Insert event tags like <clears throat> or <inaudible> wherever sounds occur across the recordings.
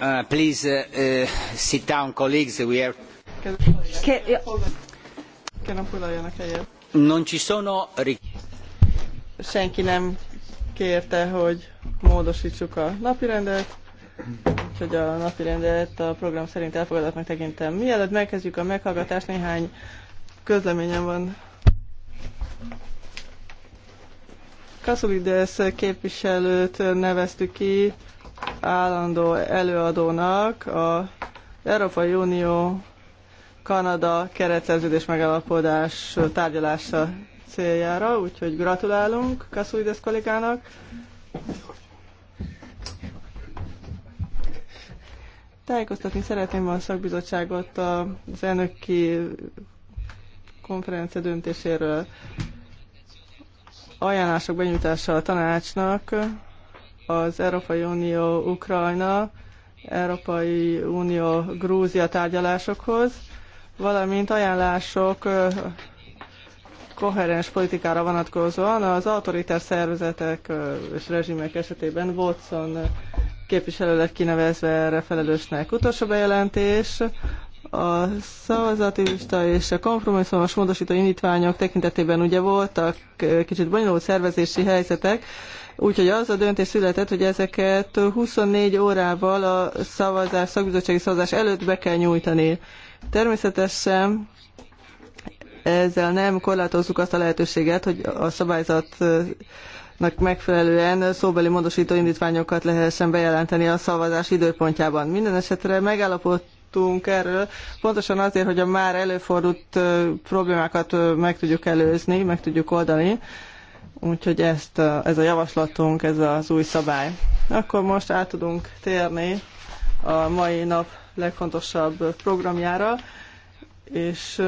Uh, please uh, uh, sit down, colleagues. We are... Kérem, foglaljanak helyet. Non ci sono... Senki nem kérte, hogy módosítsuk a napirendet, úgyhogy a napirendet a program szerint elfogadatnak tekintem. Mielőtt megkezdjük a meghallgatást, néhány közleményem van. Kasulides képviselőt neveztük ki állandó előadónak a Európai Unió Kanada keretszerződés megalapodás tárgyalása céljára, úgyhogy gratulálunk Kaszúides kollégának. Tájékoztatni szeretném a szakbizottságot az elnöki konferencia döntéséről ajánlások benyújtása a tanácsnak az Európai Unió Ukrajna, Európai Unió Grúzia tárgyalásokhoz, valamint ajánlások koherens politikára vonatkozóan az autoritár szervezetek és rezsimek esetében Watson képviselő lett kinevezve erre felelősnek. Utolsó bejelentés, a szavazatista és a kompromisszumos módosító indítványok tekintetében ugye voltak kicsit bonyolult szervezési helyzetek, Úgyhogy az a döntés született, hogy ezeket 24 órával a szavazás, szakbizottsági szavazás előtt be kell nyújtani. Természetesen ezzel nem korlátozzuk azt a lehetőséget, hogy a szabályzatnak megfelelően szóbeli módosító indítványokat lehessen bejelenteni a szavazás időpontjában. Minden esetre megállapodtunk erről, pontosan azért, hogy a már előfordult problémákat meg tudjuk előzni, meg tudjuk oldani Úgyhogy ezt, ez a javaslatunk, ez az új szabály. Akkor most át tudunk térni a mai nap legfontosabb programjára, és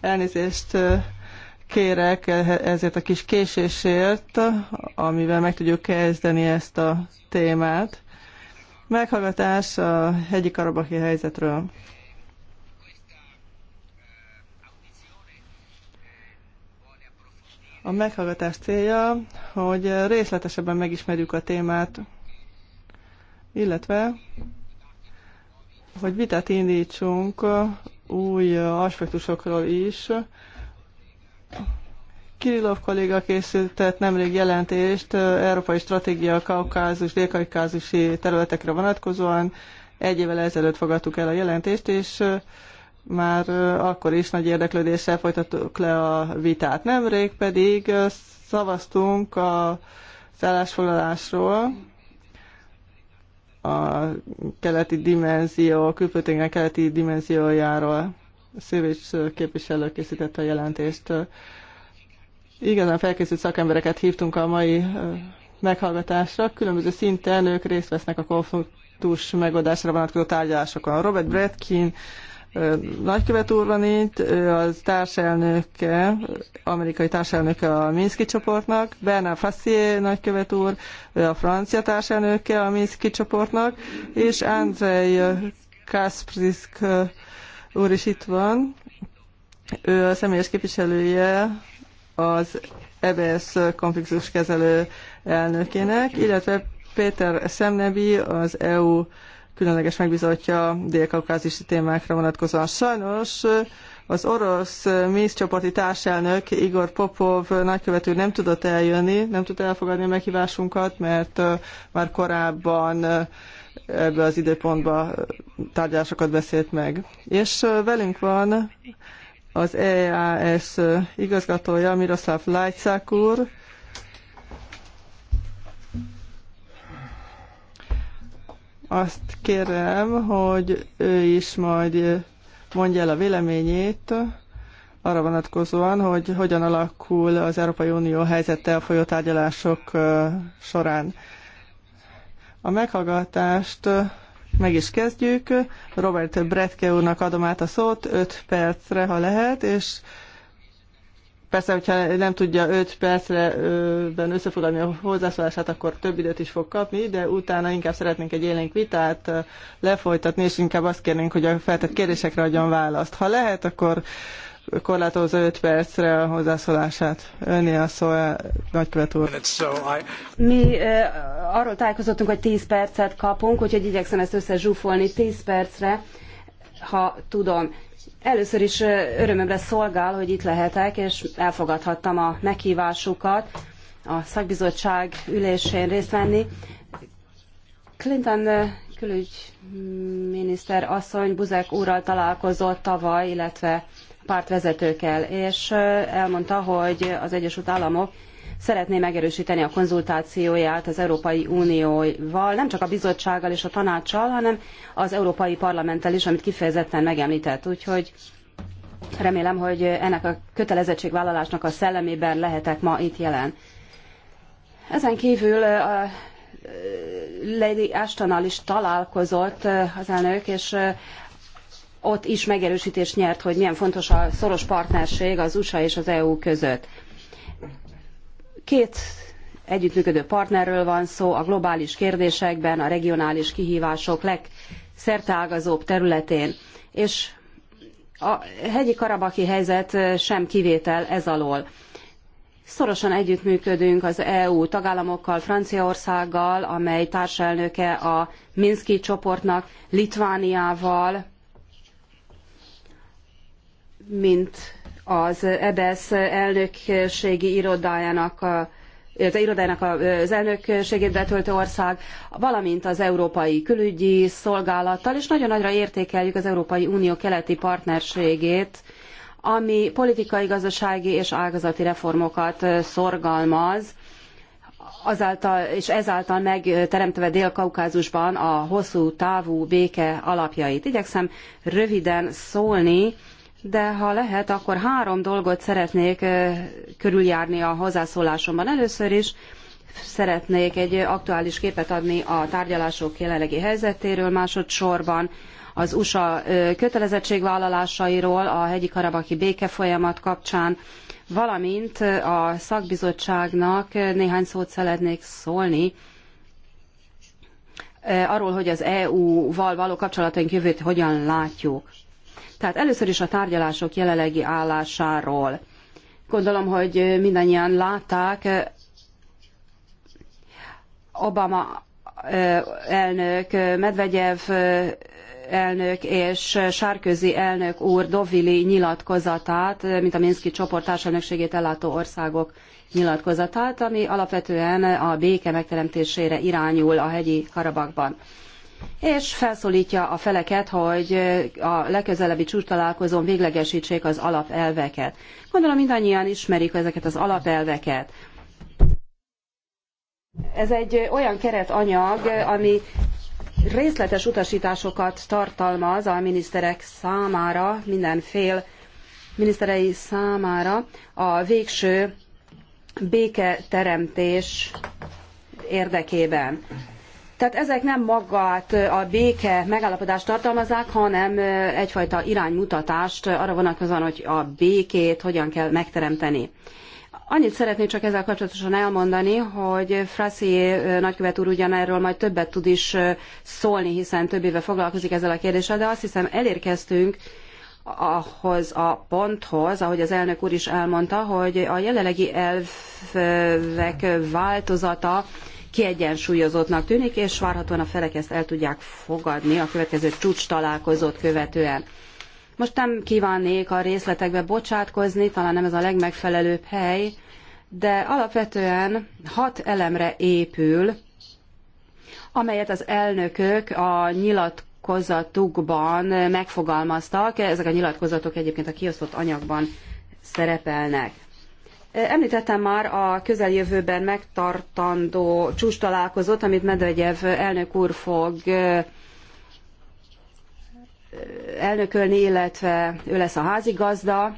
elnézést kérek e, ezért a kis késésért, amivel meg tudjuk kezdeni ezt a témát. Meghallgatás a hegyi karabaki helyzetről. A meghallgatás célja, hogy részletesebben megismerjük a témát, illetve hogy vitát indítsunk új aspektusokról is. Kirillov kolléga készített nemrég jelentést Európai Stratégia Kaukázus, Délkaukázusi területekre vonatkozóan. Egy évvel ezelőtt fogadtuk el a jelentést, és már akkor is nagy érdeklődéssel folytattuk le a vitát. Nemrég pedig szavaztunk a szállásfoglalásról, a keleti dimenzió, külföldtégnek keleti dimenziójáról. Szívics képviselő készítette a jelentést. Igazán felkészült szakembereket hívtunk a mai meghallgatásra. Különböző szinten ők részt vesznek a konfliktus megoldásra vonatkozó tárgyalásokon. Robert Bredkin, Nagykövet úr van itt, ő az társelnöke, amerikai társelnöke a Minszki csoportnak, Bernard Fassier nagykövet úr, ő a francia társelnöke a Minszki csoportnak, és Andrei Kasprisk úr is itt van, ő a személyes képviselője az EBS konfliktuskezelő elnökének, illetve Péter Szemnebi, az EU különleges megbizotja dél-kaukázisi témákra vonatkozóan. Sajnos eh, az orosz eh, mészcsoporti társelnök Igor Popov eh, nagykövető nem tudott eljönni, nem tudta elfogadni a meghívásunkat, mert már korábban ebbe az időpontba tárgyásokat beszélt meg. És velünk van az EAS igazgatója, Miroslav Lajcák úr, Azt kérem, hogy ő is majd mondja el a véleményét arra vonatkozóan, hogy hogyan alakul az Európai Unió helyzete a folyó tárgyalások során. A meghallgatást meg is kezdjük. Robert Bretke úrnak adom át a szót 5 percre, ha lehet, és Persze, hogyha nem tudja 5 percben összefoglalni a hozzászólását, akkor több időt is fog kapni, de utána inkább szeretnénk egy élénk vitát lefolytatni, és inkább azt kérnénk, hogy a feltett kérdésekre adjon választ. Ha lehet, akkor korlátozza 5 percre a hozzászólását. Önni a szó, eh, nagykövet úr. Mi arról tájékozottunk, hogy 10 percet kapunk, úgyhogy igyekszem ezt összezsúfolni 10 percre ha tudom. Először is örömömre szolgál, hogy itt lehetek, és elfogadhattam a meghívásukat a szakbizottság ülésén részt venni. Clinton külügyminiszter asszony Buzek úrral találkozott tavaly, illetve pártvezetőkkel, és elmondta, hogy az Egyesült Államok szeretné megerősíteni a konzultációját az Európai Unióval, nem csak a bizottsággal és a tanácssal, hanem az Európai Parlamenttel is, amit kifejezetten megemlített. Úgyhogy remélem, hogy ennek a kötelezettségvállalásnak a szellemében lehetek ma itt jelen. Ezen kívül a Lady Ashtonnal is találkozott az elnök, és ott is megerősítést nyert, hogy milyen fontos a szoros partnerség az USA és az EU között. Két együttműködő partnerről van szó a globális kérdésekben, a regionális kihívások legszerteágazóbb területén, és a hegyi karabaki helyzet sem kivétel ez alól. Szorosan együttműködünk az EU tagállamokkal, Franciaországgal, amely társelnöke a Minszki csoportnak, Litvániával, mint az EBSZ elnökségi irodájának a illetve irodának az elnökségét betöltő ország, valamint az Európai Külügyi Szolgálattal, és nagyon nagyra értékeljük az Európai Unió keleti partnerségét, ami politikai, gazdasági és ágazati reformokat szorgalmaz, azáltal, és ezáltal megteremtve Dél-Kaukázusban a hosszú távú béke alapjait. Igyekszem röviden szólni de ha lehet, akkor három dolgot szeretnék körüljárni a hozzászólásomban. Először is szeretnék egy aktuális képet adni a tárgyalások jelenlegi helyzetéről, másodszorban az USA kötelezettségvállalásairól a hegyi karabaki békefolyamat kapcsán, valamint a szakbizottságnak néhány szót szeretnék szólni arról, hogy az EU-val való kapcsolataink jövőt hogyan látjuk. Tehát először is a tárgyalások jelenlegi állásáról. Gondolom, hogy mindannyian látták, Obama elnök, Medvegyev elnök és Sárközi elnök úr Dovili nyilatkozatát, mint a Minszki csoport társelnökségét ellátó országok nyilatkozatát, ami alapvetően a béke megteremtésére irányul a hegyi Karabakban és felszólítja a feleket, hogy a legközelebbi csúcstalálkozón véglegesítsék az alapelveket. Gondolom mindannyian ismerik ezeket az alapelveket. Ez egy olyan keretanyag, ami részletes utasításokat tartalmaz a miniszterek számára, minden fél miniszterei számára a végső béketeremtés érdekében. Tehát ezek nem magát a béke megállapodást tartalmazzák, hanem egyfajta iránymutatást arra vonatkozóan, hogy a békét hogyan kell megteremteni. Annyit szeretnék csak ezzel kapcsolatosan elmondani, hogy Frassi nagykövet úr ugyanerről majd többet tud is szólni, hiszen több éve foglalkozik ezzel a kérdéssel, de azt hiszem elérkeztünk ahhoz a ponthoz, ahogy az elnök úr is elmondta, hogy a jelenlegi elvek változata kiegyensúlyozottnak tűnik, és várhatóan a felek ezt el tudják fogadni a következő csúcs találkozót követően. Most nem kívánnék a részletekbe bocsátkozni, talán nem ez a legmegfelelőbb hely, de alapvetően hat elemre épül, amelyet az elnökök a nyilatkozatukban megfogalmaztak. Ezek a nyilatkozatok egyébként a kiosztott anyagban szerepelnek. Említettem már a közeljövőben megtartandó csúcs amit Medvegyev elnök úr fog elnökölni, illetve ő lesz a házigazda.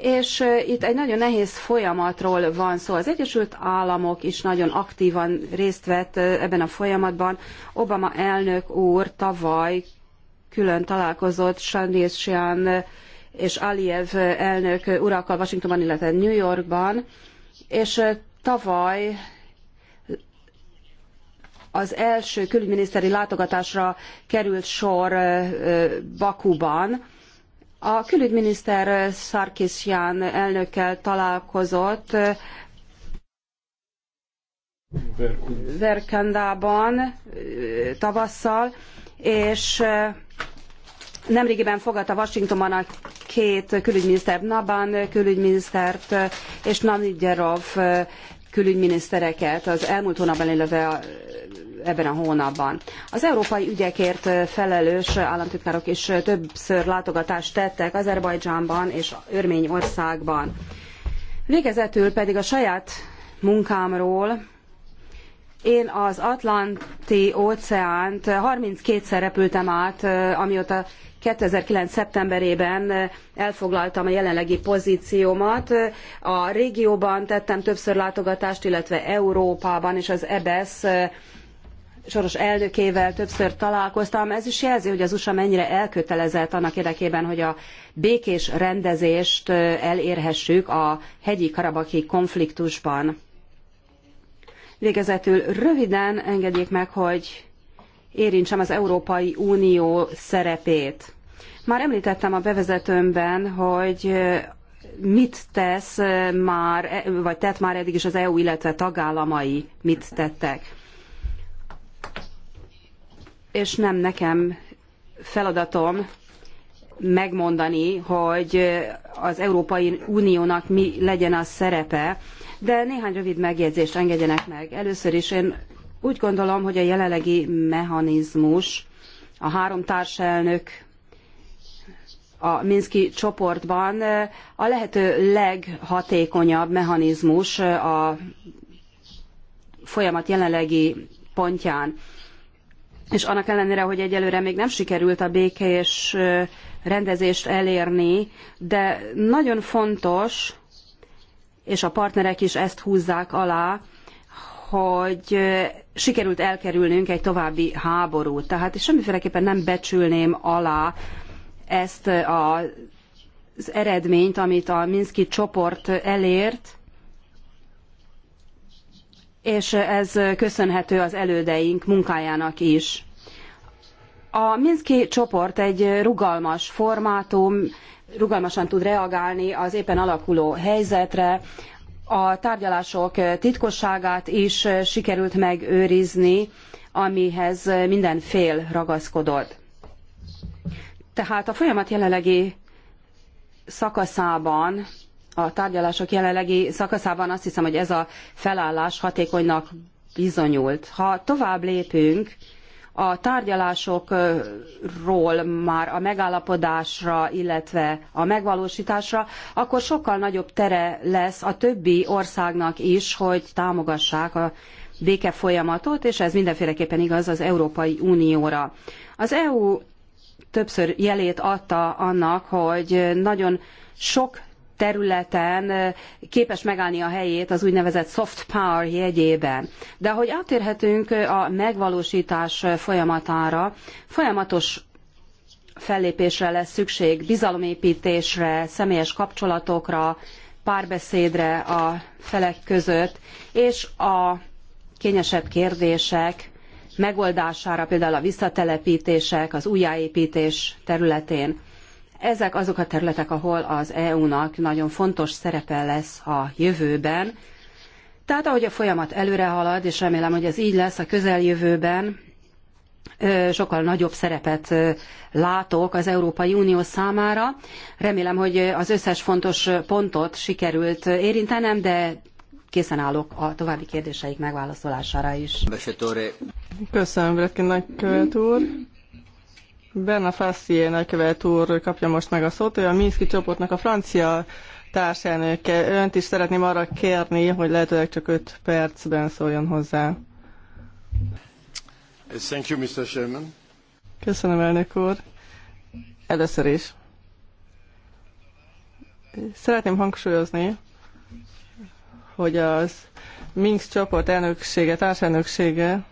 És itt egy nagyon nehéz folyamatról van szó. Az Egyesült Államok is nagyon aktívan részt vett ebben a folyamatban. Obama elnök úr tavaly külön találkozott Sandésján és Aliyev elnök urakkal Washingtonban, illetve New Yorkban, és tavaly az első külügyminiszteri látogatásra került sor Bakuban. A külügyminiszter Sarkisyan elnökkel találkozott Verkandában tavasszal, és Nemrégiben fogadta Washingtonban a két külügyminiszter, Naban külügyminisztert és Namidjerov külügyminisztereket az elmúlt hónapban, illetve ebben a hónapban. Az európai ügyekért felelős államtitkárok is többször látogatást tettek Azerbajdzsánban és Örményországban. Végezetül pedig a saját munkámról én az Atlanti óceánt 32-szer repültem át, amióta 2009. szeptemberében elfoglaltam a jelenlegi pozíciómat. A régióban tettem többször látogatást, illetve Európában és az EBS e soros elnökével többször találkoztam. Ez is jelzi, hogy az USA mennyire elkötelezett annak érdekében, hogy a békés rendezést elérhessük a hegyi karabaki konfliktusban. Végezetül röviden engedjék meg, hogy érintsem az Európai Unió szerepét. Már említettem a bevezetőmben, hogy mit tesz már, e, vagy tett már eddig is az EU, illetve tagállamai mit tettek. És nem nekem feladatom megmondani, hogy az Európai Uniónak mi legyen a szerepe, de néhány rövid megjegyzést engedjenek meg. Először is én úgy gondolom, hogy a jelenlegi mechanizmus a három társelnök a Minszki csoportban a lehető leghatékonyabb mechanizmus a folyamat jelenlegi pontján. És annak ellenére, hogy egyelőre még nem sikerült a békés rendezést elérni, de nagyon fontos, és a partnerek is ezt húzzák alá, hogy sikerült elkerülnünk egy további háborút. Tehát semmiféleképpen nem becsülném alá ezt a az eredményt, amit a Minszki csoport elért, és ez köszönhető az elődeink munkájának is. A Minszki csoport egy rugalmas formátum, rugalmasan tud reagálni az éppen alakuló helyzetre, a tárgyalások titkosságát is sikerült megőrizni, amihez minden fél ragaszkodott. Tehát a folyamat jelenlegi szakaszában, a tárgyalások jelenlegi szakaszában azt hiszem, hogy ez a felállás hatékonynak bizonyult. Ha tovább lépünk, a tárgyalásokról már a megállapodásra, illetve a megvalósításra, akkor sokkal nagyobb tere lesz a többi országnak is, hogy támogassák a béke folyamatot, és ez mindenféleképpen igaz az Európai Unióra. Az EU többször jelét adta annak, hogy nagyon sok területen képes megállni a helyét az úgynevezett soft power jegyében. De ahogy átérhetünk a megvalósítás folyamatára, folyamatos fellépésre lesz szükség, bizalomépítésre, személyes kapcsolatokra, párbeszédre a felek között, és a kényesebb kérdések megoldására, például a visszatelepítések, az újjáépítés területén. Ezek azok a területek, ahol az EU-nak nagyon fontos szerepe lesz a jövőben. Tehát ahogy a folyamat előre halad, és remélem, hogy ez így lesz a közeljövőben, sokkal nagyobb szerepet látok az Európai Unió számára. Remélem, hogy az összes fontos pontot sikerült érintenem, de készen állok a további kérdéseik megválaszolására is. Köszönöm, Bretkin nagykövet úr. Berna Fassier nagykövet úr kapja most meg a szót, ő a Minszki csoportnak a francia társelnöke. Önt is szeretném arra kérni, hogy lehetőleg csak 5 percben szóljon hozzá. Thank you, Mr. Chairman. Köszönöm, elnök úr. Először is. Szeretném hangsúlyozni, hogy az Minsk csoport elnöksége, társelnöksége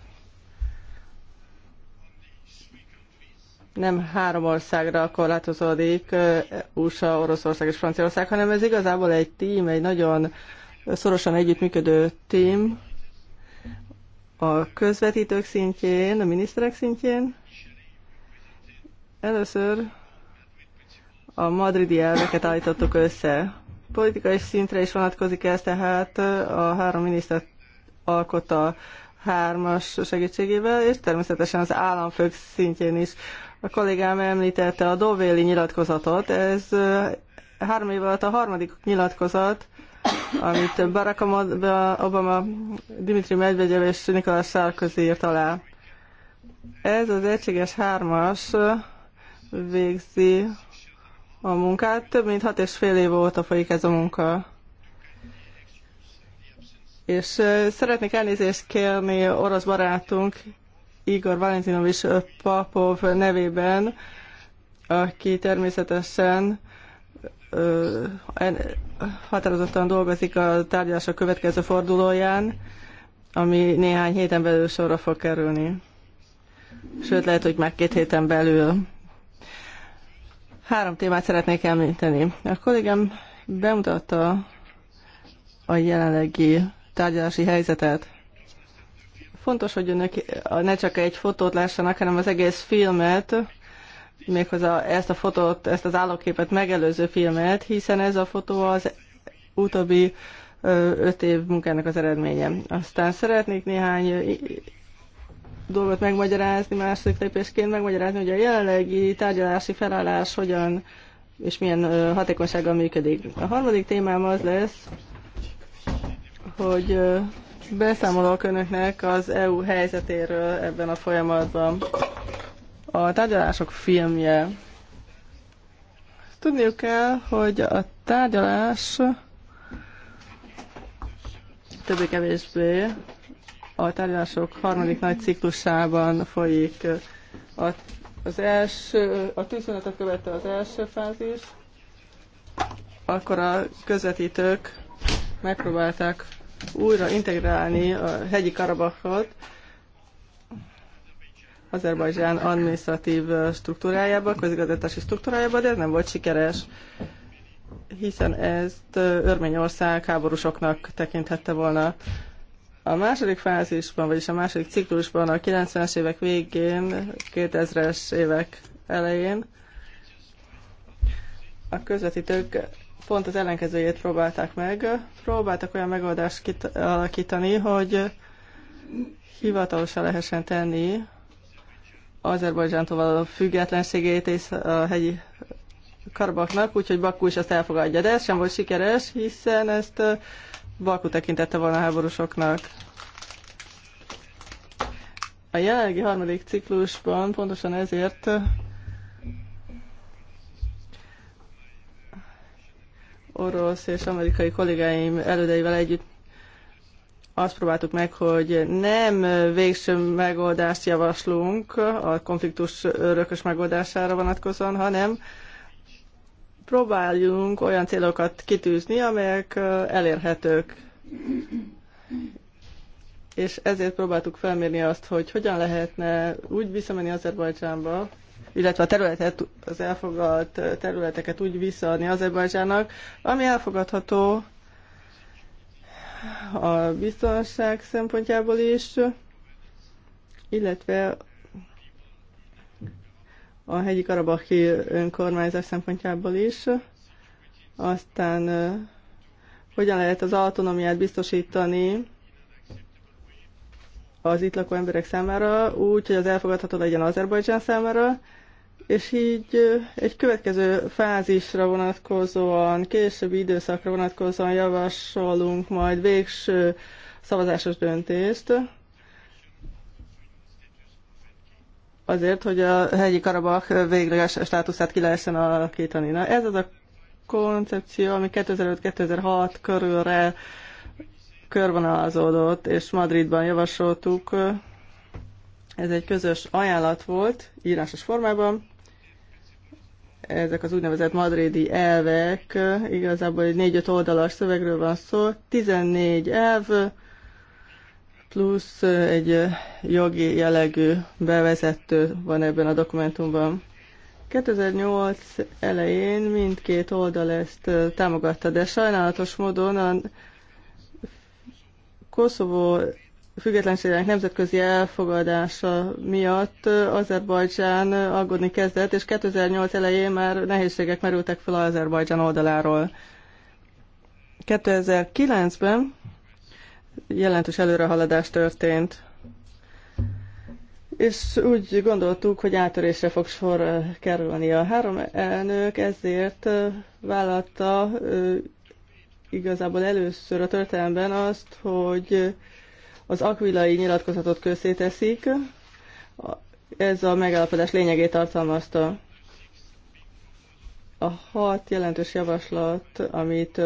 nem három országra korlátozódik, USA, Oroszország és Franciaország, hanem ez igazából egy tím, egy nagyon szorosan együttműködő tím a közvetítők szintjén, a miniszterek szintjén. Először a madridi elveket állítottuk össze. Politikai szintre is vonatkozik ez, tehát a három miniszter alkotta hármas segítségével, és természetesen az államfők szintjén is a kollégám említette a Dovéli nyilatkozatot. Ez három év alatt a harmadik nyilatkozat, amit Barack Obama, Dimitri Medvegyev és Nikolás Sarkozy írt alá. Ez az egységes hármas végzi a munkát. Több mint hat és fél év óta folyik ez a munka. És szeretnék elnézést kérni orosz barátunk Igor Valentinovics Papov nevében, aki természetesen határozottan dolgozik a tárgyalások következő fordulóján, ami néhány héten belül sorra fog kerülni. Sőt, lehet, hogy már két héten belül. Három témát szeretnék említeni. A kollégám bemutatta a jelenlegi tárgyalási helyzetet. Fontos, hogy önök ne csak egy fotót lássanak, hanem az egész filmet, méghozzá ezt a fotót, ezt az állóképet megelőző filmet, hiszen ez a fotó az utóbbi öt év munkának az eredménye. Aztán szeretnék néhány dolgot megmagyarázni, második lépésként megmagyarázni, hogy a jelenlegi tárgyalási felállás hogyan és milyen hatékonysággal működik. A harmadik témám az lesz, hogy Beszámolok önöknek az EU helyzetéről ebben a folyamatban. A tárgyalások filmje. Tudniuk kell, hogy a tárgyalás többé-kevésbé a tárgyalások harmadik nagy ciklusában folyik. A, az első, a tűzszünetet követte az első fázis, akkor a közvetítők megpróbálták újra integrálni a hegyi Karabachot Azerbajdzsán administratív struktúrájába, közigazgatási struktúrájába, de ez nem volt sikeres, hiszen ezt Örményország háborúsoknak tekinthette volna. A második fázisban, vagyis a második ciklusban a 90-es évek végén, 2000-es évek elején a közvetítők pont az ellenkezőjét próbálták meg. Próbáltak olyan megoldást alakítani, hogy hivatalosan lehessen tenni Azerbajdzsántól való függetlenségét és a hegyi Karabaknak, úgyhogy Bakú is azt elfogadja. De ez sem volt sikeres, hiszen ezt Bakú tekintette volna a háborúsoknak. A jelenlegi harmadik ciklusban pontosan ezért orosz és amerikai kollégáim elődeivel együtt azt próbáltuk meg, hogy nem végső megoldást javaslunk a konfliktus örökös megoldására vonatkozóan, hanem próbáljunk olyan célokat kitűzni, amelyek elérhetők. És ezért próbáltuk felmérni azt, hogy hogyan lehetne úgy visszamenni Azerbajdzsánba, illetve a területet, az elfogadt területeket úgy visszaadni Azerbajdzsának, ami elfogadható a biztonság szempontjából is, illetve a hegyi karabaki önkormányzás szempontjából is. Aztán hogyan lehet az autonómiát biztosítani az itt lakó emberek számára, úgy, hogy az elfogadható legyen Azerbajdzsán számára, és így egy következő fázisra vonatkozóan, későbbi időszakra vonatkozóan javasolunk majd végső szavazásos döntést, azért, hogy a hegyi Karabak végleges státuszát ki lehessen alakítani. Na, ez az a koncepció, ami 2005-2006 körülre körvonalazódott, és Madridban javasoltuk. Ez egy közös ajánlat volt, írásos formában, ezek az úgynevezett madridi elvek, igazából egy 4 öt oldalas szövegről van szó, 14 elv, plusz egy jogi jellegű bevezető van ebben a dokumentumban. 2008 elején mindkét oldal ezt támogatta, de sajnálatos módon a Koszovó függetlenségének nemzetközi elfogadása miatt Azerbajdzsán aggódni kezdett, és 2008 elején már nehézségek merültek fel Azerbajdzsán oldaláról. 2009-ben jelentős előrehaladás történt, és úgy gondoltuk, hogy átörésre fog sor kerülni. A három elnök ezért vállalta igazából először a történelemben azt, hogy az akvilai nyilatkozatot közzéteszik. Ez a megállapodás lényegét tartalmazta. A hat jelentős javaslat, amit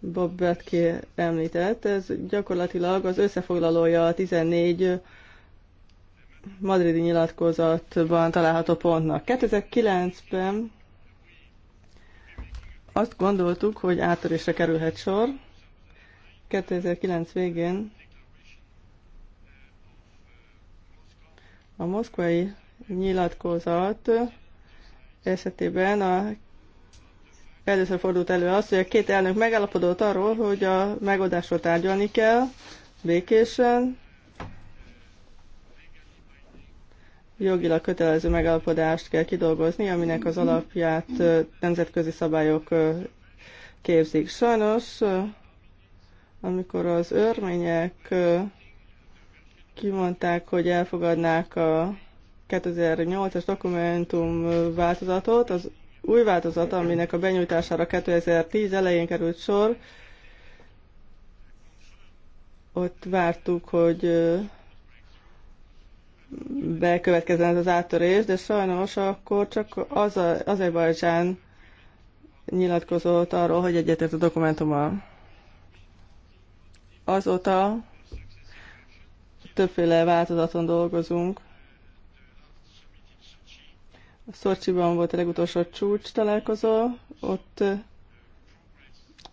Bob Betke említett, ez gyakorlatilag az összefoglalója a 14 madridi nyilatkozatban található pontnak. 2009-ben azt gondoltuk, hogy áttörésre kerülhet sor. 2009 végén A moszkvai nyilatkozat esetében a először fordult elő az, hogy a két elnök megállapodott arról, hogy a megoldásról tárgyalni kell, békésen, jogilag kötelező megállapodást kell kidolgozni, aminek az alapját nemzetközi szabályok képzik. Sajnos, amikor az örmények kimondták, hogy elfogadnák a 2008-as dokumentum változatot, az új változat, aminek a benyújtására 2010 elején került sor, ott vártuk, hogy bekövetkezzen ez az áttörés, de sajnos akkor csak az a, Azerbajdzsán nyilatkozott arról, hogy egyetért a dokumentummal. Azóta többféle változaton dolgozunk. A Szorcsiban volt a legutolsó csúcs találkozó, ott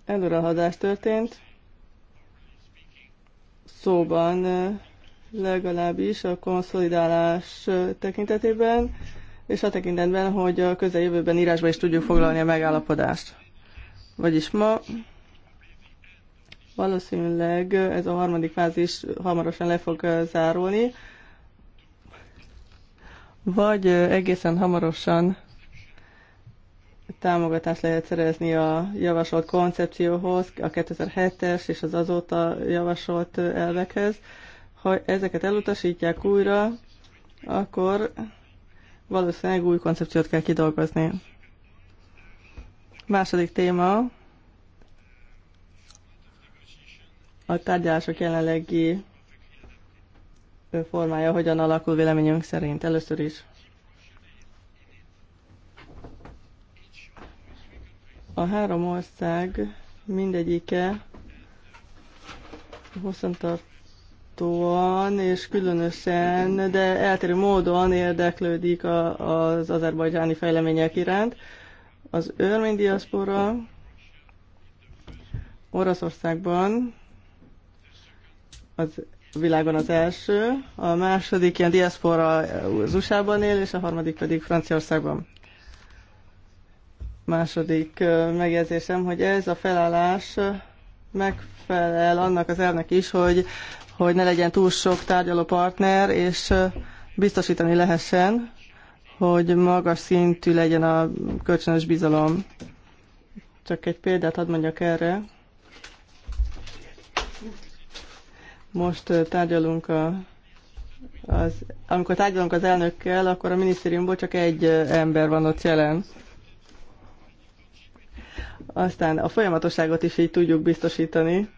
előrehadás történt. Szóban legalábbis a konszolidálás tekintetében, és a tekintetben, hogy a közeljövőben írásban is tudjuk foglalni a megállapodást. Vagyis ma Valószínűleg ez a harmadik fázis hamarosan le fog zárulni, vagy egészen hamarosan támogatást lehet szerezni a javasolt koncepcióhoz, a 2007-es és az azóta javasolt elvekhez. Ha ezeket elutasítják újra, akkor valószínűleg új koncepciót kell kidolgozni. Második téma, a tárgyalások jelenlegi formája hogyan alakul véleményünk szerint. Először is a három ország mindegyike hosszantartóan és különösen, de eltérő módon érdeklődik a, az azerbajdzsáni fejlemények iránt. Az örmény diaszpora Oroszországban az világon az első, a második ilyen diaszpora az USA-ban él, és a harmadik pedig Franciaországban. Második megjegyzésem, hogy ez a felállás megfelel annak az elnek is, hogy, hogy ne legyen túl sok tárgyaló partner, és biztosítani lehessen, hogy magas szintű legyen a kölcsönös bizalom. Csak egy példát hadd mondjak erre most tárgyalunk a az, amikor tárgyalunk az elnökkel, akkor a minisztériumból csak egy ember van ott jelen. Aztán a folyamatosságot is így tudjuk biztosítani.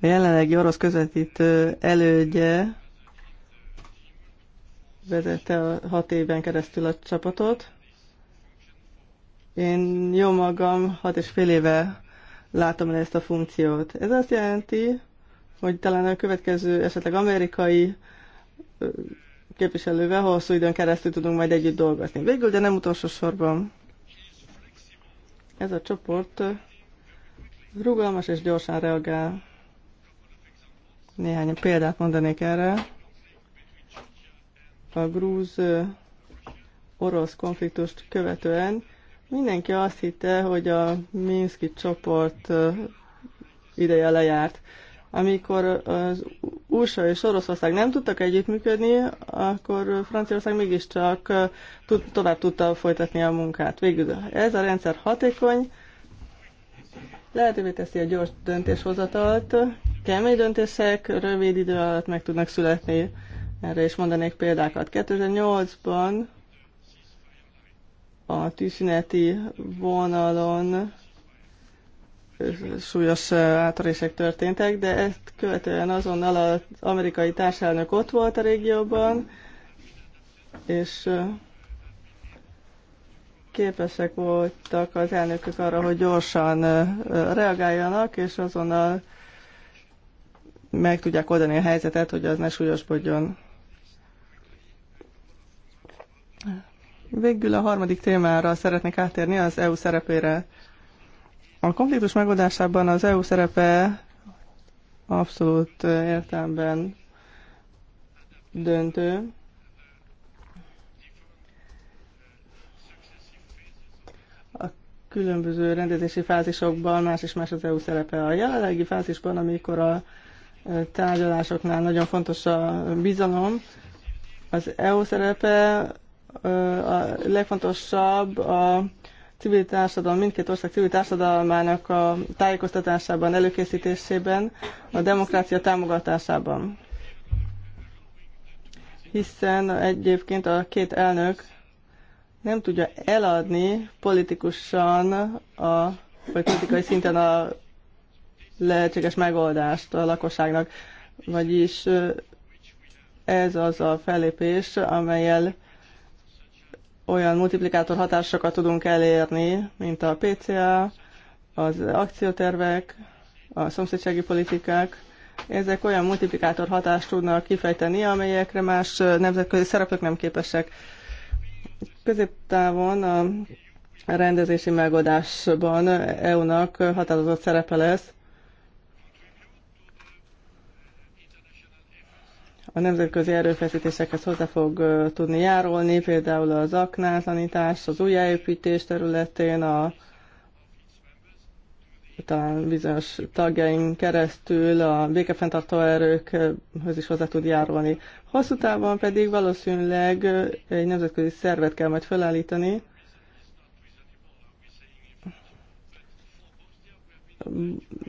A jelenlegi orosz közvetítő elődje vezette a hat éven keresztül a csapatot. Én jó magam hat és fél éve látom el ezt a funkciót. Ez azt jelenti, hogy talán a következő esetleg amerikai képviselővel hosszú időn keresztül tudunk majd együtt dolgozni. Végül, de nem utolsó sorban, ez a csoport rugalmas és gyorsan reagál. Néhány példát mondanék erre. A grúz orosz konfliktust követően Mindenki azt hitte, hogy a Minszki csoport ideje lejárt. Amikor az USA és Oroszország nem tudtak együttműködni, akkor Franciaország mégiscsak tovább tudta folytatni a munkát. Végül ez a rendszer hatékony, lehetővé teszi a gyors döntéshozatalt, kemény döntések rövid idő alatt meg tudnak születni. Erre is mondanék példákat. 2008-ban a tűzszüneti vonalon súlyos átörések történtek, de ezt követően azonnal az amerikai társelnök ott volt a régióban, és képesek voltak az elnökök arra, hogy gyorsan reagáljanak, és azonnal meg tudják oldani a helyzetet, hogy az ne súlyosbodjon. Végül a harmadik témára szeretnék átérni, az EU szerepére. A konfliktus megoldásában az EU szerepe abszolút értelemben döntő. A különböző rendezési fázisokban más és más az EU szerepe. A jelenlegi fázisban, amikor a tárgyalásoknál nagyon fontos a bizalom, az EU szerepe a legfontosabb a civil társadalom, mindkét ország civil társadalmának a tájékoztatásában, előkészítésében, a demokrácia támogatásában. Hiszen egyébként a két elnök nem tudja eladni politikusan, a, vagy politikai szinten a lehetséges megoldást a lakosságnak. Vagyis ez az a fellépés, amelyel olyan multiplikátor hatásokat tudunk elérni, mint a PCA, az akciótervek, a szomszédsági politikák, ezek olyan multiplikátor hatást tudnak kifejteni, amelyekre más nemzetközi szereplők nem képesek. Középtávon a rendezési megoldásban EU-nak határozott szerepe lesz, a nemzetközi erőfeszítésekhez hozzá fog tudni járulni, például az aknázanítás, az újjáépítés területén, a talán bizonyos tagjaink keresztül a békefenntartó erőkhöz is hozzá tud járulni. Hosszú távon pedig valószínűleg egy nemzetközi szervet kell majd felállítani,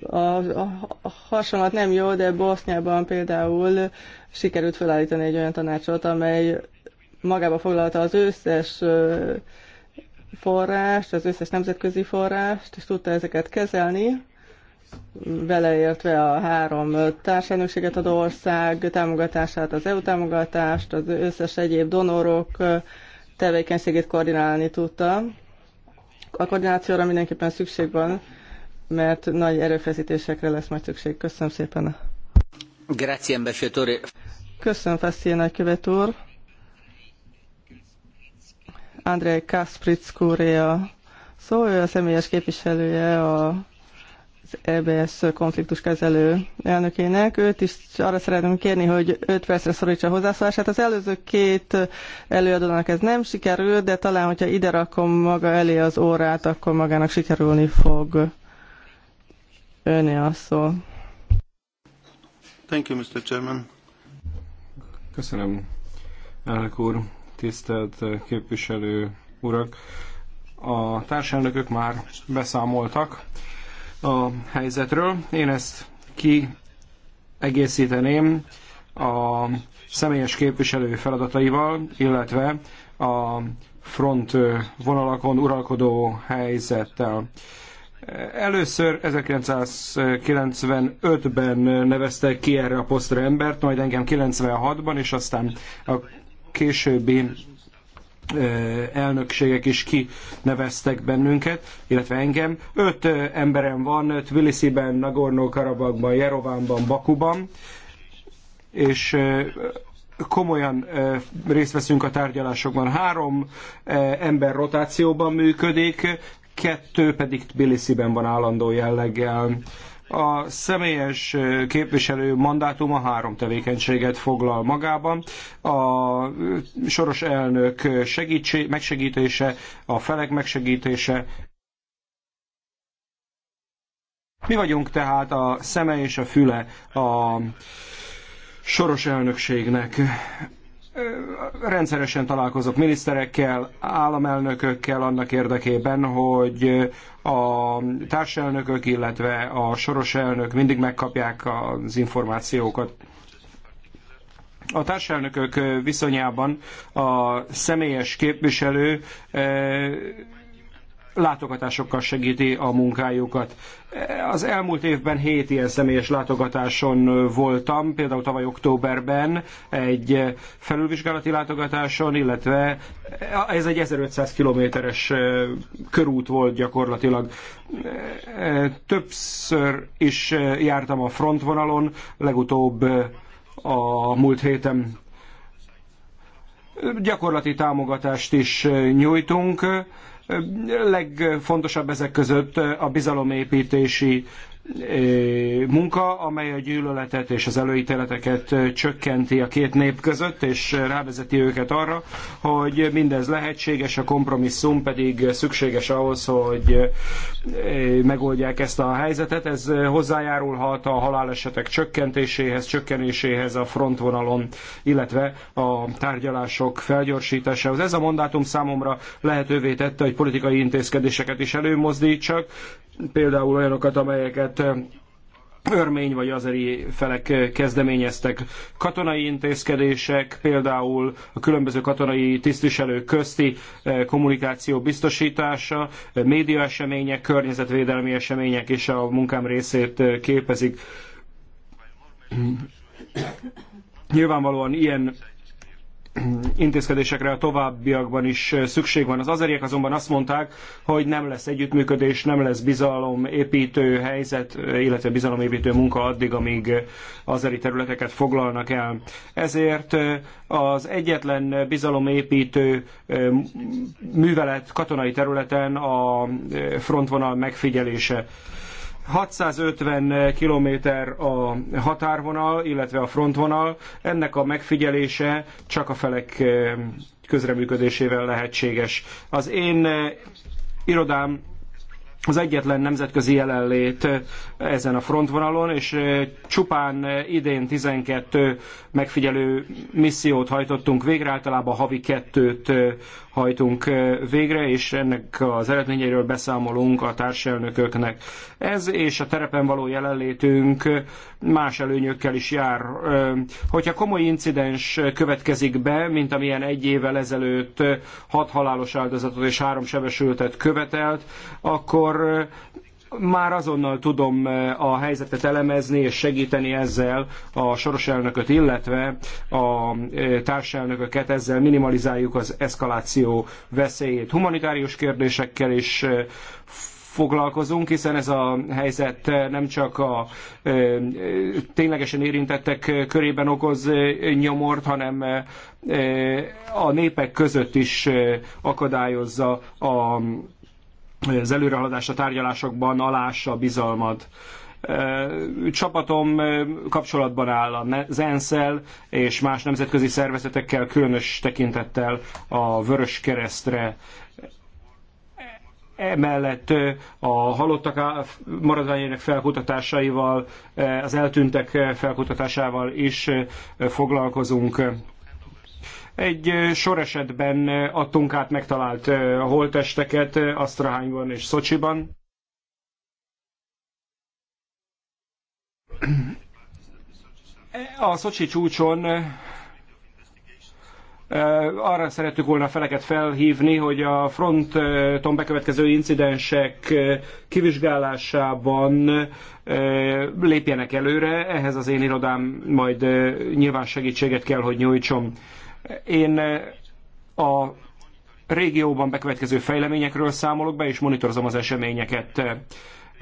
a hasonlat nem jó, de Boszniában például sikerült felállítani egy olyan tanácsot, amely magába foglalta az összes forrást, az összes nemzetközi forrást, és tudta ezeket kezelni, beleértve a három társelnökséget adó ország támogatását, az EU támogatást, az összes egyéb donorok tevékenységét koordinálni tudta. A koordinációra mindenképpen szükség van, mert nagy erőfeszítésekre lesz majd szükség. Köszönöm szépen. Grazie, ambasciatore. Köszönöm, Fasztia nagykövet úr. Andrei Kaspritz Kúria. Szó, ő a személyes képviselője a az EBS konfliktuskezelő elnökének. Őt is arra szeretném kérni, hogy 5 percre szorítsa a hozzászólását. Az előző két előadónak ez nem sikerült, de talán, hogyha ide rakom maga elé az órát, akkor magának sikerülni fog. Öné a szó. Thank you, Mr. Chairman. Köszönöm, elnök úr, tisztelt képviselő urak. A társelnökök már beszámoltak a helyzetről. Én ezt ki egészíteném a személyes képviselő feladataival, illetve a front vonalakon uralkodó helyzettel. Először 1995-ben neveztek ki erre a posztra embert, majd engem 96-ban, és aztán a későbbi elnökségek is kineveztek bennünket, illetve engem. Öt emberem van, Tbilisi-ben, Nagorno-Karabakban, Jerovánban, Bakuban, és komolyan részt veszünk a tárgyalásokban. Három ember rotációban működik, kettő pedig Tbilisi-ben van állandó jelleggel. A személyes képviselő mandátuma három tevékenységet foglal magában. A soros elnök segítség, megsegítése, a felek megsegítése, mi vagyunk tehát a szeme és a füle a soros elnökségnek rendszeresen találkozok miniszterekkel, államelnökökkel annak érdekében, hogy a társelnökök, illetve a soros elnök mindig megkapják az információkat. A társelnökök viszonyában a személyes képviselő eh, látogatásokkal segíti a munkájukat. Az elmúlt évben hét ilyen személyes látogatáson voltam, például tavaly októberben egy felülvizsgálati látogatáson, illetve ez egy 1500 kilométeres körút volt gyakorlatilag. Többször is jártam a frontvonalon, legutóbb a múlt héten gyakorlati támogatást is nyújtunk Legfontosabb ezek között a bizalomépítési munka, amely a gyűlöletet és az előítéleteket csökkenti a két nép között, és rávezeti őket arra, hogy mindez lehetséges, a kompromisszum pedig szükséges ahhoz, hogy megoldják ezt a helyzetet. Ez hozzájárulhat a halálesetek csökkentéséhez, csökkenéséhez a frontvonalon, illetve a tárgyalások felgyorsításához. Ez a mandátum számomra lehetővé tette, hogy politikai intézkedéseket is előmozdítsak, például olyanokat, amelyeket örmény vagy azeri felek kezdeményeztek. Katonai intézkedések, például a különböző katonai tisztviselők közti kommunikáció biztosítása, médiaesemények, környezetvédelmi események és a munkám részét képezik. Nyilvánvalóan ilyen intézkedésekre a továbbiakban is szükség van. Az azeriek azonban azt mondták, hogy nem lesz együttműködés, nem lesz bizalomépítő helyzet, illetve bizalomépítő munka addig, amíg azeri területeket foglalnak el. Ezért az egyetlen bizalomépítő művelet katonai területen a frontvonal megfigyelése. 650 kilométer a határvonal, illetve a frontvonal. Ennek a megfigyelése csak a felek eh, közreműködésével lehetséges. Az én eh, irodám az egyetlen nemzetközi jelenlét eh, ezen a frontvonalon, és csupán idén 12 megfigyelő missziót hajtottunk végre, általában havi kettőt hajtunk eh, végre, és ennek az eredményeiről beszámolunk a társelnököknek. Ez és a terepen való jelenlétünk más előnyökkel is jár. Eh, hogyha komoly incidens következik be, mint amilyen egy évvel ezelőtt hat halálos áldozatot és három sebesültet követelt, akkor eh, már azonnal tudom eh, a helyzetet elemezni és segíteni ezzel a soros elnököt, illetve a eh, társelnököket, ezzel minimalizáljuk az eszkaláció veszélyét. Humanitárius kérdésekkel is eh, foglalkozunk, hiszen ez a helyzet nem csak a ténylegesen érintettek körében okoz nyomort, hanem a népek között is akadályozza a az előrehaladás a tárgyalásokban alássa a bizalmat. Csapatom kapcsolatban áll a ensz és más nemzetközi szervezetekkel, különös tekintettel a Vörös Keresztre. Emellett a halottak maradványainak felkutatásaival, az eltűntek felkutatásával is foglalkozunk egy sor esetben adtunk át megtalált holtesteket Asztrahányban és Szocsiban. A Szocsi csúcson arra szerettük volna feleket felhívni, hogy a fronton bekövetkező incidensek kivizsgálásában lépjenek előre, ehhez az én irodám majd nyilván segítséget kell, hogy nyújtson. Én eh, a régióban bekövetkező fejleményekről számolok be, és monitorozom az eseményeket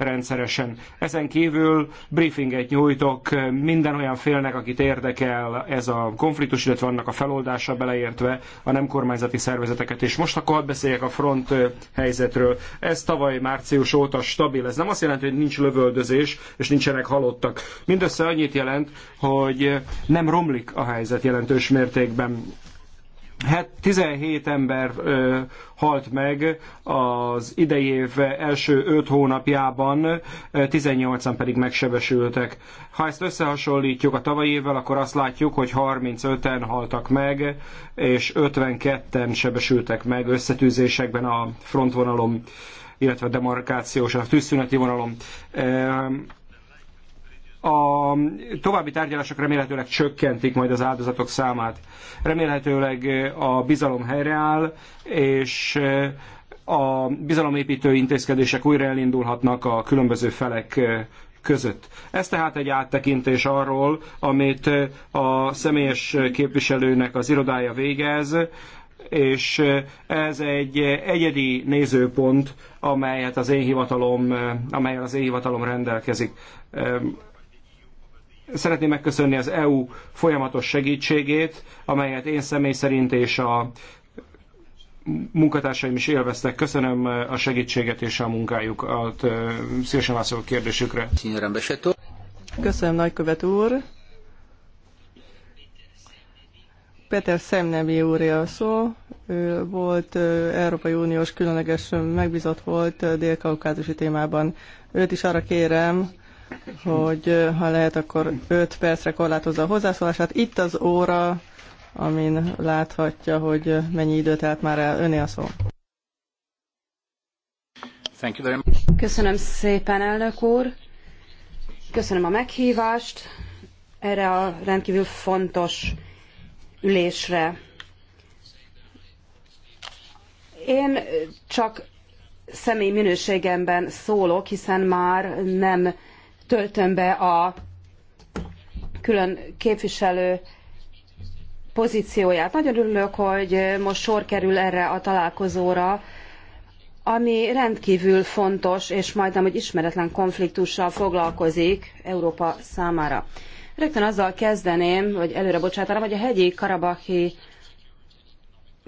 rendszeresen. Ezen kívül briefinget nyújtok minden olyan félnek, akit érdekel ez a konfliktus, illetve annak a feloldása beleértve a nem kormányzati szervezeteket. És most akkor beszéljek a front helyzetről. Ez tavaly március óta stabil. Ez nem azt jelenti, hogy nincs lövöldözés, és nincsenek halottak. Mindössze annyit jelent, hogy nem romlik a helyzet jelentős mértékben. Hát 17 ember ö, halt meg az idei év első 5 hónapjában, 18-an pedig megsebesültek. Ha ezt összehasonlítjuk a tavalyi évvel, akkor azt látjuk, hogy 35-en haltak meg, és 52-en sebesültek meg összetűzésekben a frontvonalon, illetve a demarkációs, a tűzszüneti vonalon. A további tárgyalások remélhetőleg csökkentik majd az áldozatok számát. Remélhetőleg a bizalom helyreáll, és a bizalomépítő intézkedések újra elindulhatnak a különböző felek között. Ez tehát egy áttekintés arról, amit a személyes képviselőnek az irodája végez, és ez egy egyedi nézőpont, amelyet az én hivatalom, amelyel az én hivatalom rendelkezik. Szeretném megköszönni az EU folyamatos segítségét, amelyet én személy szerint és a munkatársaim is élveztek. Köszönöm a segítséget és a munkájukat. Szívesen válaszolok kérdésükre. Köszönöm, nagykövet úr. Peter Szemnevi úr, a szó. Ő volt Európai Uniós különleges megbízott volt dél-kaukázusi témában. Őt is arra kérem, hogy ha lehet, akkor 5 percre korlátozza a hozzászólását. Itt az óra, amin láthatja, hogy mennyi időt állt már el. Öné a szó. Köszönöm szépen, elnök úr. Köszönöm a meghívást erre a rendkívül fontos ülésre. Én csak személy minőségemben szólok, hiszen már nem töltöm be a külön képviselő pozícióját. Nagyon örülök, hogy most sor kerül erre a találkozóra, ami rendkívül fontos, és majdnem, hogy ismeretlen konfliktussal foglalkozik Európa számára. Rögtön azzal kezdeném, hogy előre bocsátanám, hogy a hegyi karabahi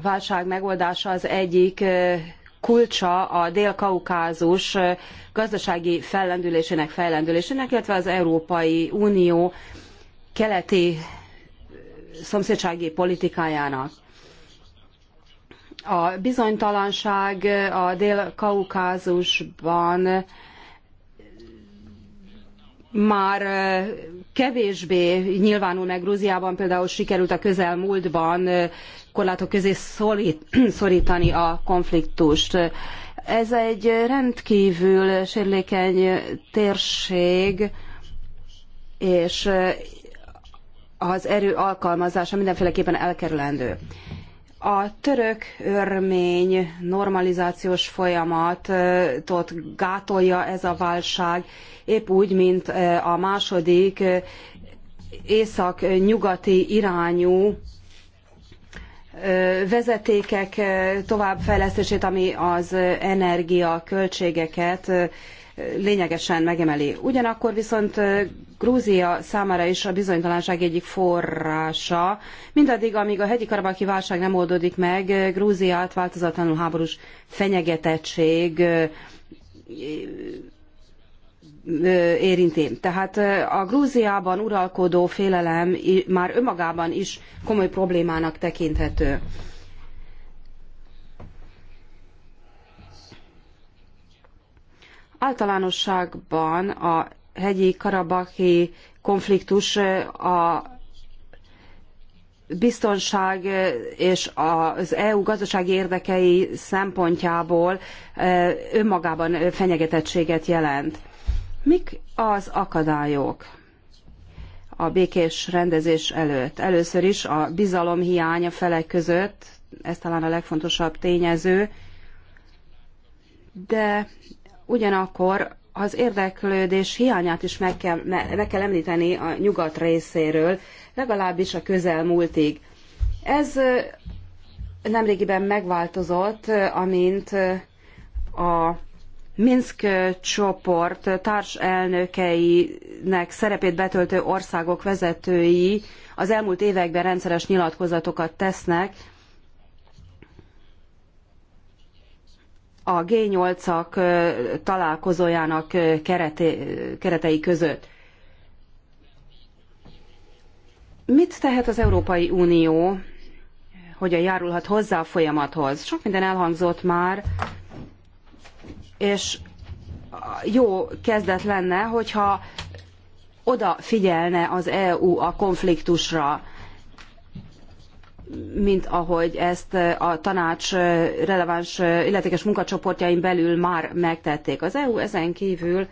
válság megoldása az egyik kulcsa a Dél-Kaukázus gazdasági fellendülésének, fejlendülésének, illetve az Európai Unió keleti szomszédsági politikájának. A bizonytalanság a Dél-Kaukázusban már kevésbé nyilvánul meg Grúziában, például sikerült a közelmúltban korlátok közé szorít, <clears throat> szorítani a konfliktust. Ez egy rendkívül sérlékeny térség, és az erő alkalmazása mindenféleképpen elkerülendő. A török-örmény normalizációs folyamatot gátolja ez a válság, épp úgy, mint eh, a második eh, észak-nyugati irányú vezetékek továbbfejlesztését, ami az energia költségeket lényegesen megemeli. Ugyanakkor viszont Grúzia számára is a bizonytalanság egyik forrása. Mindaddig, amíg a hegyi karabaki válság nem oldódik meg, Grúziát változatlanul háborús fenyegetettség érinti. Tehát a Grúziában uralkodó félelem már önmagában is komoly problémának tekinthető. Általánosságban a hegyi karabahi konfliktus a biztonság és az EU gazdasági érdekei szempontjából önmagában fenyegetettséget jelent. Mik az akadályok a békés rendezés előtt? Először is a bizalom hiánya a felek között, ez talán a legfontosabb tényező, de ugyanakkor az érdeklődés hiányát is meg kell, meg kell említeni a nyugat részéről, legalábbis a közelmúltig. Ez nemrégiben megváltozott, amint a Minsk csoport társelnökeinek szerepét betöltő országok vezetői az elmúlt években rendszeres nyilatkozatokat tesznek, a G8-ak találkozójának keretei között. Mit tehet az Európai Unió, hogyan járulhat hozzá a folyamathoz? Sok minden elhangzott már, és jó kezdet lenne, hogyha oda figyelne az EU a konfliktusra, mint ahogy ezt a tanács releváns illetékes munkacsoportjain belül már megtették. Az EU ezen kívül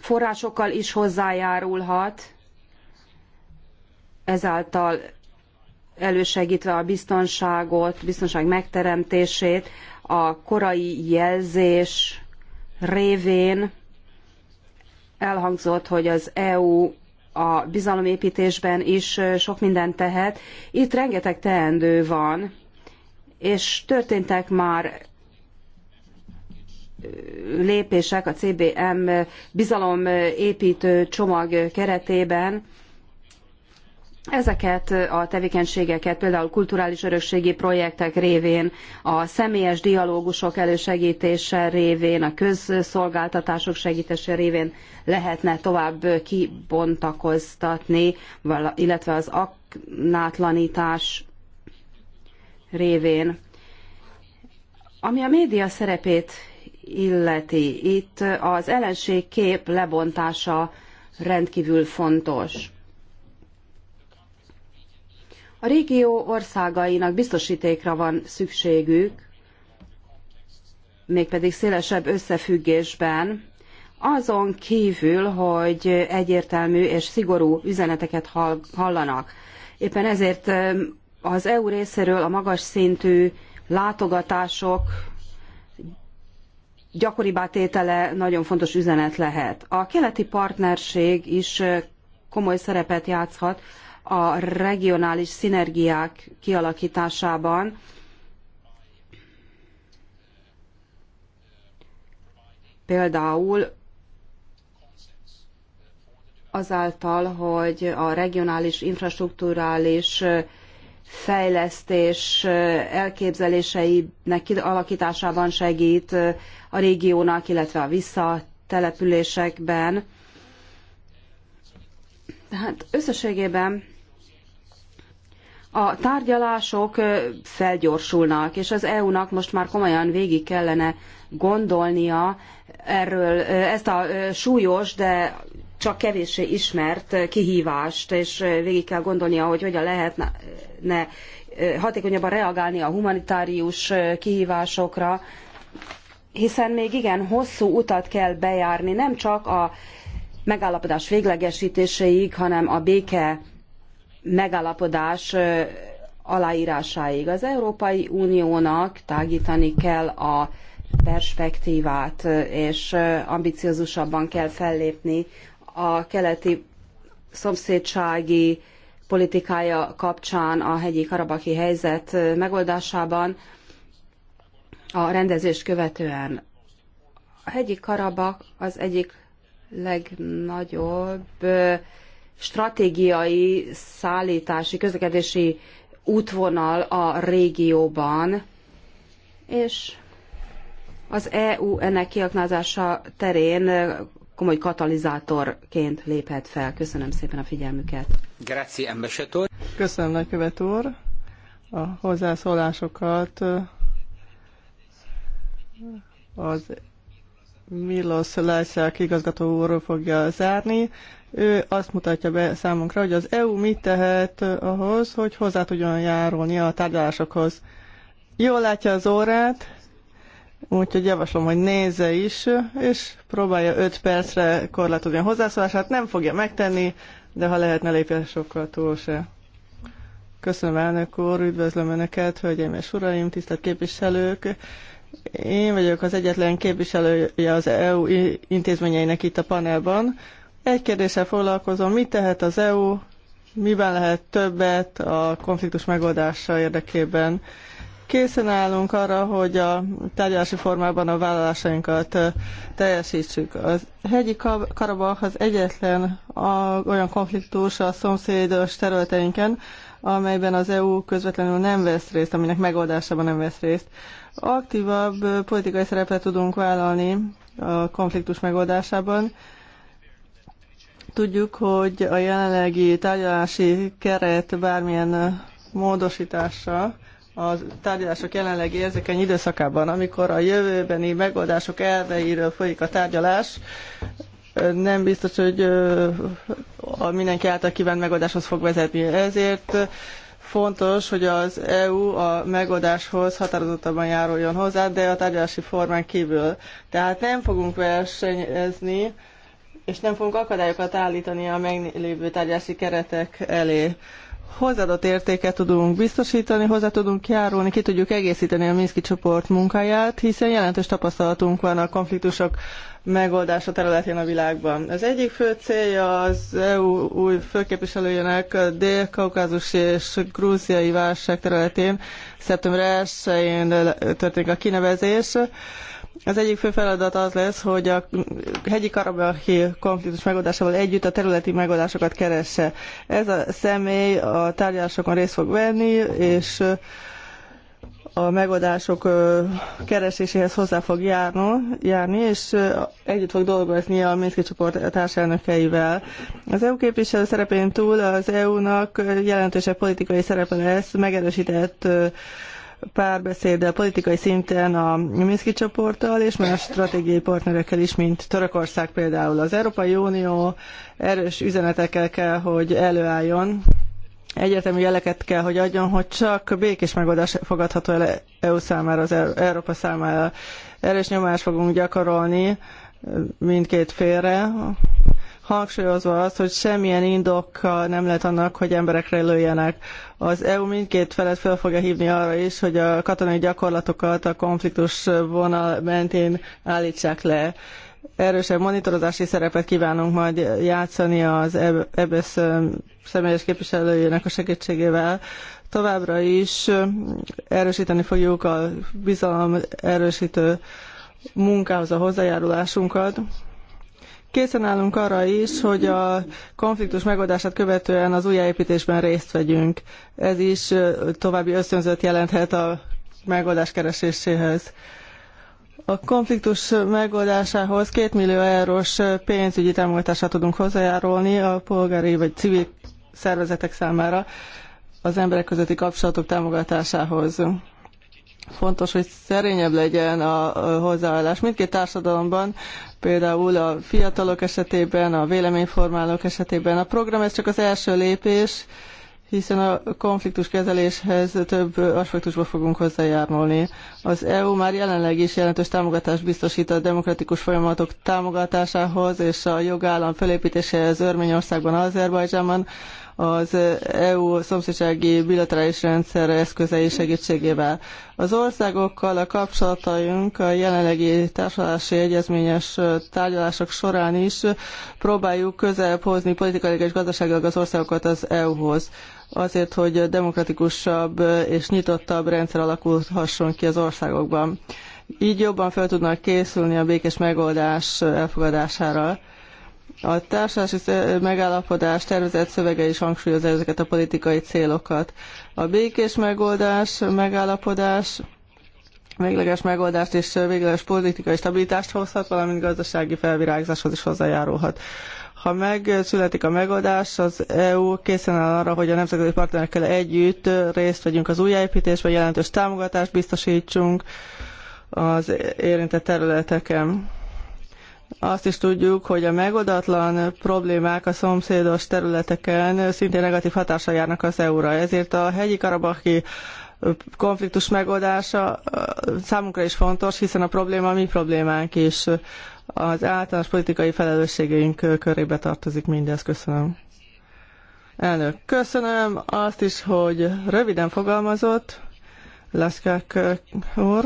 forrásokkal is hozzájárulhat, ezáltal elősegítve a biztonságot, biztonság megteremtését, a korai jelzés révén elhangzott, hogy az EU a bizalomépítésben is sok mindent tehet. Itt rengeteg teendő van, és történtek már lépések a CBM bizalomépítő csomag keretében, Ezeket a tevékenységeket például kulturális örökségi projektek révén, a személyes dialógusok elősegítése révén, a közszolgáltatások segítése révén lehetne tovább kibontakoztatni, illetve az aknátlanítás révén. Ami a média szerepét illeti, itt az ellenségkép kép lebontása rendkívül fontos a régió országainak biztosítékra van szükségük, mégpedig szélesebb összefüggésben, azon kívül, hogy egyértelmű és szigorú üzeneteket hallanak. Éppen ezért az EU részéről a magas szintű látogatások gyakori tétele nagyon fontos üzenet lehet. A keleti partnerség is komoly szerepet játszhat a regionális szinergiák kialakításában, például azáltal, hogy a regionális infrastruktúrális fejlesztés elképzeléseinek kialakításában segít a régiónak, illetve a visszatelepülésekben. Tehát összességében a tárgyalások felgyorsulnak, és az EU-nak most már komolyan végig kellene gondolnia erről ezt a súlyos, de csak kevéssé ismert kihívást, és végig kell gondolnia, hogy hogyan lehetne hatékonyabban reagálni a humanitárius kihívásokra, hiszen még igen hosszú utat kell bejárni, nem csak a megállapodás véglegesítéséig, hanem a béke megállapodás aláírásáig. Az Európai Uniónak tágítani kell a perspektívát, és ambiciózusabban kell fellépni a keleti szomszédsági politikája kapcsán a hegyi karabaki helyzet megoldásában a rendezést követően. A hegyi karabak az egyik legnagyobb stratégiai szállítási, közlekedési útvonal a régióban, és az EU ennek kiaknázása terén komoly katalizátorként léphet fel. Köszönöm szépen a figyelmüket. Grazie, ambassador. Köszönöm, nagykövet úr. A hozzászólásokat az Milos Lajszák igazgató úr fogja zárni. Ő azt mutatja be számunkra, hogy az EU mit tehet ahhoz, hogy hozzá tudjon járulni a tárgyalásokhoz. Jól látja az órát, úgyhogy javaslom, hogy nézze is, és próbálja 5 percre korlátozni a hozzászólását. Nem fogja megtenni, de ha lehetne lépjen sokkal túl se. Köszönöm elnök úr, üdvözlöm Önöket, hölgyeim és uraim, tisztelt képviselők! Én vagyok az egyetlen képviselője az EU intézményeinek itt a panelban, egy kérdéssel foglalkozom, mit tehet az EU, miben lehet többet a konfliktus megoldása érdekében. Készen állunk arra, hogy a tárgyalási formában a vállalásainkat teljesítsük. Az hegyi Karabach az egyetlen a, olyan konfliktus a szomszédos területeinken, amelyben az EU közvetlenül nem vesz részt, aminek megoldásában nem vesz részt. Aktívabb politikai szerepet tudunk vállalni a konfliktus megoldásában, Tudjuk, hogy a jelenlegi tárgyalási keret bármilyen módosítása a tárgyalások jelenlegi érzékeny időszakában, amikor a jövőbeni megoldások elveiről folyik a tárgyalás, nem biztos, hogy a mindenki által kívánt megoldáshoz fog vezetni. Ezért fontos, hogy az EU a megoldáshoz határozottabban járuljon hozzá, de a tárgyalási formán kívül. Tehát nem fogunk versenyezni és nem fogunk akadályokat állítani a meglévő tárgyási keretek elé. Hozzáadott értéket tudunk biztosítani, hozzá tudunk járulni, ki tudjuk egészíteni a Minszki csoport munkáját, hiszen jelentős tapasztalatunk van a konfliktusok megoldása területén a világban. Az egyik fő célja az EU új főképviselőjének dél-kaukázus és grúziai válság területén szeptember 1-én történik a kinevezés. Az egyik fő feladat az lesz, hogy a hegyi karabahi konfliktus megoldásával együtt a területi megoldásokat keresse. Ez a személy a tárgyalásokon részt fog venni, és a megoldások kereséséhez hozzá fog járni, és együtt fog dolgozni a Minszki csoport társelnökeivel. Az EU képviselő szerepén túl az EU-nak jelentősebb politikai szerepe lesz, megerősített párbeszéddel politikai szinten a Minszki csoporttal és más stratégiai partnerekkel is, mint Törökország például. Az Európai Unió erős üzenetekkel kell, hogy előálljon, egyértelmű jeleket kell, hogy adjon, hogy csak békés megoldás fogadható el EU számára, az e- Európa számára. Erős nyomást fogunk gyakorolni mindkét félre, hangsúlyozva azt, hogy semmilyen indokkal nem lehet annak, hogy emberekre lőjenek. Az EU mindkét felet fel fogja hívni arra is, hogy a katonai gyakorlatokat a konfliktus vonal mentén állítsák le. Erősebb monitorozási szerepet kívánunk majd játszani az EBSZ személyes képviselőjének a segítségével. Továbbra is erősíteni fogjuk a bizalom erősítő munkához a hozzájárulásunkat Készen állunk arra is, hogy a konfliktus megoldását követően az újjáépítésben részt vegyünk. Ez is további ösztönzőt jelenthet a megoldás kereséséhez. A konfliktus megoldásához 2 millió eurós pénzügyi támogatásra tudunk hozzájárulni a polgári vagy civil szervezetek számára az emberek közötti kapcsolatok támogatásához. Fontos, hogy szerényebb legyen a hozzáállás. Mindkét társadalomban például a fiatalok esetében, a véleményformálók esetében. A program ez csak az első lépés, hiszen a konfliktus kezeléshez több aspektusba fogunk hozzájárulni. Az EU már jelenleg is jelentős támogatást biztosít a demokratikus folyamatok támogatásához és a jogállam felépítéséhez Örményországban, Azerbajdzsánban, az EU szomszédsági bilaterális rendszer eszközei segítségével. Az országokkal a kapcsolataink a jelenlegi társadalási egyezményes tárgyalások során is próbáljuk közelebb hozni politikailag és gazdaságilag az országokat az EU-hoz azért, hogy demokratikusabb és nyitottabb rendszer alakulhasson ki az országokban. Így jobban fel tudnak készülni a békés megoldás elfogadására. A társadalmi megállapodás tervezett szövege is hangsúlyozza ezeket a politikai célokat. A békés megoldás, megállapodás, végleges megoldást és végleges politikai stabilitást hozhat, valamint gazdasági felvirágzáshoz is hozzájárulhat. Ha megszületik a megoldás, az EU készen áll arra, hogy a nemzetközi partnerekkel együtt részt vegyünk az újjáépítésben, jelentős támogatást biztosítsunk az érintett területeken azt is tudjuk, hogy a megoldatlan problémák a szomszédos területeken szintén negatív hatással járnak az EU-ra. Ezért a hegyi karabahi konfliktus megoldása számunkra is fontos, hiszen a probléma a mi problémánk is. Az általános politikai felelősségeink körébe tartozik mindez. Köszönöm. Elnök, köszönöm azt is, hogy röviden fogalmazott. Leszkák úr.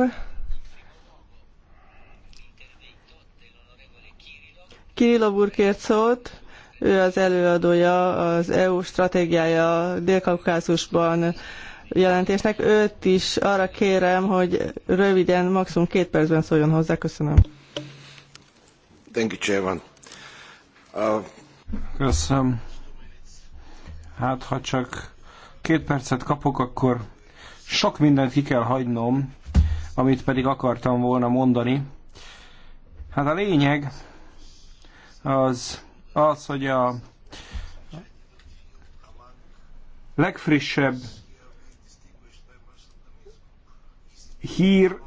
Kirillov úr kért szót, ő az előadója az EU stratégiája Dél-Kaukázusban jelentésnek. Őt is arra kérem, hogy röviden, maximum két percben szóljon hozzá. Köszönöm. Thank you, Chairman. Uh... Köszönöm. Hát, ha csak két percet kapok, akkor sok mindent ki kell hagynom, amit pedig akartam volna mondani. Hát a lényeg, az az, hogy a legfrissebb hír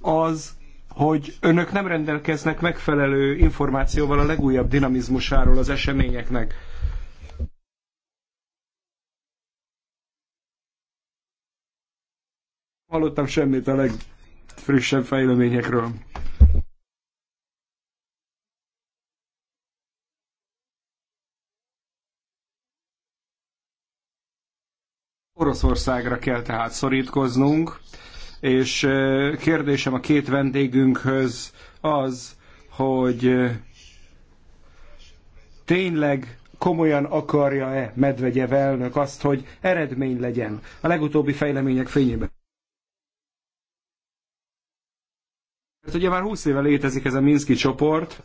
az, hogy önök nem rendelkeznek megfelelő információval a legújabb dinamizmusáról az eseményeknek. Hallottam semmit a legfrissebb fejleményekről. Oroszországra kell tehát szorítkoznunk, és kérdésem a két vendégünkhöz az, hogy tényleg komolyan akarja-e Medvegyev elnök azt, hogy eredmény legyen a legutóbbi fejlemények fényében. Mert hát ugye már 20 éve létezik ez a Minszki csoport,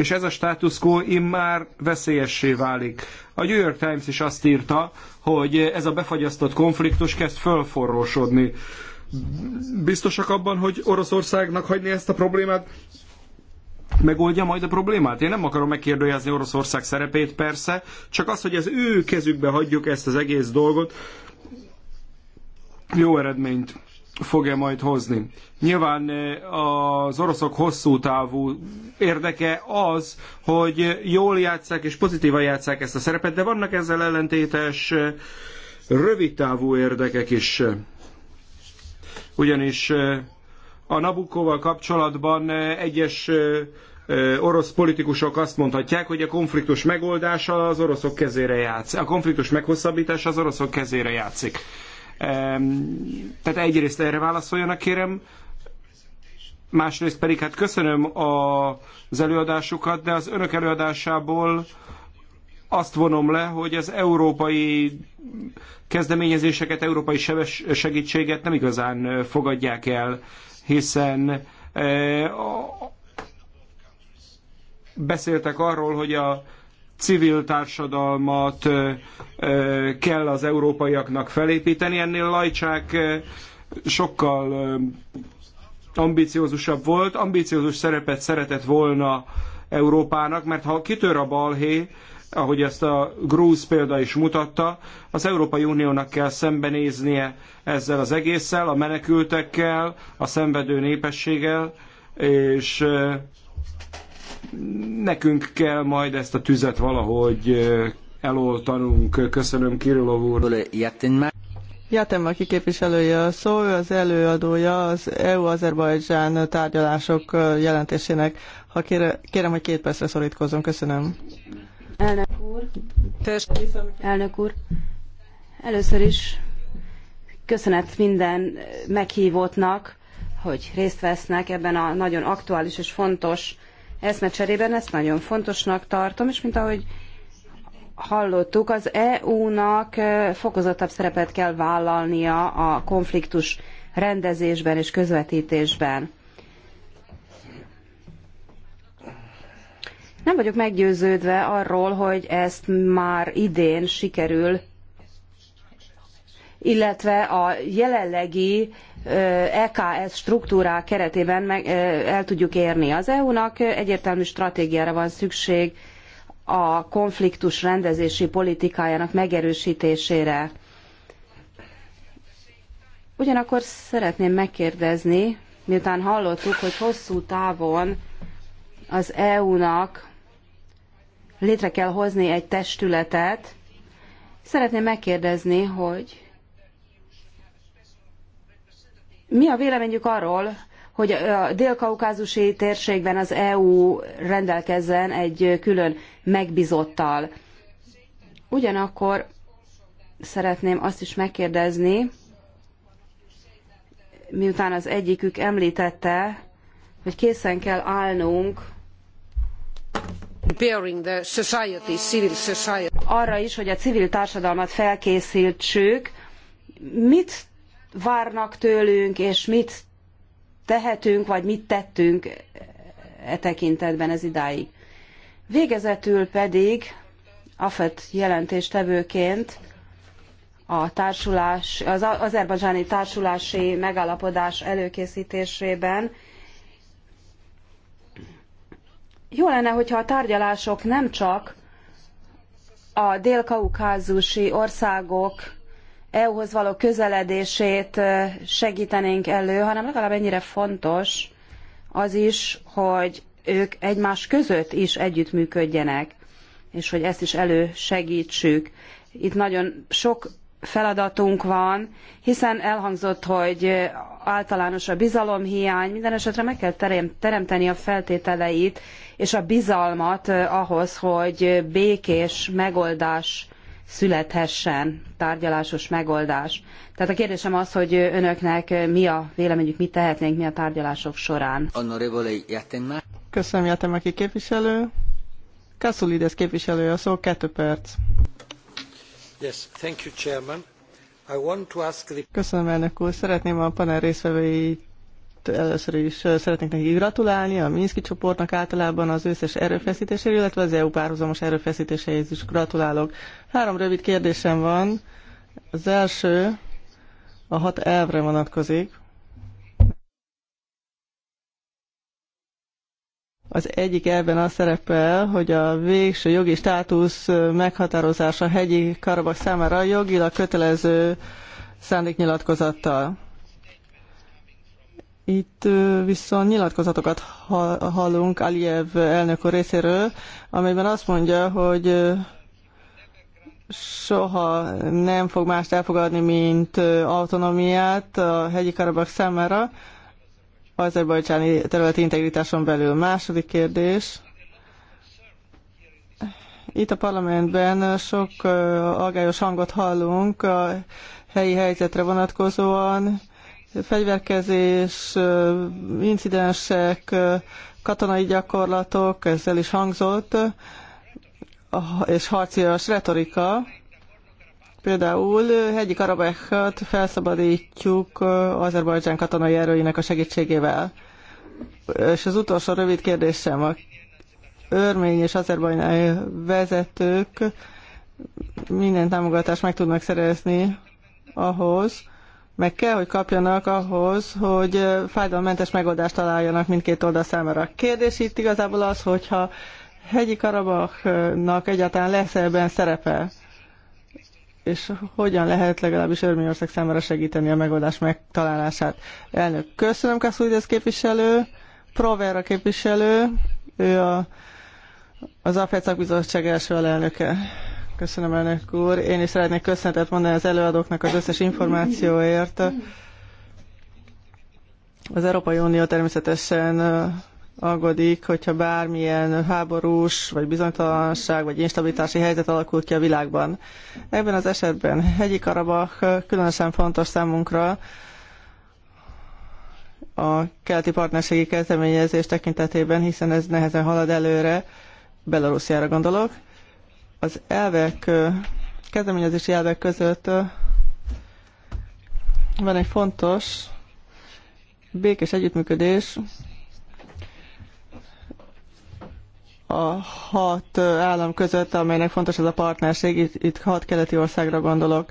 és ez a status quo immár veszélyessé válik. A New York Times is azt írta, hogy ez a befagyasztott konfliktus kezd fölforrósodni. Biztosak abban, hogy Oroszországnak hagyni ezt a problémát? megoldja majd a problémát. Én nem akarom megkérdőjelezni Oroszország szerepét persze, csak az, hogy az ő kezükbe hagyjuk ezt az egész dolgot, jó eredményt fog-e majd hozni. Nyilván eh, az oroszok hosszú távú érdeke az, hogy jól játsszák és pozitívan játsszák ezt a szerepet, de vannak ezzel ellentétes eh, rövid távú érdekek is. Ugyanis eh, a Nabukkóval kapcsolatban egyes orosz politikusok azt mondhatják, hogy a konfliktus megoldása az oroszok kezére játszik. A konfliktus meghosszabbítása az oroszok kezére játszik. Tehát egyrészt erre válaszoljanak, kérem, másrészt pedig hát köszönöm az előadásukat, de az önök előadásából azt vonom le, hogy az európai kezdeményezéseket, európai segítséget nem igazán fogadják el, hiszen eh, beszéltek arról, hogy a civil társadalmat kell az európaiaknak felépíteni. Ennél Lajcsák sokkal ambiciózusabb volt, ambiciózus szerepet szeretett volna Európának, mert ha kitör a balhé, ahogy ezt a grúz példa is mutatta, az Európai Uniónak kell szembenéznie ezzel az egésszel, a menekültekkel, a szenvedő népességgel, és nekünk kell majd ezt a tüzet valahogy eloltanunk. Köszönöm Kirillov úr. Jatemma kiképviselője a szó, ő az előadója az EU-Azerbajdzsán tárgyalások jelentésének. Ha kére, kérem, hogy két percre szorítkozzon. Köszönöm. Elnök úr. Elnök úr. Először is köszönet minden meghívótnak, hogy részt vesznek ebben a nagyon aktuális és fontos eszmecserében, ezt nagyon fontosnak tartom, és mint ahogy hallottuk, az EU-nak eh, fokozottabb szerepet kell vállalnia a konfliktus rendezésben és közvetítésben. Nem vagyok meggyőződve arról, hogy ezt már idén sikerül, illetve a jelenlegi EKS struktúrák keretében meg, el tudjuk érni. Az EU-nak egyértelmű stratégiára van szükség a konfliktus rendezési politikájának megerősítésére. Ugyanakkor szeretném megkérdezni, miután hallottuk, hogy hosszú távon az EU-nak létre kell hozni egy testületet, szeretném megkérdezni, hogy mi a véleményük arról, hogy a dél-kaukázusi térségben az EU rendelkezzen egy külön megbizottal? Ugyanakkor szeretném azt is megkérdezni, miután az egyikük említette, hogy készen kell állnunk arra is, hogy a civil társadalmat felkészítsük. Mit várnak tőlünk, és mit tehetünk, vagy mit tettünk e tekintetben ez idáig. Végezetül pedig AFET jelentéstevőként a társulás, az azerbajdzsáni társulási megállapodás előkészítésében jó lenne, hogyha a tárgyalások nem csak a dél-kaukázusi országok EU-hoz való közeledését segítenénk elő, hanem legalább ennyire fontos az is, hogy ők egymás között is együttműködjenek, és hogy ezt is elősegítsük. Itt nagyon sok feladatunk van, hiszen elhangzott, hogy általános a bizalomhiány, minden esetre meg kell teremteni a feltételeit és a bizalmat ahhoz, hogy békés megoldás születhessen tárgyalásos megoldás. Tehát a kérdésem az, hogy önöknek mi a véleményük, mit tehetnénk mi a tárgyalások során. Köszönöm, Jatem, aki képviselő. Kassulides képviselő a szó, kettő perc. Yes, thank you, Chairman. I want to ask the... Köszönöm, elnök úr. Szeretném a panel részvevőit először is szeretnék neki gratulálni, a Minszki csoportnak általában az összes erőfeszítéséről, illetve az EU párhuzamos erőfeszítéséhez is gratulálok. Három rövid kérdésem van. Az első a hat elvre vonatkozik. Az egyik elben az szerepel, hogy a végső jogi státusz meghatározása hegyi karabak számára jogilag kötelező szándéknyilatkozattal. Itt viszont nyilatkozatokat hallunk Aliyev elnök úr részéről, amelyben azt mondja, hogy soha nem fog mást elfogadni, mint autonómiát a hegyi karabak számára, azerbajcsáni területi integritáson belül. Második kérdés. Itt a parlamentben sok aggályos hangot hallunk a helyi helyzetre vonatkozóan. Fegyverkezés, incidensek, katonai gyakorlatok, ezzel is hangzott és harcias retorika. Például hegyi Karabekhet felszabadítjuk Azerbajdzsán katonai erőinek a segítségével. És az utolsó rövid kérdésem, a örmény és azerbajdzsáni vezetők minden támogatást meg tudnak szerezni ahhoz, meg kell, hogy kapjanak ahhoz, hogy fájdalommentes megoldást találjanak mindkét oldal számára. A kérdés itt igazából az, hogyha hegyi Karabachnak egyáltalán lesz -e ebben szerepe? És hogyan lehet legalábbis Örményország számára segíteni a megoldás megtalálását? Elnök, köszönöm, Kaszújdesz képviselő, Provera képviselő, ő a, az APEC Bizottság első alelnöke. Köszönöm, elnök úr. Én is szeretnék köszönetet mondani az előadóknak az összes információért. Az Európai Unió természetesen aggodik, hogyha bármilyen háborús, vagy bizonytalanság, vagy instabilitási helyzet alakul ki a világban. Ebben az esetben hegyi Karabach különösen fontos számunkra a keleti partnerségi kezdeményezés tekintetében, hiszen ez nehezen halad előre, Belarusiára gondolok. Az elvek, kezdeményezési elvek között van egy fontos békés együttműködés a hat állam között, amelynek fontos ez a partnerség, itt, itt hat keleti országra gondolok.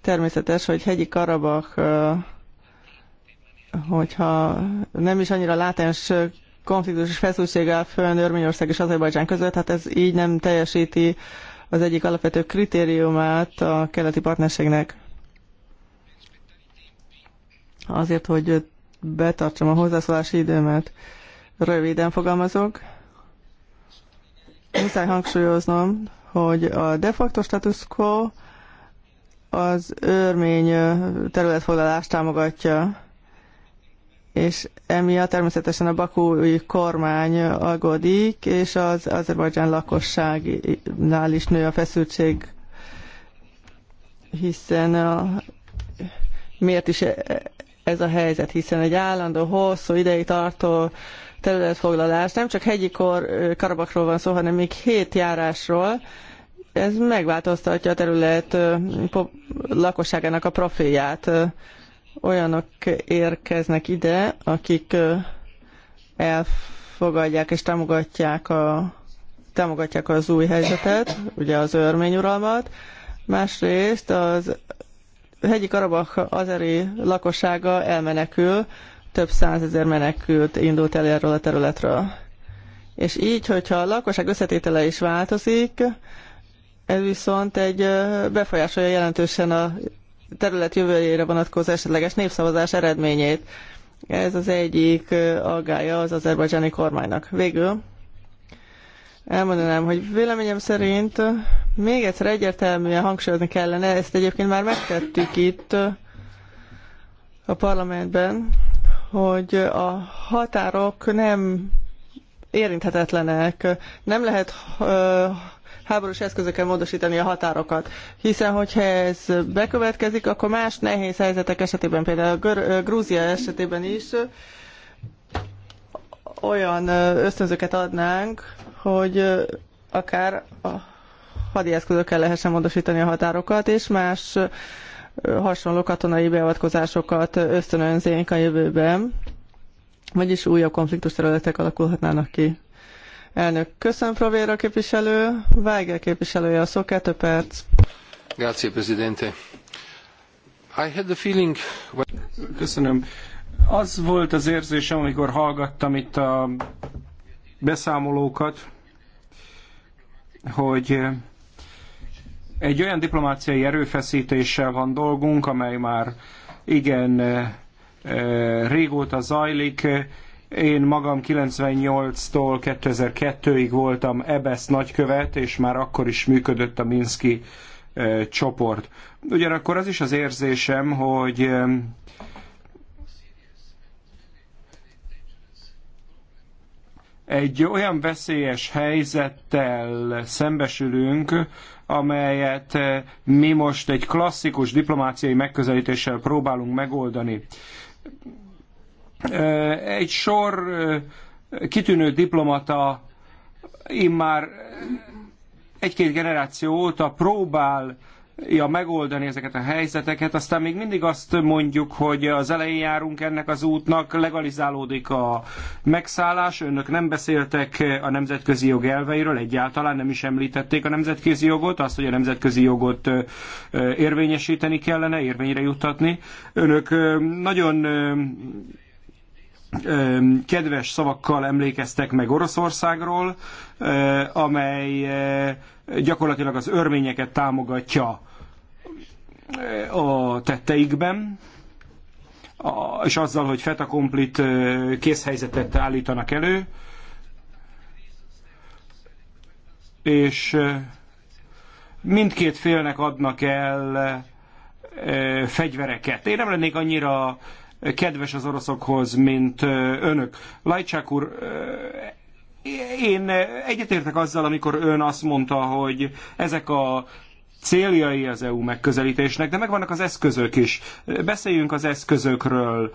Természetes, hogy hegyi Karabach, hogyha nem is annyira látens és feszültség áll fönn Örményország és Azerbajdzsán között, hát ez így nem teljesíti az egyik alapvető kritériumát a keleti partnerségnek. Azért, hogy betartsam a hozzászólási időmet, röviden fogalmazok muszáj hangsúlyoznom, hogy a de facto status quo az örmény területfoglalást támogatja, és emiatt természetesen a bakúi kormány aggódik, és az Azerbajdzsán lakosságnál is nő a feszültség, hiszen a, miért is e, e, ez a helyzet, hiszen egy állandó, hosszú ideig tartó területfoglalás. Nem csak hegyi kor Karabakról van szó, hanem még hét járásról. Ez megváltoztatja a terület lakosságának a profilját. Olyanok érkeznek ide, akik elfogadják és támogatják, a, támogatják az új helyzetet, ugye az örmény uralmat. Másrészt az hegyi karabak azeri lakossága elmenekül, több százezer menekült indult el erről a területről. És így, hogyha a lakosság összetétele is változik, ez viszont egy befolyásolja jelentősen a terület jövőjére vonatkozó esetleges népszavazás eredményét. Ez az egyik aggája az azerbajdzsáni kormánynak. Végül elmondanám, hogy véleményem szerint még egyszer egyértelműen hangsúlyozni kellene, ezt egyébként már megtettük itt a parlamentben, hogy a határok nem érinthetetlenek. Nem lehet háborús eszközökkel módosítani a határokat, hiszen hogyha ez bekövetkezik, akkor más nehéz helyzetek esetében, például Gör- Grúzia esetében is olyan ösztönzőket adnánk, hogy akár a hadi eszközökkel lehessen módosítani a határokat, és más hasonló katonai beavatkozásokat ösztönönzénk a jövőben, vagyis újabb konfliktus területek alakulhatnának ki. Elnök, köszönöm Provéra képviselő, Weigel képviselője a szó, kettő perc. Grazie, Presidente. I had the feeling... Köszönöm. Az volt az érzésem, amikor hallgattam itt a beszámolókat, hogy egy olyan diplomáciai erőfeszítéssel van dolgunk, amely már igen eh, eh, régóta zajlik. Én magam 98-tól 2002-ig voltam EBESZ nagykövet, és már akkor is működött a Minszki eh, csoport. Ugyanakkor az is az érzésem, hogy egy olyan veszélyes helyzettel szembesülünk, amelyet eh, mi most egy klasszikus diplomáciai megközelítéssel próbálunk megoldani. Eh, egy sor eh, kitűnő diplomata immár egy-két generáció óta próbál ja, megoldani ezeket a helyzeteket. Aztán még mindig azt mondjuk, hogy az elején járunk ennek az útnak, legalizálódik a megszállás. Önök nem beszéltek a nemzetközi jog elveiről, egyáltalán nem is említették a nemzetközi jogot, azt, hogy a nemzetközi jogot érvényesíteni kellene, érvényre juttatni. Önök nagyon kedves szavakkal emlékeztek meg Oroszországról, amely gyakorlatilag az örményeket támogatja a tetteikben, a, és azzal, hogy fetakomplit készhelyzetet állítanak elő, és mindkét félnek adnak el fegyvereket. Én nem lennék annyira kedves az oroszokhoz, mint önök. Lajcsák úr, én egyetértek azzal, amikor ön azt mondta, hogy ezek a céljai az EU megközelítésnek, de megvannak az eszközök is. Beszéljünk az eszközökről.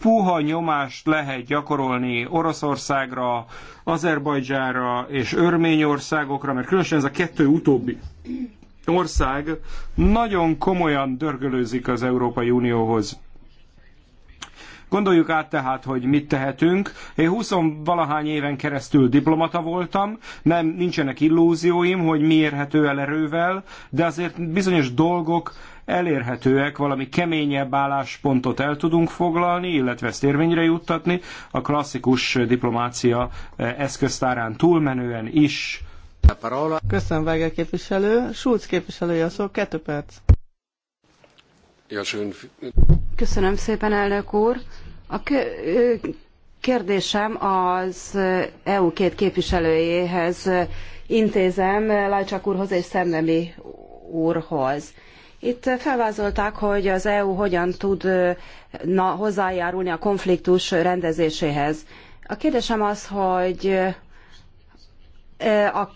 Puha nyomást lehet gyakorolni Oroszországra, Azerbajdzsára és Örményországokra, mert különösen ez a kettő utóbbi ország nagyon komolyan dörgölőzik az Európai Unióhoz. Gondoljuk át tehát, hogy mit tehetünk. Én 20 valahány éven keresztül diplomata voltam, nem nincsenek illúzióim, hogy mi érhető el erővel, de azért bizonyos dolgok elérhetőek, valami keményebb álláspontot el tudunk foglalni, illetve ezt érvényre juttatni, a klasszikus diplomácia eh, eszköztárán túlmenően is. Köszönöm, Vágel képviselő. Schulz képviselője a szó, kettő perc. Ja, schön. Köszönöm szépen, elnök úr. A kérdésem az EU két képviselőjéhez intézem, Lajcsak úrhoz és Szemnemi úrhoz. Itt felvázolták, hogy az EU hogyan tudna hozzájárulni a konfliktus rendezéséhez. A kérdésem az, hogy a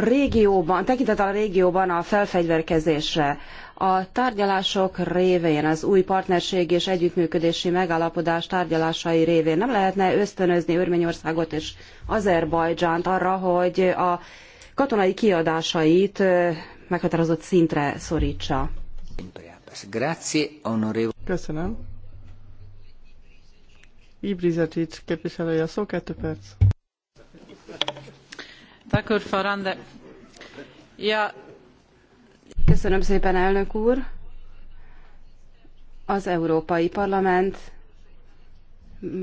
régióban, tekintet a régióban a felfegyverkezésre. A tárgyalások révén, az új partnerség és együttműködési megállapodás tárgyalásai révén nem lehetne ösztönözni Örményországot és Azerbajdzsánt arra, hogy a katonai kiadásait meghatározott szintre szorítsa. Köszönöm. Ibrizetit képviselője a szó, kettő perc. Az Európai Parlament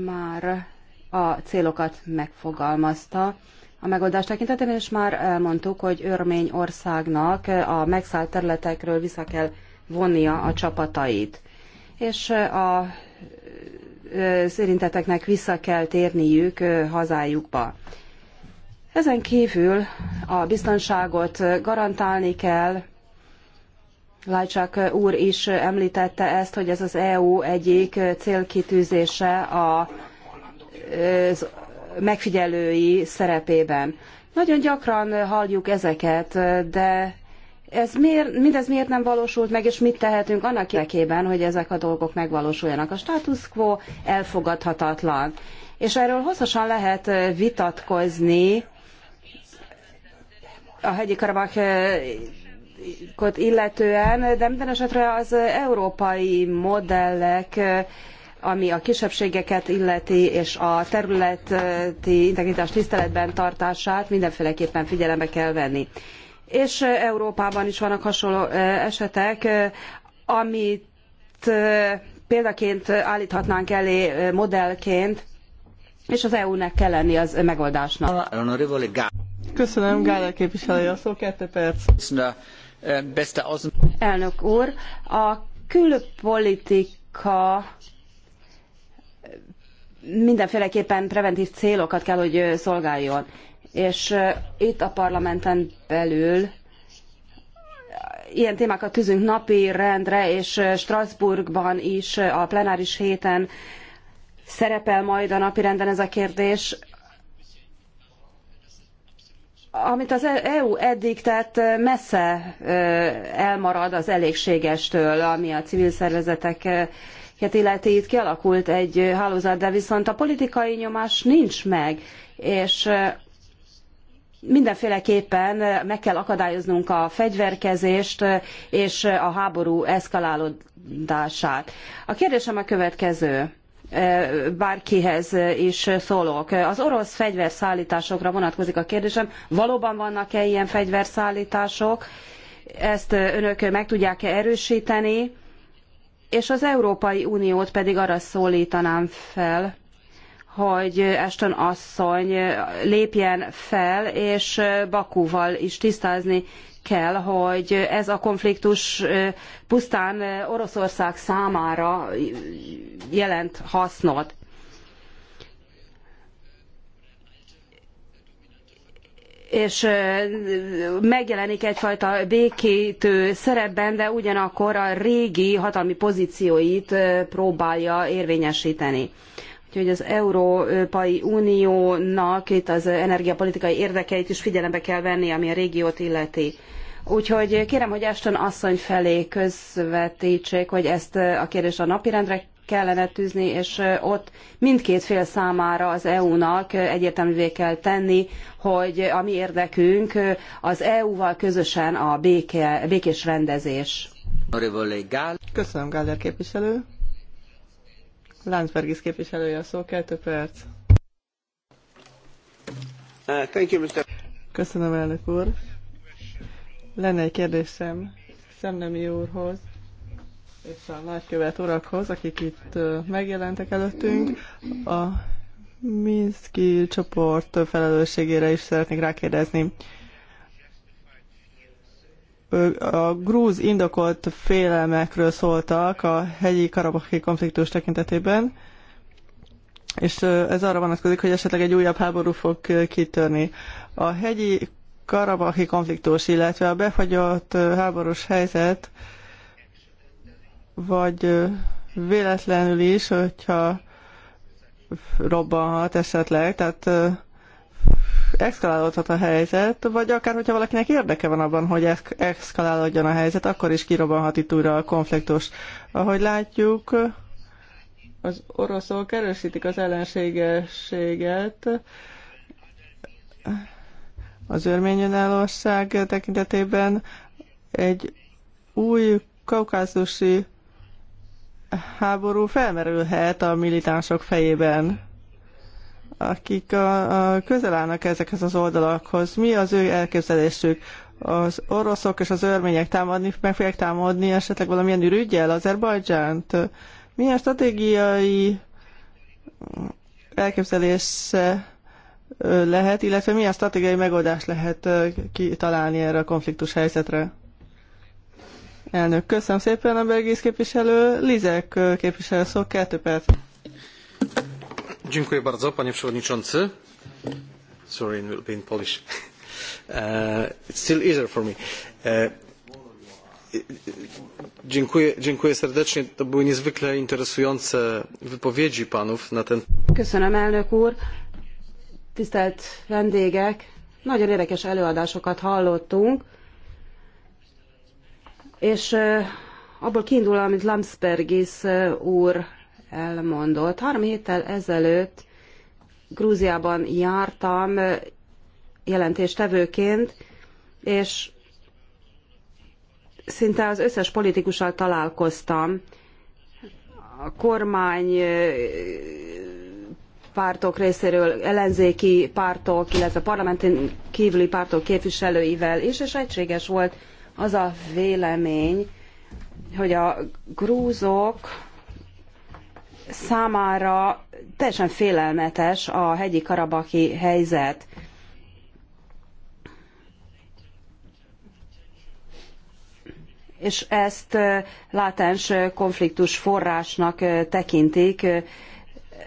már a célokat megfogalmazta. A megoldás tekintetében és már elmondtuk, hogy Örményországnak a megszállt területekről vissza kell vonnia a csapatait. És a érintetteknek vissza kell térniük hazájukba. Ezen kívül a biztonságot garantálni kell, Lajcsák úr is említette ezt, hogy ez az EU egyik célkitűzése a megfigyelői szerepében. Nagyon gyakran halljuk ezeket, de ez miért, mindez miért nem valósult meg, és mit tehetünk annak érdekében, hogy ezek a dolgok megvalósuljanak. A status quo elfogadhatatlan. És erről hosszasan lehet vitatkozni, a hegyi karabach illetően, de minden esetre az európai modellek ami a kisebbségeket illeti, és a területi integritás tiszteletben tartását mindenféleképpen figyelembe kell venni. És Európában is vannak hasonló esetek, amit példaként állíthatnánk elé modellként, és az EU-nek kell lenni az megoldásnak. Köszönöm, a szó kettő perc. Elnök úr, a külpolitika mindenféleképpen preventív célokat kell, hogy szolgáljon. És itt a parlamenten belül ilyen témákat tűzünk napi rendre, és Strasbourgban is a plenáris héten szerepel majd a napirenden ez a kérdés amit az EU eddig tett, messze elmarad az elégségestől, ami a civil szervezeteket illeti. Itt kialakult egy hálózat, de viszont a politikai nyomás nincs meg, és mindenféleképpen meg kell akadályoznunk a fegyverkezést és a háború eszkalálódását. A kérdésem a következő bárkihez is szólok. Az orosz fegyverszállításokra vonatkozik a kérdésem. Valóban vannak-e ilyen fegyverszállítások? Ezt önök meg tudják-e erősíteni? És az Európai Uniót pedig arra szólítanám fel, hogy Ashton asszony lépjen fel, és Bakúval is tisztázni kell, hogy ez a konfliktus pusztán Oroszország számára jelent hasznot. és megjelenik egyfajta békétő szerepben, de ugyanakkor a régi hatalmi pozícióit próbálja érvényesíteni. Úgyhogy az Európai Uniónak itt az energiapolitikai érdekeit is figyelembe kell venni, ami a régiót illeti. Úgyhogy kérem, hogy Ashton asszony felé közvetítsék, hogy ezt a kérdést a napirendre kellene tűzni, és ott mindkét fél számára az EU-nak egyértelművé kell tenni, hogy a mi érdekünk az EU-val közösen a béke, békés rendezés. Köszönöm, Gáller képviselő. Láncbergis képviselője a szó, kettő perc. Uh, Köszönöm, elnök úr. Lenne egy kérdésem Szemnemi úrhoz és a nagykövet urakhoz, akik itt megjelentek előttünk. A Minszki csoport felelősségére is szeretnék rákérdezni. A grúz indokolt félelmekről szóltak a hegyi karabaki konfliktus tekintetében, és ez arra vonatkozik, hogy esetleg egy újabb háború fog kitörni. A hegyi karabahi konfliktus, illetve a befagyott háborús helyzet, vagy véletlenül is, hogyha robbanhat esetleg, tehát eszkalálódhat a helyzet, vagy akár, hogyha valakinek érdeke van abban, hogy eszkalálódjon a helyzet, akkor is kirobbanhat itt újra a konfliktus. Ahogy látjuk, az oroszok erősítik az ellenségességet, az örmény önállóság tekintetében egy új kaukázusi háború felmerülhet a militánsok fejében, akik a, a közel állnak ezekhez az oldalakhoz. Mi az ő elképzelésük? Az oroszok és az örmények támadni, meg fogják támadni esetleg valamilyen az Azerbajdzsánt? Milyen stratégiai elképzelése lehet, illetve milyen stratégiai megoldást lehet kitalálni erre a konfliktus helyzetre? Elnök, köszönöm szépen, a belgész képviselő. Lizek képviselő szó, kettő perc. Dziękuję bardzo, panie przewodniczący. Sorry, it will be in Polish. <laughs> Uh, it's still easier for me. Uh, Dziękuję, dziękuję serdecznie. To były niezwykle interesujące wypowiedzi panów na ten... Köszönöm, elnök úr tisztelt vendégek, nagyon érdekes előadásokat hallottunk, és abból kiindul, amit Lamsbergis úr elmondott. Három héttel ezelőtt Grúziában jártam jelentéstevőként, és szinte az összes politikussal találkoztam, a kormány pártok részéről, ellenzéki pártok, illetve parlamenten kívüli pártok képviselőivel is, és egységes volt az a vélemény, hogy a grúzok számára teljesen félelmetes a hegyi karabaki helyzet. És ezt látens konfliktus forrásnak tekintik,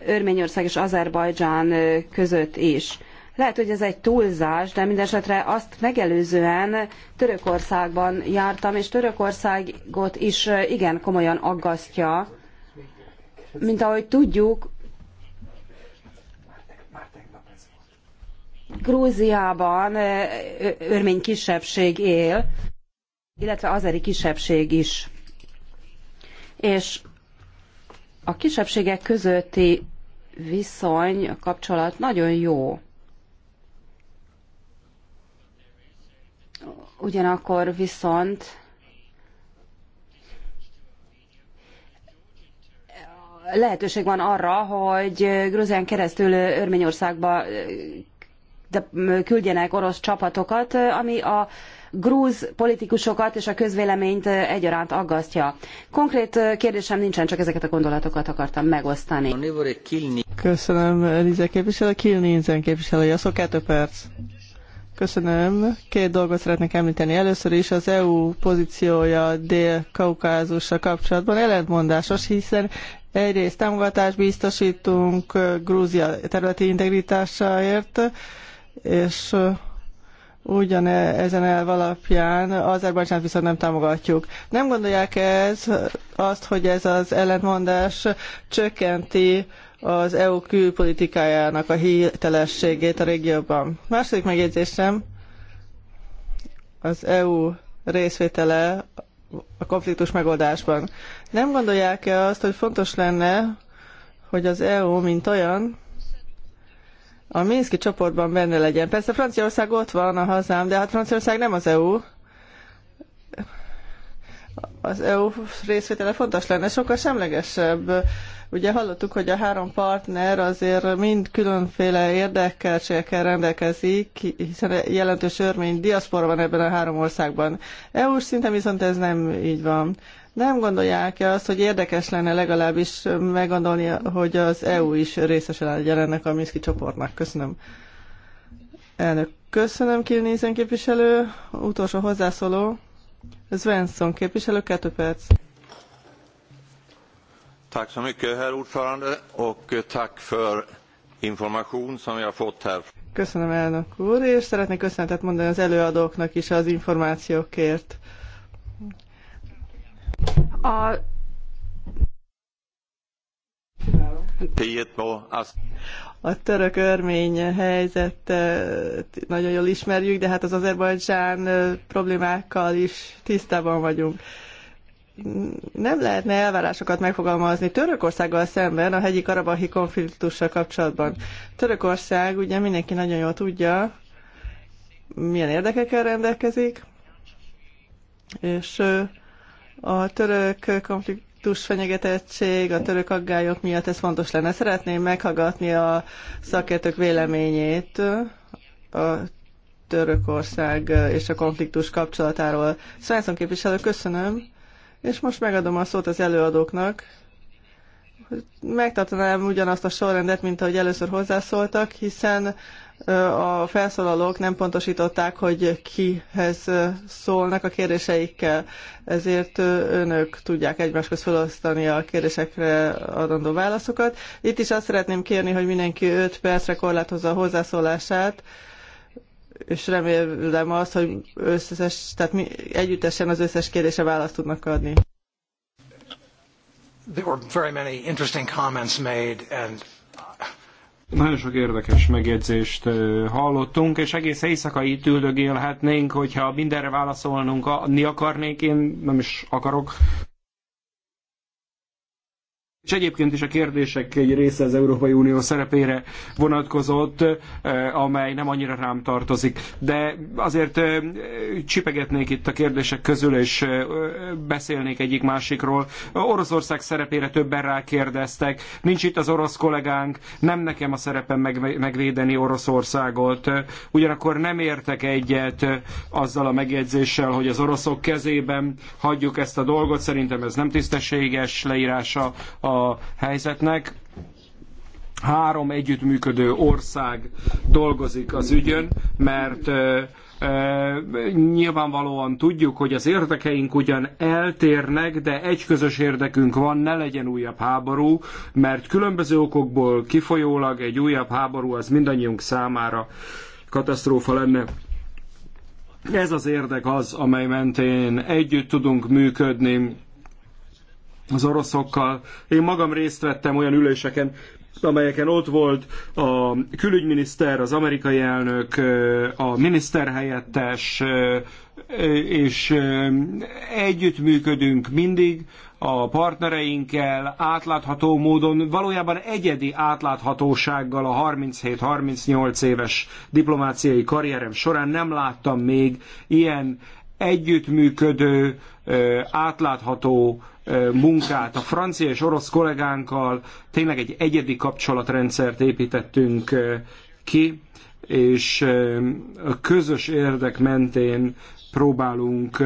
Örményország és Azerbajdzsán között is. Lehet, hogy ez egy túlzás, de mindesetre azt megelőzően Törökországban jártam, és Törökországot is igen komolyan aggasztja. Mint ahogy tudjuk, Grúziában örmény kisebbség él, illetve azeri kisebbség is. És a kisebbségek közötti viszony, a kapcsolat nagyon jó. Ugyanakkor viszont lehetőség van arra, hogy Grúzián keresztül Örményországba küldjenek orosz csapatokat, ami a grúz politikusokat és a közvéleményt egyaránt aggasztja. Konkrét kérdésem nincsen, csak ezeket a gondolatokat akartam megosztani. Köszönöm, Elize képviselő. Kilnézen képviselője, szó kettő perc. Köszönöm. Két dolgot szeretnék említeni. Először is az EU pozíciója Dél-Kaukázussal kapcsolatban ellentmondásos, hiszen egyrészt támogatást biztosítunk Grúzia területi integritásáért, és ugyan ezen elv alapján Azerbajdzsánt viszont nem támogatjuk. Nem gondolják ez azt, hogy ez az ellentmondás csökkenti az EU külpolitikájának a hitelességét a régióban. Második megjegyzésem, az EU részvétele a konfliktus megoldásban. Nem gondolják-e azt, hogy fontos lenne, hogy az EU, mint olyan, a Minszki csoportban benne legyen. Persze Franciaország ott van a hazám, de hát Franciaország nem az EU. Az EU részvétele fontos lenne, sokkal semlegesebb. Ugye hallottuk, hogy a három partner azért mind különféle érdekeltségekkel rendelkezik, hiszen jelentős örmény diaszpora van ebben a három országban. EU-s szinten viszont ez nem így van. Nem gondolják-e azt, hogy érdekes lenne legalábbis meggondolni, hogy az EU is részese legyen ennek a Minszki csoportnak? Köszönöm. Elnök, köszönöm, Kilnézen képviselő. Utolsó hozzászóló, Svensson képviselő, kettő perc. Tack så mycket, herr ordförande, och tack för information som jag fått här. Köszönöm, elnök úr, és szeretnék köszönetet mondani az előadóknak is az információkért. A a török örmény helyzetet nagyon jól ismerjük, de hát az Azerbajdzsán problémákkal is tisztában vagyunk. Nem lehetne elvárásokat megfogalmazni Törökországgal szemben a hegyi karabahi konfliktussal kapcsolatban. Törökország ugye mindenki nagyon jól tudja, milyen érdekekkel rendelkezik, és a török konfliktus fenyegetettség, a török aggályok miatt ez fontos lenne. Szeretném meghallgatni a szakértők véleményét a Törökország és a konfliktus kapcsolatáról. Svensson képviselő, köszönöm, és most megadom a szót az előadóknak. Megtartanám ugyanazt a sorrendet, mint ahogy először hozzászóltak, hiszen a felszólalók nem pontosították, hogy kihez szólnak a kérdéseikkel, ezért önök tudják egymás közt felosztani a kérdésekre adandó válaszokat. Itt is azt szeretném kérni, hogy mindenki 5 percre korlátozza a hozzászólását, és remélem azt, hogy összes, tehát mi együttesen az összes kérdése választ tudnak adni. There were very many interesting comments made and nagyon sok érdekes megjegyzést hallottunk, és egész éjszaka itt üldögélhetnénk, hogyha mindenre válaszolnunk, adni akarnék, én nem is akarok. És egyébként is a kérdések egy része az Európai Unió szerepére vonatkozott, eh, amely nem annyira rám tartozik. De azért eh, csipegetnék itt a kérdések közül, és eh, beszélnék egyik másikról. Oroszország szerepére többen rákérdeztek. Nincs itt az orosz kollégánk, nem nekem a szerepem megvédeni Oroszországot. Ugyanakkor nem értek egyet azzal a megjegyzéssel, hogy az oroszok kezében hagyjuk ezt a dolgot. Szerintem ez nem tisztességes leírása a a helyzetnek. Három együttműködő ország dolgozik az ügyön, mert nyilvánvalóan tudjuk, hogy az érdekeink ugyan eltérnek, de egy közös érdekünk van, ne legyen újabb háború, mert különböző okokból kifolyólag egy újabb háború az mindannyiunk számára katasztrófa lenne. Ez az érdek az, amely mentén együtt tudunk működni, az oroszokkal. Én magam részt vettem olyan üléseken, amelyeken ott volt a külügyminiszter, az amerikai elnök, a miniszterhelyettes, és együttműködünk mindig a partnereinkkel átlátható módon, valójában egyedi átláthatósággal a 37-38 éves diplomáciai karrierem során nem láttam még ilyen együttműködő, átlátható munkát. A francia és orosz kollégánkkal tényleg egy egyedi kapcsolatrendszert építettünk ki, és a közös érdek mentén próbálunk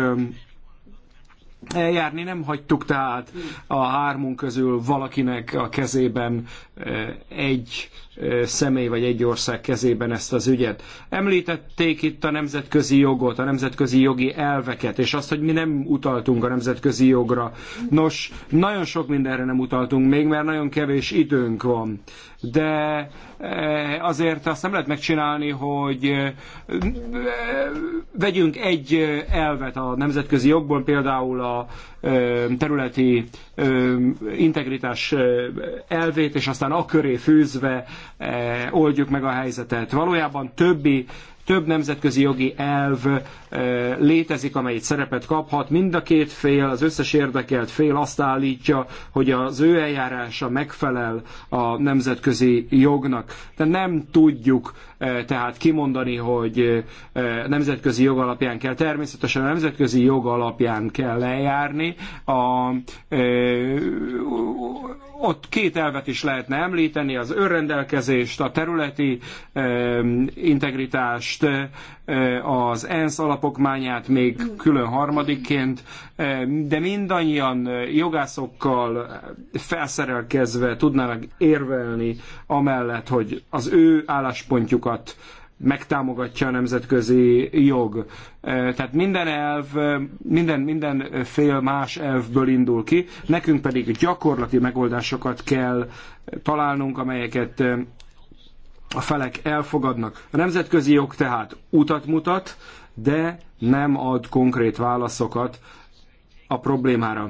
eljárni. Nem hagytuk tehát a hármunk közül valakinek a kezében egy személy vagy egy ország kezében ezt az ügyet. Említették itt a nemzetközi jogot, a nemzetközi jogi elveket, és azt, hogy mi nem utaltunk a nemzetközi jogra. Nos, nagyon sok mindenre nem utaltunk még, mert nagyon kevés időnk van. De azért azt nem lehet megcsinálni, hogy vegyünk egy elvet a nemzetközi jogból, például a területi integritás elvét, és aztán a köré fűzve oldjuk meg a helyzetet. Valójában többi több nemzetközi jogi elv létezik, amely itt szerepet kaphat. Mind a két fél, az összes érdekelt fél azt állítja, hogy az ő eljárása megfelel a nemzetközi jognak. De nem tudjuk Eh, tehát kimondani, hogy eh, nemzetközi jog alapján kell, természetesen a nemzetközi jog alapján kell lejárni. A, eh, ott két elvet is lehetne említeni, az önrendelkezést, a területi integritást, az ENSZ alapokmányát még külön harmadikként, de mindannyian jogászokkal felszerelkezve tudnának érvelni amellett, hogy az ő álláspontjukat jogokat megtámogatja a nemzetközi jog. E, tehát minden elv, e, minden, minden fél más elvből indul ki, nekünk pedig gyakorlati megoldásokat kell találnunk, amelyeket e, a felek elfogadnak. A nemzetközi jog tehát utat mutat, de nem ad konkrét válaszokat a problémára.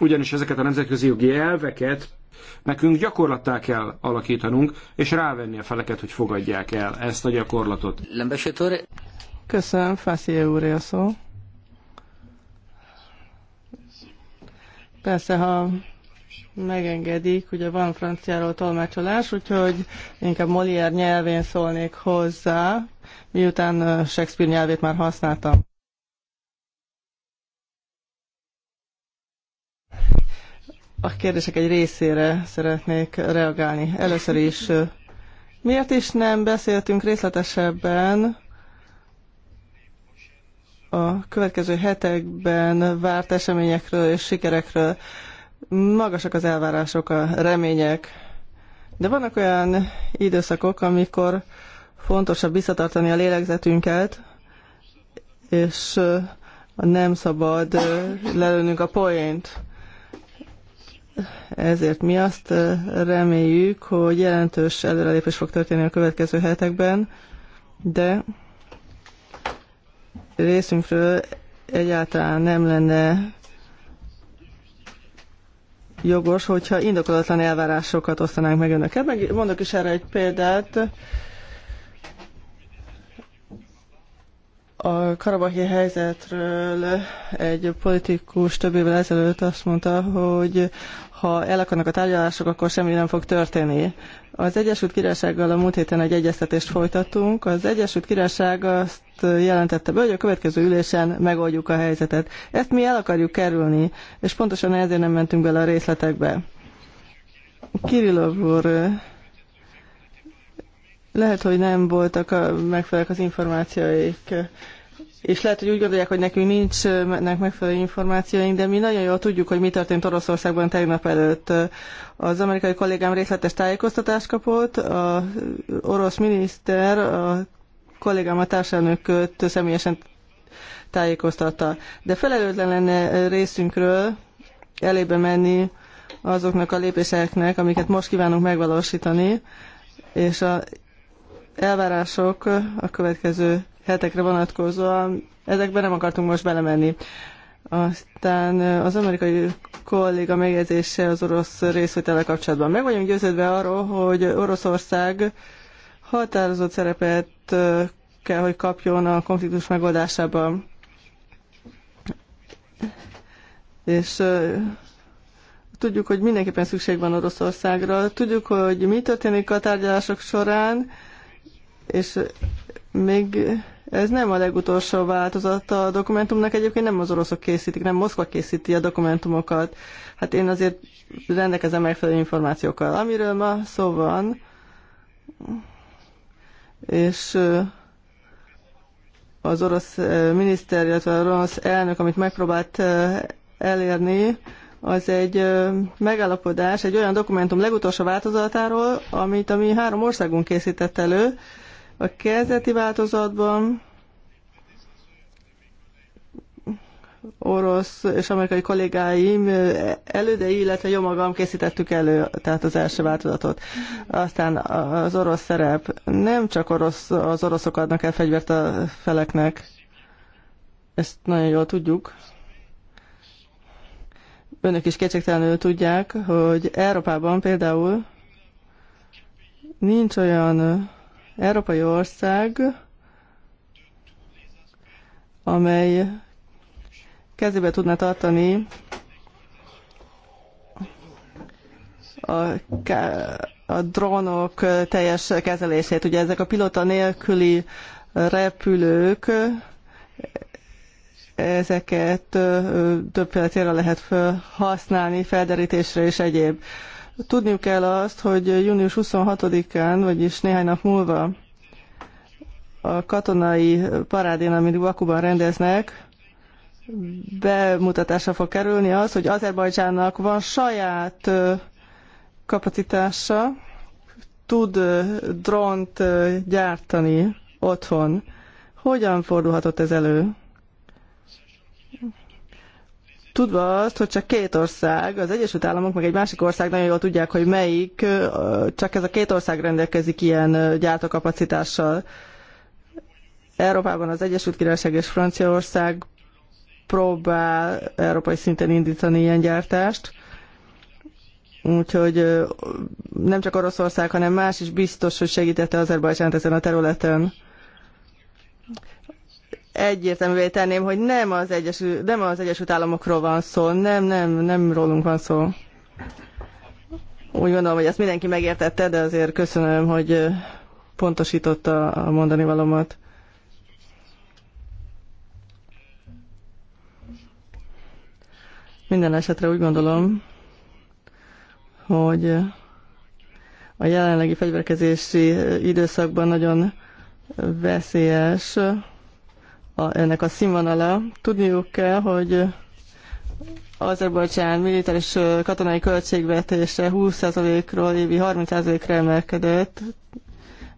Ugyanis ezeket a nemzetközi jogi elveket Nekünk gyakorlattá kell alakítanunk, és rávenni a feleket, hogy fogadják el ezt a gyakorlatot. Köszönöm, Fászia úr, a szó. Persze, ha megengedik, ugye van franciáról tolmácsolás, úgyhogy inkább Molière nyelvén szólnék hozzá, miután Shakespeare nyelvét már használtam. a kérdések egy részére szeretnék reagálni. Először is, miért is nem beszéltünk részletesebben a következő hetekben várt eseményekről és sikerekről? Magasak az elvárások, a remények, de vannak olyan időszakok, amikor fontosabb visszatartani a lélegzetünket, és nem szabad lelőnünk a poént ezért mi azt reméljük, hogy jelentős előrelépés fog történni a következő hetekben, de részünkről egyáltalán nem lenne jogos, hogyha indokolatlan elvárásokat osztanánk meg önökkel. mondok is erre egy példát. A karabahi helyzetről egy politikus több évvel ezelőtt azt mondta, hogy ha elakadnak a tárgyalások, akkor semmi nem fog történni. Az Egyesült Királysággal a múlt héten egy egyeztetést folytattunk. Az Egyesült Királyság azt jelentette be, hogy a következő ülésen megoldjuk a helyzetet. Ezt mi el akarjuk kerülni, és pontosan ezért nem mentünk bele a részletekbe. Kirillov úr, lehet, hogy nem voltak a, megfelelők az információik és lehet, hogy úgy gondolják, hogy nekünk nincs megfelelő információink, de mi nagyon jól tudjuk, hogy mi történt Oroszországban tegnap előtt. Az amerikai kollégám részletes tájékoztatást kapott, az orosz miniszter, a kollégám a társelnököt személyesen tájékoztatta. De felelőtlen lenne részünkről elébe menni azoknak a lépéseknek, amiket most kívánunk megvalósítani, és a elvárások a következő hetekre vonatkozóan. Ezekben nem akartunk most belemenni. Aztán az amerikai kolléga megjegyzése az orosz részvétele kapcsolatban. Meg vagyunk győződve arról, hogy Oroszország határozott szerepet kell, hogy kapjon a konfliktus megoldásában. És tudjuk, hogy mindenképpen szükség van Oroszországra. Tudjuk, hogy mi történik a tárgyalások során, és még ez nem a legutolsó változat. a dokumentumnak, egyébként nem az oroszok készítik, nem Moszkva készíti a dokumentumokat. Hát én azért rendelkezem megfelelő információkkal, amiről ma szó van. És az orosz miniszter, illetve az orosz elnök, amit megpróbált elérni, az egy megállapodás, egy olyan dokumentum legutolsó változatáról, amit a mi három országunk készített elő, a kezdeti változatban orosz és amerikai kollégáim elődei, illetve jó magam készítettük elő, tehát az első változatot. Aztán az orosz szerep. Nem csak orosz, az oroszok adnak el fegyvert a feleknek. Ezt nagyon jól tudjuk. Önök is kétségtelenül tudják, hogy Európában például nincs olyan európai ország, amely kezébe tudná tartani a, a drónok teljes kezelését. Ugye ezek a pilota nélküli repülők, ezeket többféle célra lehet használni, felderítésre és egyéb. Tudniuk kell azt, hogy június 26-án, vagyis néhány nap múlva a katonai parádén, amit Bakuban rendeznek, bemutatásra fog kerülni az, hogy Azerbajdzsánnak van saját kapacitása, tud drónt gyártani otthon. Hogyan fordulhatott ez elő? Tudva azt, hogy csak két ország, az Egyesült Államok meg egy másik ország nagyon jól tudják, hogy melyik, csak ez a két ország rendelkezik ilyen gyártókapacitással. Európában az Egyesült Királyság és Franciaország próbál európai szinten indítani ilyen gyártást. Úgyhogy nem csak Oroszország, hanem más is biztos, hogy segítette Azerbajdzsánt ezen a területen egyértelművé tenném, hogy nem az, Egyesült, nem az Egyesült Államokról van szó, nem, nem, nem rólunk van szó. Úgy gondolom, hogy ezt mindenki megértette, de azért köszönöm, hogy pontosította a mondani valomat. Minden esetre úgy gondolom, hogy a jelenlegi fegyverkezési időszakban nagyon veszélyes a, ennek a színvonala. Tudniuk kell, hogy Azerbajdzsán militáris katonai költségvetése 20%-ról évi 30%-ra emelkedett,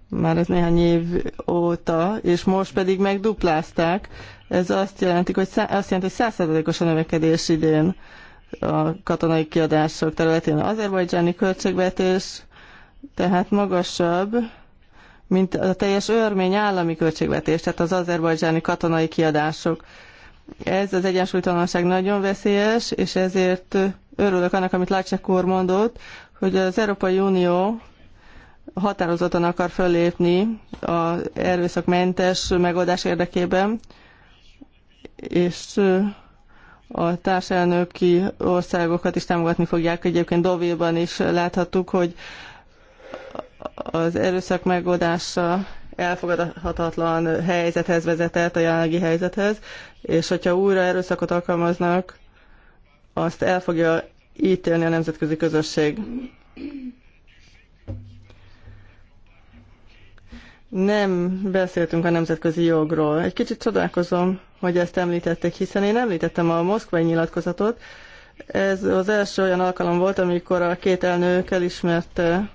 már ez néhány év óta, és most pedig megduplázták. Ez azt jelenti, hogy, szá- azt jelenti, hogy 100%-os a növekedés idén a katonai kiadások területén. Az azerbajdzsáni költségvetés tehát magasabb, mint a teljes örmény állami költségvetés, tehát az azerbajdzsáni katonai kiadások. Ez az egyensúlytalanság nagyon veszélyes, és ezért örülök annak, amit Lácsek úr mondott, hogy az Európai Unió határozottan akar fölépni az erőszakmentes megoldás érdekében, és a társelnöki országokat is támogatni fogják. Egyébként Dovilban is láthattuk, hogy az erőszak megoldása elfogadhatatlan helyzethez vezetett a jelenlegi helyzethez, és hogyha újra erőszakot alkalmaznak, azt el fogja ítélni a nemzetközi közösség. Nem beszéltünk a nemzetközi jogról. Egy kicsit csodálkozom, hogy ezt említették, hiszen én említettem a moszkvai nyilatkozatot. Ez az első olyan alkalom volt, amikor a két elnök elismerte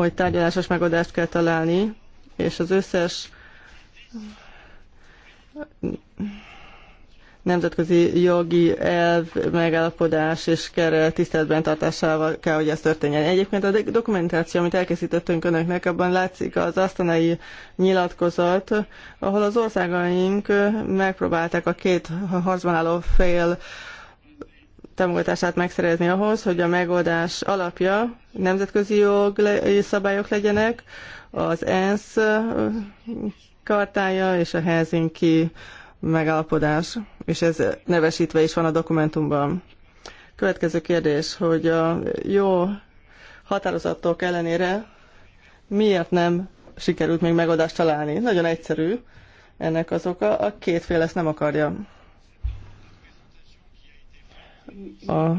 hogy tárgyalásos megoldást kell találni, és az összes nemzetközi jogi elv, megállapodás és keret tiszteletben tartásával kell, hogy ez történjen. Egyébként a dokumentáció, amit elkészítettünk önöknek, abban látszik az asztanai nyilatkozat, ahol az országaink megpróbálták a két harcban álló fél támogatását megszerezni ahhoz, hogy a megoldás alapja nemzetközi jogi szabályok legyenek, az ENSZ kartája és a Helsinki megállapodás, és ez nevesítve is van a dokumentumban. Következő kérdés, hogy a jó határozatok ellenére miért nem sikerült még megoldást találni? Nagyon egyszerű ennek az oka, a két fél ezt nem akarja a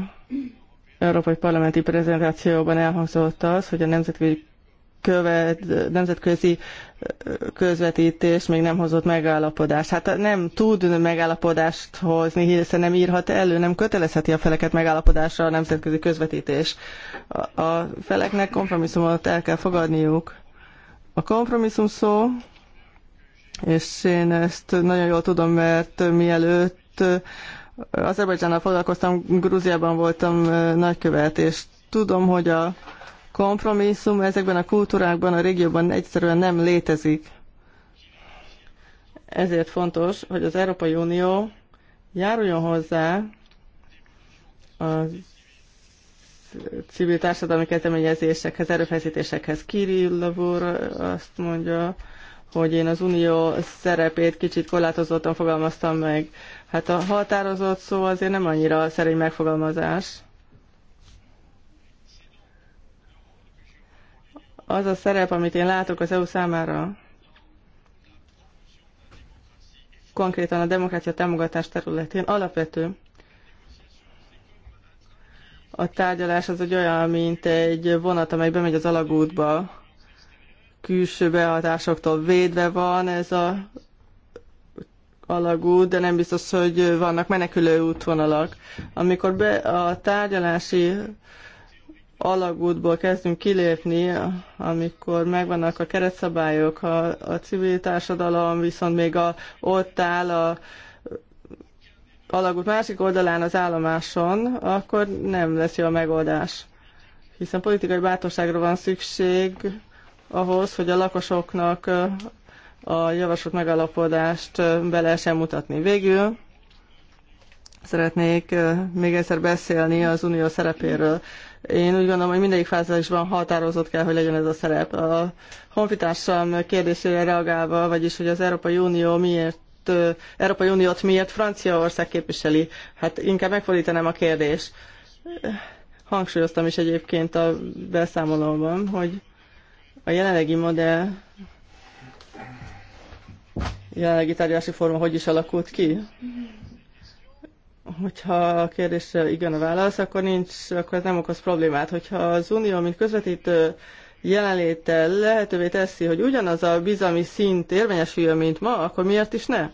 Európai Parlamenti prezentációban elhangzott az, hogy a nemzetközi, követ, nemzetközi közvetítés még nem hozott megállapodást. Hát nem tud megállapodást hozni, hiszen nem írhat elő, nem kötelezheti a feleket megállapodásra a nemzetközi közvetítés. A, feleknek kompromisszumot el kell fogadniuk. A kompromisszum szó, és én ezt nagyon jól tudom, mert mielőtt Azerbajdzsánnal foglalkoztam, Grúziában voltam nagykövet, és tudom, hogy a kompromisszum ezekben a kultúrákban, a régióban egyszerűen nem létezik. Ezért fontos, hogy az Európai Unió járuljon hozzá a civil társadalmi kezdeményezésekhez, erőfeszítésekhez. Kirill úr azt mondja, hogy én az unió szerepét kicsit korlátozottan fogalmaztam meg. Hát a határozott szó azért nem annyira szerény megfogalmazás. Az a szerep, amit én látok az EU számára, konkrétan a demokrácia támogatás területén alapvető. A tárgyalás az egy olyan, mint egy vonat, amely bemegy az alagútba, külső behatásoktól védve van ez a alagút, de nem biztos, hogy vannak menekülő útvonalak. Amikor be a tárgyalási alagútból kezdünk kilépni, amikor megvannak a keretszabályok, a, a civil társadalom viszont még a, ott áll a alagút másik oldalán az állomáson, akkor nem lesz jó a megoldás. Hiszen politikai bátorságra van szükség ahhoz, hogy a lakosoknak a javasolt megalapodást be lehessen mutatni. Végül szeretnék még egyszer beszélni az unió szerepéről. Én úgy gondolom, hogy mindegyik fázisban határozott kell, hogy legyen ez a szerep. A honfitársam kérdésére reagálva, vagyis hogy az Európai Unió miért Európai Uniót miért Franciaország képviseli? Hát inkább megfordítanám a kérdést. Hangsúlyoztam is egyébként a beszámolóban, hogy a jelenlegi modell jelenlegi tárgyalási forma hogy is alakult ki? Hogyha a kérdésre igen a válasz, akkor, nincs, akkor ez nem okoz problémát. Hogyha az Unió, mint közvetítő jelenléte lehetővé teszi, hogy ugyanaz a bizalmi szint érvényesüljön, mint ma, akkor miért is ne?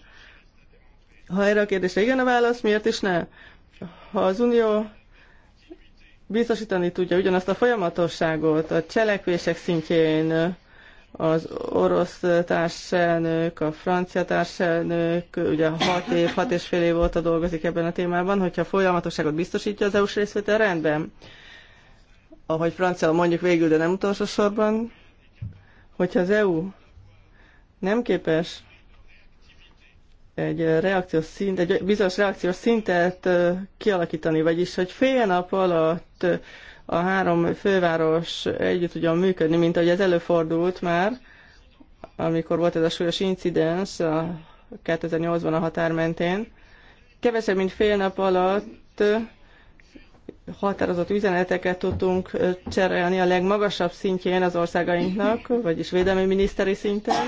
Ha erre a kérdésre igen a válasz, miért is ne? Ha az Unió biztosítani tudja ugyanazt a folyamatosságot a cselekvések szintjén, az orosz társelnök, a francia társelnök, ugye hat év, hat és fél év óta dolgozik ebben a témában, hogyha folyamatosságot biztosítja az EU-s részvétel, rendben. Ahogy francia mondjuk végül, de nem utolsó sorban, hogyha az EU nem képes egy reakciós szint, egy bizonyos reakciós szintet kialakítani, vagyis hogy fél nap alatt a három főváros együtt tudjon működni, mint ahogy ez előfordult már, amikor volt ez a súlyos incidens a 2008-ban a határ mentén. Kevesebb, mint fél nap alatt határozott üzeneteket tudtunk cserélni a legmagasabb szintjén az országainknak, vagyis védelmi miniszteri szinten.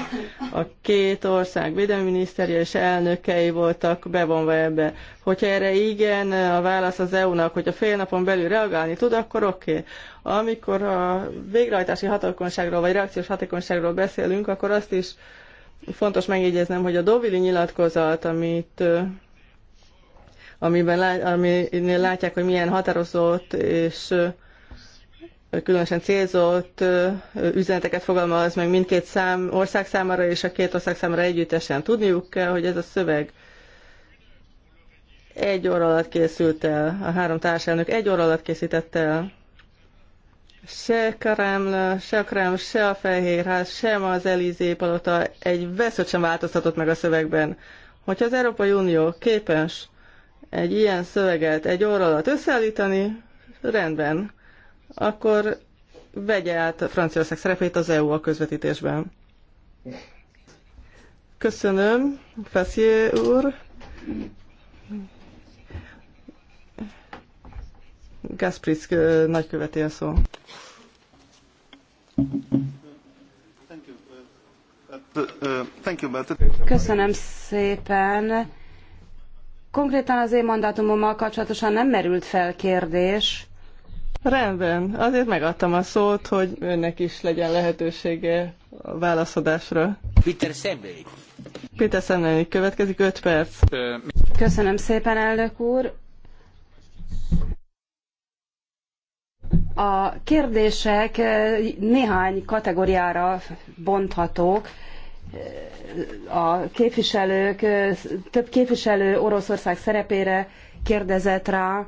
A két ország védelmi miniszteri és elnökei voltak bevonva ebbe. Hogyha erre igen, a válasz az EU-nak, hogy a fél napon belül reagálni tud, akkor oké. Okay. Amikor a végrehajtási hatékonyságról vagy reakciós hatékonyságról beszélünk, akkor azt is fontos megjegyeznem, hogy a Dovili nyilatkozat, amit amiben lá, aminél látják, hogy milyen határozott és különösen célzott üzeneteket fogalmaz meg mindkét szám, ország számára és a két ország számára együttesen. Tudniuk kell, hogy ez a szöveg egy óra alatt készült el, a három társelnök egy óra alatt készített el. Se Karamla, se a Krem, se a Fehérház, sem az Elizé palota egy veszőt sem változtatott meg a szövegben. Hogyha az Európai Unió képes egy ilyen szöveget egy óra alatt összeállítani, rendben, akkor vegye át Franciaország szerepét az EU a közvetítésben. Köszönöm, Fessier úr. Gaspritz nagyköveti a szó. Uh, uh, Köszönöm szépen. Konkrétan az én mandátumommal kapcsolatosan nem merült fel kérdés. Rendben, azért megadtam a szót, hogy önnek is legyen lehetősége a válaszadásra. Peter Szemlei. Peter Szemlei, következik 5 perc. Köszönöm szépen, elnök úr. A kérdések eh, néhány kategóriára bonthatók a képviselők, több képviselő Oroszország szerepére kérdezett rá.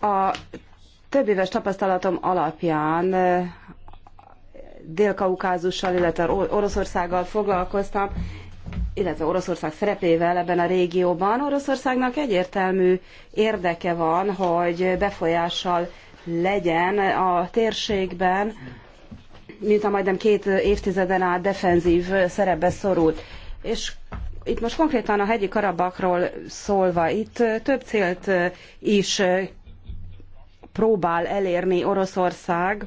A több éves tapasztalatom alapján Dél-Kaukázussal, illetve Oroszországgal foglalkoztam, illetve Oroszország szerepével ebben a régióban. Oroszországnak egyértelmű érdeke van, hogy befolyással legyen a térségben, mint a majdnem két évtizeden át defenzív szerepbe szorult. És itt most konkrétan a hegyi karabakról szólva, itt több célt is próbál elérni Oroszország,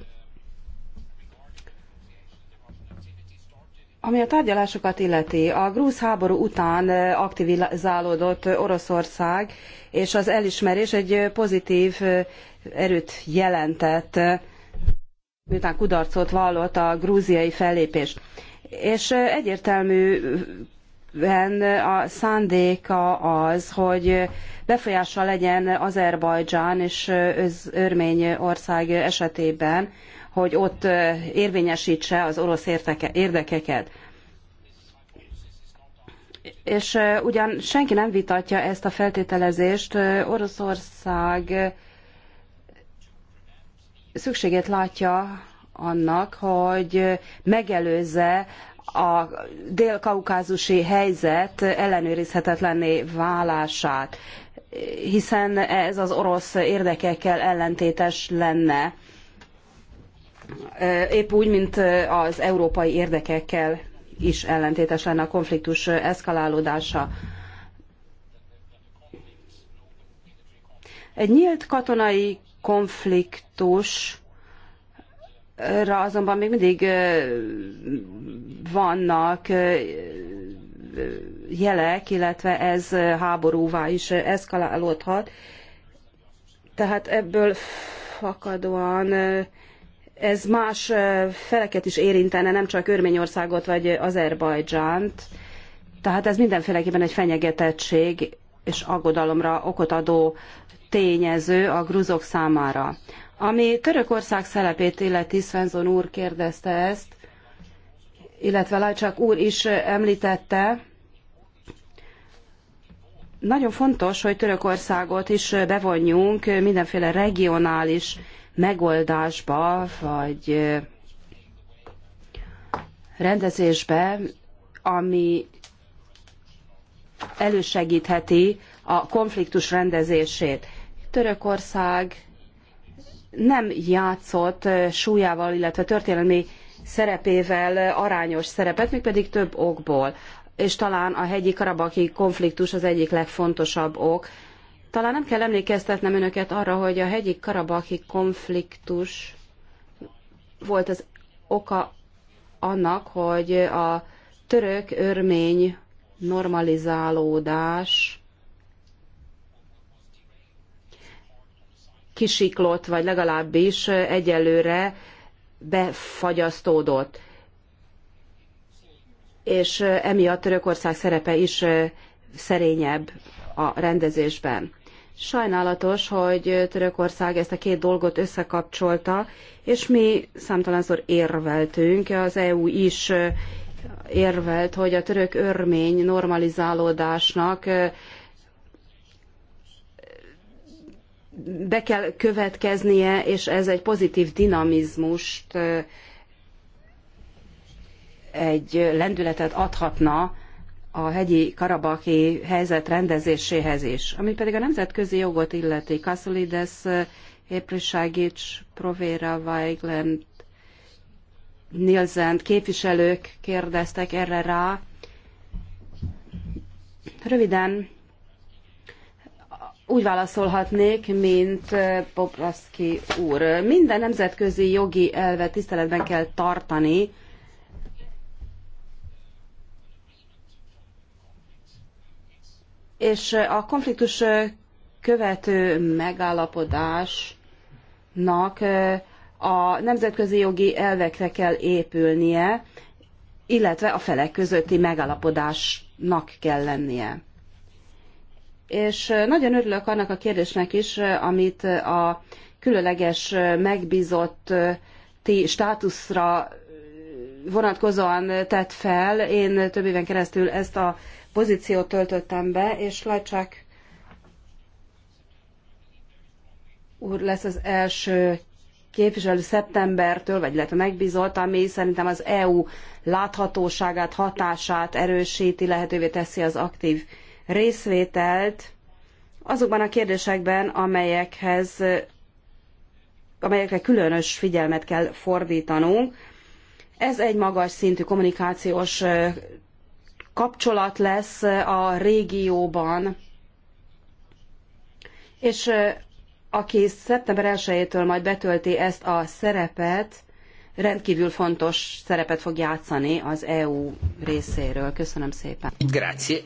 Ami a tárgyalásokat illeti, a grúz háború után aktivizálódott Oroszország, és az elismerés egy pozitív erőt jelentett miután kudarcot vallott a grúziai fellépés. És egyértelműen a szándéka az, hogy befolyása legyen Azerbajdzsán és az ország esetében, hogy ott érvényesítse az orosz érdekeket. És ugyan senki nem vitatja ezt a feltételezést, Oroszország szükségét látja annak, hogy megelőzze a dél-kaukázusi helyzet ellenőrizhetetlenné válását, hiszen ez az orosz érdekekkel ellentétes lenne, épp úgy, mint az európai érdekekkel is ellentétes lenne a konfliktus eszkalálódása. Egy nyílt katonai konfliktus azonban még mindig vannak jelek, illetve ez háborúvá is eszkalálódhat. Tehát ebből fakadóan ez más feleket is érintene, nem csak Örményországot vagy Azerbajdzsánt. Tehát ez mindenféleképpen egy fenyegetettség és aggodalomra okot adó tényező a grúzok számára. Ami Törökország szerepét illeti, Svenzon úr kérdezte ezt, illetve Lajcsak úr is említette, nagyon fontos, hogy Törökországot is bevonjunk mindenféle regionális megoldásba, vagy rendezésbe, ami elősegítheti a konfliktus rendezését. Törökország nem játszott súlyával, illetve történelmi szerepével arányos szerepet, mégpedig több okból. És talán a hegyi karabaki konfliktus az egyik legfontosabb ok. Talán nem kell emlékeztetnem önöket arra, hogy a hegyi karabaki konfliktus volt az oka annak, hogy a török-örmény normalizálódás kisiklott, vagy legalábbis egyelőre befagyasztódott. És emiatt Törökország szerepe is szerényebb a rendezésben. Sajnálatos, hogy Törökország ezt a két dolgot összekapcsolta, és mi számtalanszor érveltünk, az EU is érvelt, hogy a török-örmény normalizálódásnak be kell következnie, és ez egy pozitív dinamizmust, egy lendületet adhatna a hegyi karabaki helyzet rendezéséhez is. Ami pedig a nemzetközi jogot illeti, Kasulides, Épriságics, Provera, Weigland, Nielsen képviselők kérdeztek erre rá. Röviden úgy válaszolhatnék, mint Popraszki úr. Minden nemzetközi jogi elvet tiszteletben kell tartani, és a konfliktus követő megállapodásnak a nemzetközi jogi elvekre kell épülnie, illetve a felek közötti megállapodásnak kell lennie és nagyon örülök annak a kérdésnek is, amit a különleges megbízott ti státuszra vonatkozóan tett fel. Én több éven keresztül ezt a pozíciót töltöttem be, és Lajcsák úr lesz az első képviselő szeptembertől, vagy illetve megbízott, ami szerintem az EU láthatóságát, hatását erősíti, lehetővé teszi az aktív részvételt azokban a kérdésekben, amelyekhez, amelyekre különös figyelmet kell fordítanunk. Ez egy magas szintű kommunikációs kapcsolat lesz a régióban, és aki szeptember 1-től majd betölti ezt a szerepet, rendkívül fontos szerepet fog játszani az EU részéről. Köszönöm szépen. Grazie.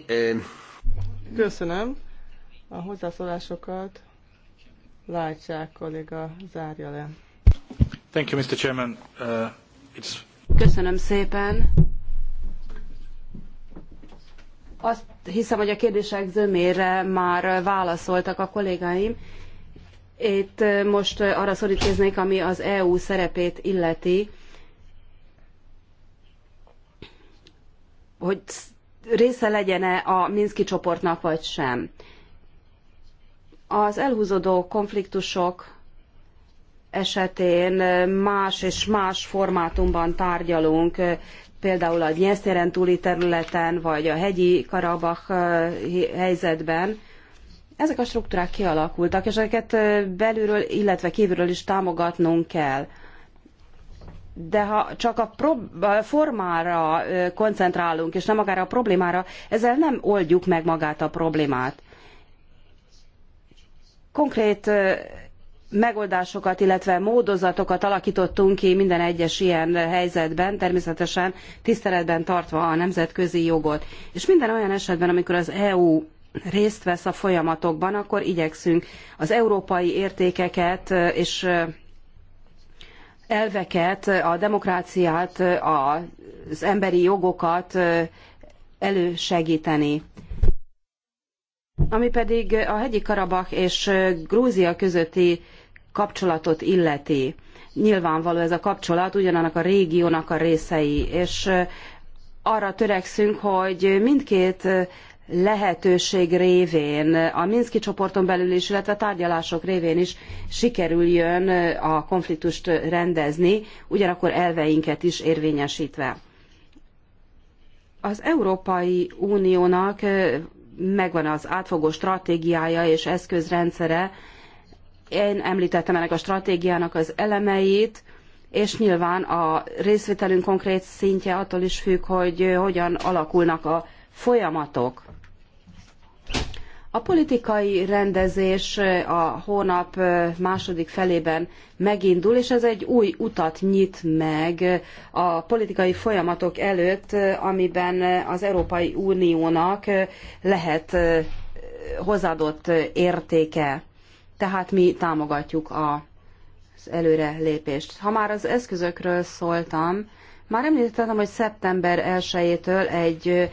Köszönöm. A hozzászólásokat látják kolléga zárja le. Thank you, Mr. Chairman. Uh, it's... Köszönöm szépen. Azt hiszem, hogy a kérdések zömére már válaszoltak a kollégáim. Itt most arra szorítkéznék, ami az EU szerepét illeti, hogy része legyen-e a Minszki csoportnak, vagy sem. Az elhúzódó konfliktusok esetén más és más formátumban tárgyalunk, például a Dnyeszteren túli területen, vagy a hegyi Karabach eh, helyzetben. Ezek a struktúrák kialakultak, és ezeket eh, belülről, illetve kívülről is támogatnunk kell de ha csak a formára koncentrálunk, és nem magára a problémára, ezzel nem oldjuk meg magát a problémát. Konkrét megoldásokat, illetve módozatokat alakítottunk ki minden egyes ilyen helyzetben, természetesen tiszteletben tartva a nemzetközi jogot. És minden olyan esetben, amikor az EU részt vesz a folyamatokban, akkor igyekszünk az európai értékeket és elveket, a demokráciát, az emberi jogokat elősegíteni. Ami pedig a hegyi Karabach és Grúzia közötti kapcsolatot illeti. Nyilvánvaló ez a kapcsolat, ugyanannak a régiónak a részei, és arra törekszünk, hogy mindkét lehetőség révén, a Minszki csoporton belül is, illetve tárgyalások révén is sikerüljön a konfliktust rendezni, ugyanakkor elveinket is érvényesítve. Az Európai Uniónak megvan az átfogó stratégiája és eszközrendszere. Én említettem ennek a stratégiának az elemeit, és nyilván a részvételünk konkrét szintje attól is függ, hogy hogyan alakulnak a folyamatok. A politikai rendezés a hónap második felében megindul, és ez egy új utat nyit meg a politikai folyamatok előtt, amiben az Európai Uniónak lehet hozadott értéke. Tehát mi támogatjuk az előre lépést. Ha már az eszközökről szóltam, már említettem, hogy szeptember 1-től egy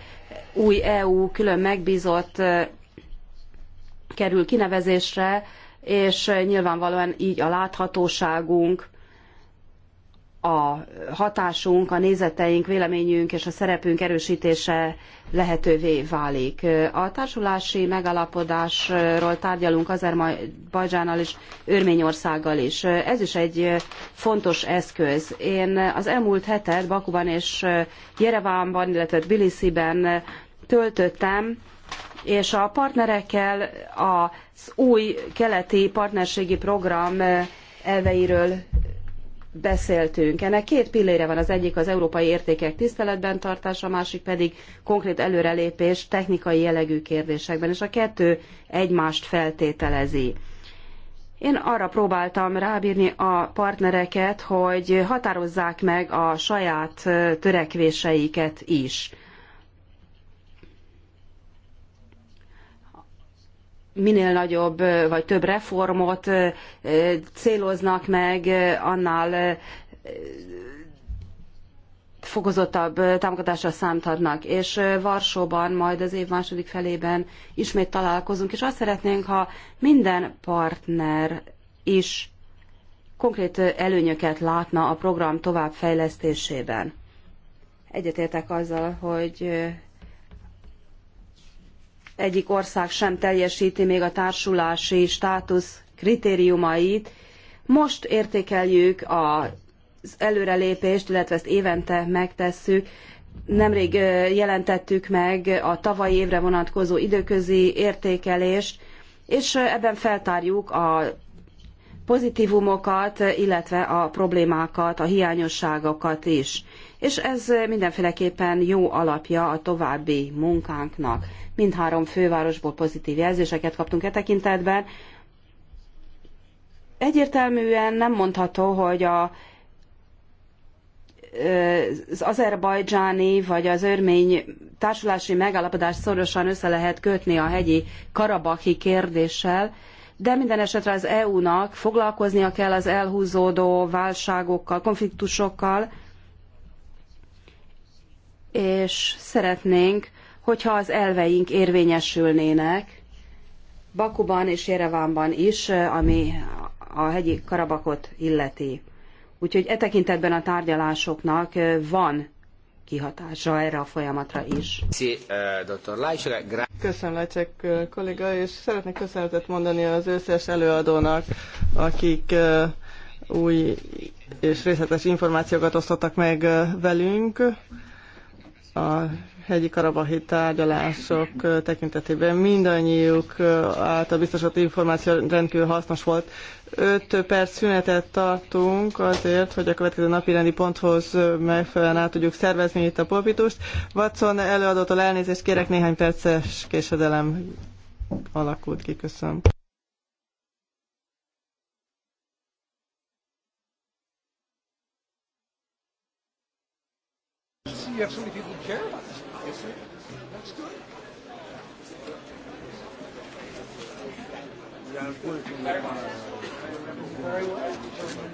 új EU külön megbízott kerül kinevezésre, és nyilvánvalóan így a láthatóságunk, a hatásunk, a nézeteink, véleményünk és a szerepünk erősítése lehetővé válik. A társulási megalapodásról tárgyalunk Azerbajdzsánnal és Örményországgal is. Ez is egy fontos eszköz. Én az elmúlt hetet Bakuban és Jerevánban, illetve Tbilisiben töltöttem, és a partnerekkel az új keleti partnerségi program elveiről beszéltünk. Ennek két pillére van, az egyik az európai értékek tiszteletben tartása, a másik pedig konkrét előrelépés technikai jellegű kérdésekben, és a kettő egymást feltételezi. Én arra próbáltam rábírni a partnereket, hogy határozzák meg a saját törekvéseiket is. minél nagyobb vagy több reformot céloznak meg, annál fokozottabb támogatásra számíthatnak. És Varsóban majd az év második felében ismét találkozunk, és azt szeretnénk, ha minden partner is konkrét előnyöket látna a program továbbfejlesztésében. Egyetértek azzal, hogy egyik ország sem teljesíti még a társulási státusz kritériumait. Most értékeljük az előrelépést, illetve ezt évente megtesszük. Nemrég jelentettük meg a tavalyi évre vonatkozó időközi értékelést, és ebben feltárjuk a pozitívumokat, illetve a problémákat, a hiányosságokat is és ez mindenféleképpen jó alapja a további munkánknak. Mindhárom fővárosból pozitív jelzéseket kaptunk e tekintetben. Egyértelműen nem mondható, hogy a az azerbajdzsáni vagy az örmény társulási megállapodást szorosan össze lehet kötni a hegyi karabaki kérdéssel, de minden esetre az EU-nak foglalkoznia kell az elhúzódó válságokkal, konfliktusokkal, és szeretnénk, hogyha az elveink érvényesülnének, Bakuban és Jerevánban is, ami a hegyi Karabakot illeti. Úgyhogy e tekintetben a tárgyalásoknak van kihatása erre a folyamatra is. Köszönöm, Lecsek kolléga, és szeretnék köszönetet mondani az összes előadónak, akik új és részletes információkat osztottak meg velünk a hegyi karabahi tárgyalások tekintetében mindannyiuk által biztosított információ rendkívül hasznos volt. 5 perc szünetet tartunk azért, hogy a következő napi rendi ponthoz megfelelően át tudjuk szervezni itt a pulpitust. Watson előadótól elnézést kérek, néhány perces késedelem alakult ki. Köszönöm. you have so many people who care about this policy. That's good. Yeah, I was working with one of Very well. So when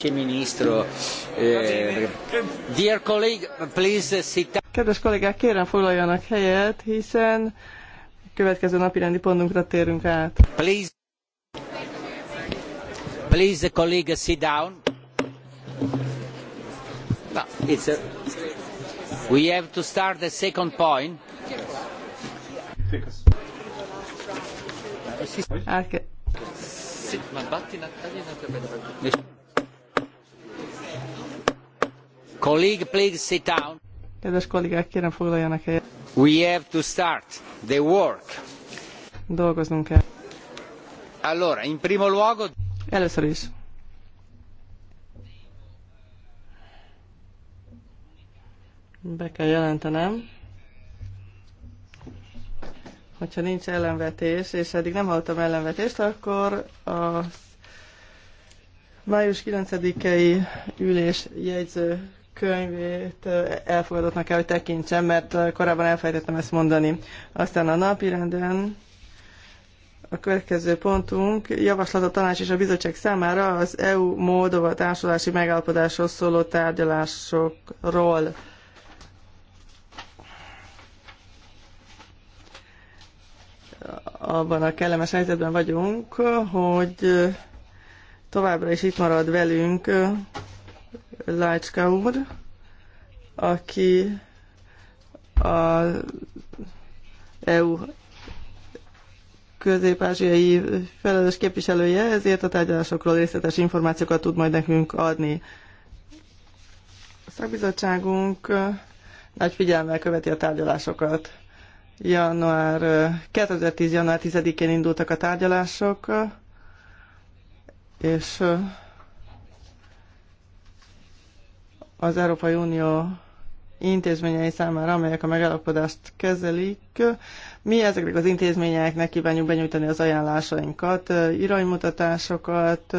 Ministro, eh, dear colleague, please eh, Kedves kollégák, kérem foglaljanak helyet, hiszen a következő napi pontunkra térünk át. Please, please eh, colleague, sit down. No, it's a, we have to start the second point. Át Colleague, please sit down. Kedves kollégák, kérem foglaljanak helyet. We have to start the work. Dolgoznunk kell. Allora, in primo luogo... Először is. Be kell jelentenem, hogyha nincs ellenvetés, és eddig nem hallottam ellenvetést, akkor a május 9-i ülés jegyző könyvét elfogadottnak kell, hogy tekintsem, mert korábban elfelejtettem ezt mondani. Aztán a napirenden a következő pontunk javaslat a tanács és a bizottság számára az EU-Moldova társulási megállapodáshoz szóló tárgyalásokról. Abban a kellemes helyzetben vagyunk, hogy továbbra is itt marad velünk Lajcska úr, aki a EU közép-ázsiai felelős képviselője, ezért a tárgyalásokról részletes információkat tud majd nekünk adni. A szakbizottságunk nagy figyelmel követi a tárgyalásokat. Január 2010. január 10-én indultak a tárgyalások, és az Európai Unió intézményei számára, amelyek a megállapodást kezelik. Mi ezeknek az intézményeknek kívánjuk benyújtani az ajánlásainkat, iránymutatásokat,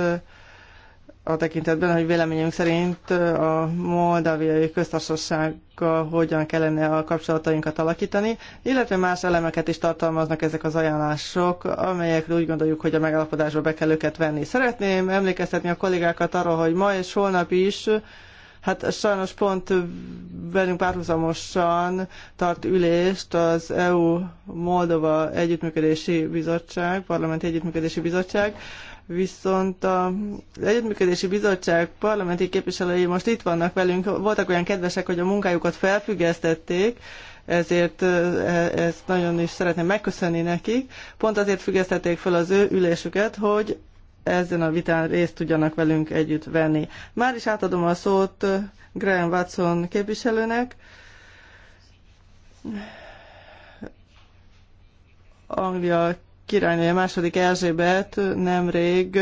a tekintetben, hogy véleményünk szerint a moldaviai köztársasággal hogyan kellene a kapcsolatainkat alakítani, illetve más elemeket is tartalmaznak ezek az ajánlások, amelyekről úgy gondoljuk, hogy a megállapodásba be kell őket venni. Szeretném emlékeztetni a kollégákat arra, hogy ma és holnap is Hát sajnos pont velünk párhuzamosan tart ülést az EU Moldova Együttműködési Bizottság, Parlamenti Együttműködési Bizottság, viszont az Együttműködési Bizottság parlamenti képviselői most itt vannak velünk, voltak olyan kedvesek, hogy a munkájukat felfüggesztették, ezért e, ezt nagyon is szeretném megköszönni nekik. Pont azért függesztették fel az ő ülésüket, hogy ezen a vitán részt tudjanak velünk együtt venni. Már is átadom a szót Graham Watson képviselőnek, Anglia királynője második Erzsébet nemrég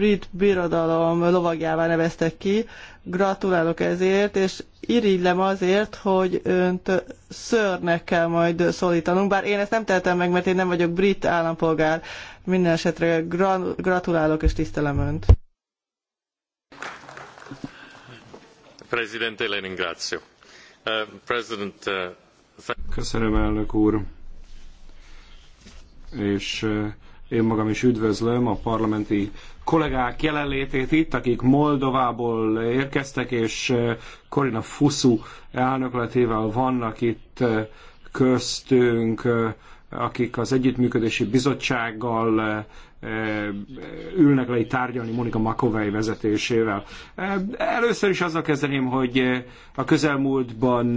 brit birodalom lovagjává neveztek ki. Gratulálok ezért, és irigylem azért, hogy önt szörnek kell majd szólítanunk, bár én ezt nem tehetem meg, mert én nem vagyok brit állampolgár. Minden esetre gratulálok és tisztelem önt. Presidente, le ringrazio. Uh, President, uh, Köszönöm, elnök úr. És uh, én magam is üdvözlöm a parlamenti kollégák jelenlétét itt, akik Moldovából érkeztek, és Korina eh, Fusu elnökletével vannak itt eh, köztünk, eh, akik az Együttműködési Bizottsággal ülnek le itt tárgyalni Monika Makovei vezetésével. Először is azzal kezdeném, hogy a közelmúltban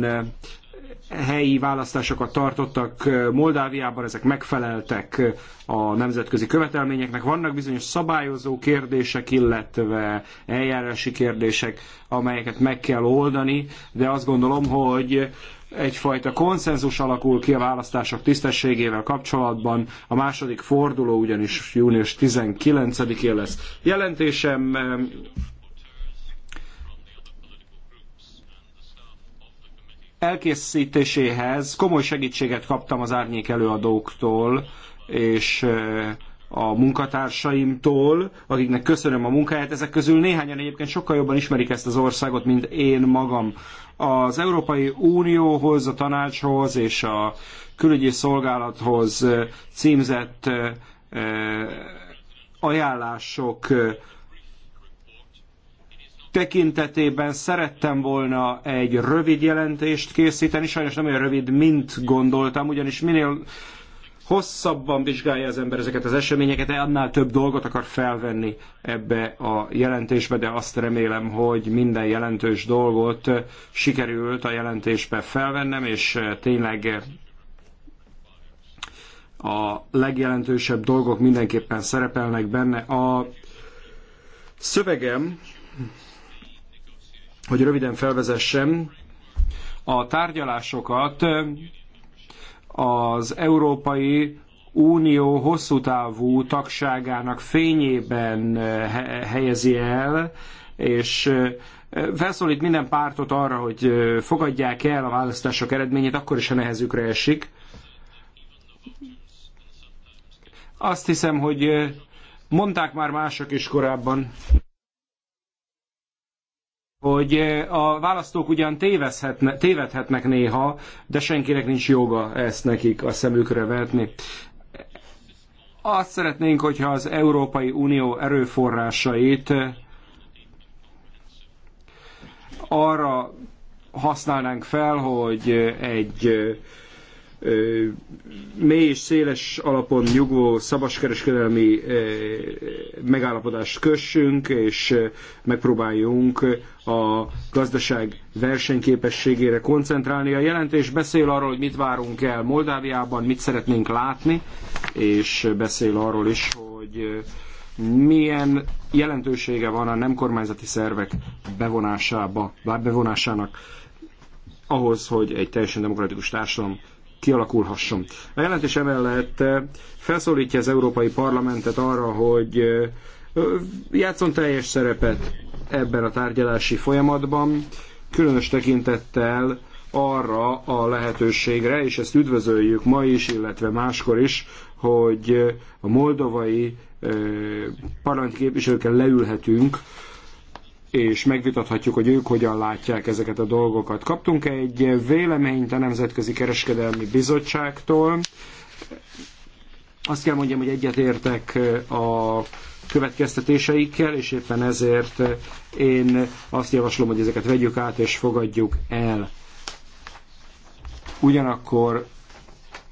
helyi választásokat tartottak Moldáviában, ezek megfeleltek a nemzetközi követelményeknek. Vannak bizonyos szabályozó kérdések, illetve eljárási kérdések, amelyeket meg kell oldani, de azt gondolom, hogy egyfajta konszenzus alakul ki a választások tisztességével kapcsolatban. A második forduló ugyanis június 19-én lesz. Jelentésem elkészítéséhez komoly segítséget kaptam az árnyék előadóktól, és eh, a munkatársaimtól, akiknek köszönöm a munkáját. Ezek közül néhányan egyébként sokkal jobban ismerik ezt az országot, mint én magam. Az Európai Unióhoz, a tanácshoz és a külügyi szolgálathoz eh, címzett eh, ajánlások tekintetében szerettem volna egy rövid jelentést készíteni, sajnos nem olyan rövid, mint gondoltam, ugyanis minél hosszabban vizsgálja az ember ezeket az eseményeket, annál több dolgot akar felvenni ebbe a jelentésbe, de azt remélem, hogy minden jelentős dolgot sikerült a jelentésbe felvennem, és tényleg a legjelentősebb dolgok mindenképpen szerepelnek benne. A szövegem hogy röviden felvezessem, a tárgyalásokat az Európai Unió hosszú távú tagságának fényében helyezi el, és felszólít minden pártot arra, hogy fogadják el a választások eredményét, akkor is a nehezükre esik. Azt hiszem, hogy mondták már mások is korábban, hogy a választók ugyan tévedhetnek néha, de senkinek nincs joga ezt nekik a szemükre vetni. Azt szeretnénk, hogyha az Európai Unió erőforrásait arra használnánk fel, hogy egy mély és széles alapon nyugvó szabaskereskedelmi megállapodást kössünk, és megpróbáljunk a gazdaság versenyképességére koncentrálni. A jelentés beszél arról, hogy mit várunk el Moldáviában, mit szeretnénk látni, és beszél arról is, hogy milyen jelentősége van a nem kormányzati szervek bevonásába, bevonásának ahhoz, hogy egy teljesen demokratikus társadalom kialakulhasson. A jelentés emellett eh, felszólítja az Európai Parlamentet arra, hogy eh, játszon teljes szerepet ebben a tárgyalási folyamatban, különös tekintettel arra a lehetőségre, és ezt üdvözöljük ma is, illetve máskor is, hogy a moldovai eh, parlamenti képviselőkkel leülhetünk és megvitathatjuk, hogy ők hogyan látják ezeket a dolgokat. Kaptunk egy véleményt a Nemzetközi Kereskedelmi Bizottságtól. Azt kell mondjam, hogy egyetértek a következtetéseikkel, és éppen ezért én azt javaslom, hogy ezeket vegyük át és fogadjuk el. Ugyanakkor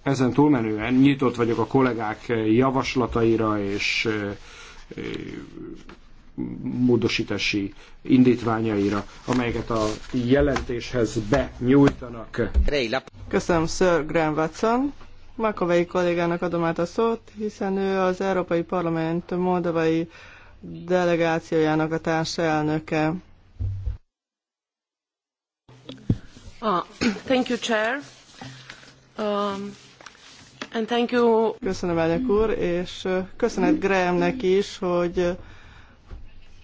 ezen túlmenően nyitott vagyok a kollégák javaslataira és módosítási indítványaira, amelyeket a jelentéshez benyújtanak. Köszönöm Sir Graham Watson. Makovei kollégának adom át a szót, hiszen ő az Európai Parlament moldovai delegációjának a társelnöke. Ah, thank you, Chair. Um, and thank you. Köszönöm, elnök úr, és köszönet Grahamnek is, hogy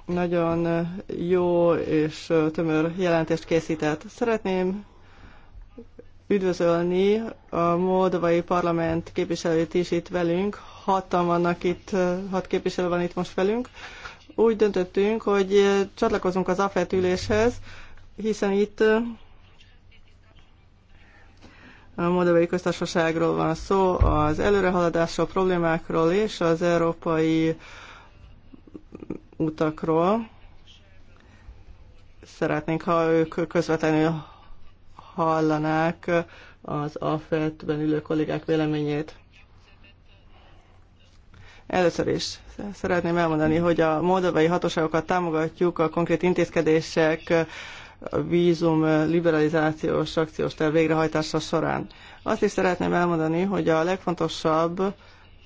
nagyon jó és tömör jelentést készített. Szeretném üdvözölni a Moldovai Parlament képviselőit is itt velünk. Hatan vannak itt, hat képviselő van itt most velünk. Úgy döntöttünk, hogy csatlakozunk az AFET üléshez, hiszen itt a Moldovai Köztársaságról van szó, az előrehaladásról, problémákról és az európai utakról. Szeretnénk, ha ők közvetlenül hallanák az AFET-ben ülő kollégák véleményét. Először is szeretném elmondani, hogy a moldovai hatóságokat támogatjuk a konkrét intézkedések vízum liberalizációs akciós terv végrehajtása során. Azt is szeretném elmondani, hogy a legfontosabb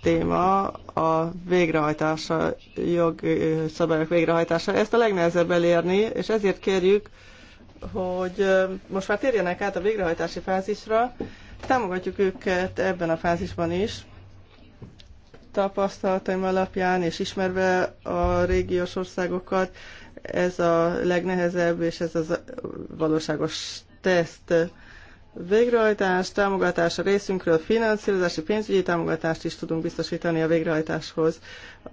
téma a végrehajtása, jogszabályok végrehajtása. Ezt a legnehezebb elérni, és ezért kérjük, hogy most már térjenek át a végrehajtási fázisra, támogatjuk őket ebben a fázisban is, tapasztalataim alapján, és ismerve a régiós országokat, ez a legnehezebb, és ez az valóságos teszt végrehajtás, támogatása a részünkről, finanszírozási, pénzügyi támogatást is tudunk biztosítani a végrehajtáshoz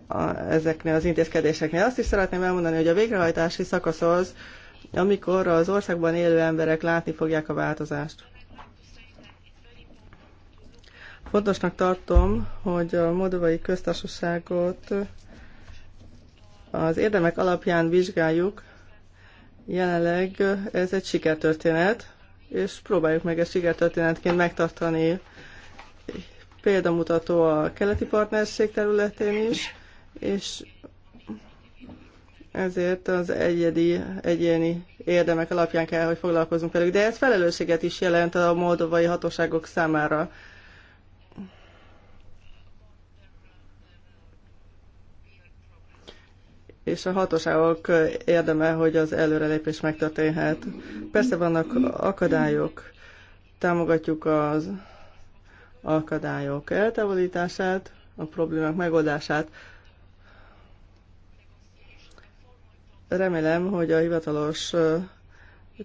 a, ezeknél az intézkedéseknél. Azt is szeretném elmondani, hogy a végrehajtási szakasz az, amikor az országban élő emberek látni fogják a változást. Fontosnak tartom, hogy a Moldovai Köztársaságot az érdemek alapján vizsgáljuk. Jelenleg ez egy sikertörténet, és próbáljuk meg ezt sikertörténetként megtartani. Példamutató a keleti partnerség területén is, és ezért az egyedi, egyéni érdemek alapján kell, hogy foglalkozunk velük. De ez felelősséget is jelent a moldovai hatóságok számára. és a hatóságok érdeme, hogy az előrelépés megtörténhet. Persze vannak akadályok, támogatjuk az akadályok eltávolítását, a problémák megoldását. Remélem, hogy a hivatalos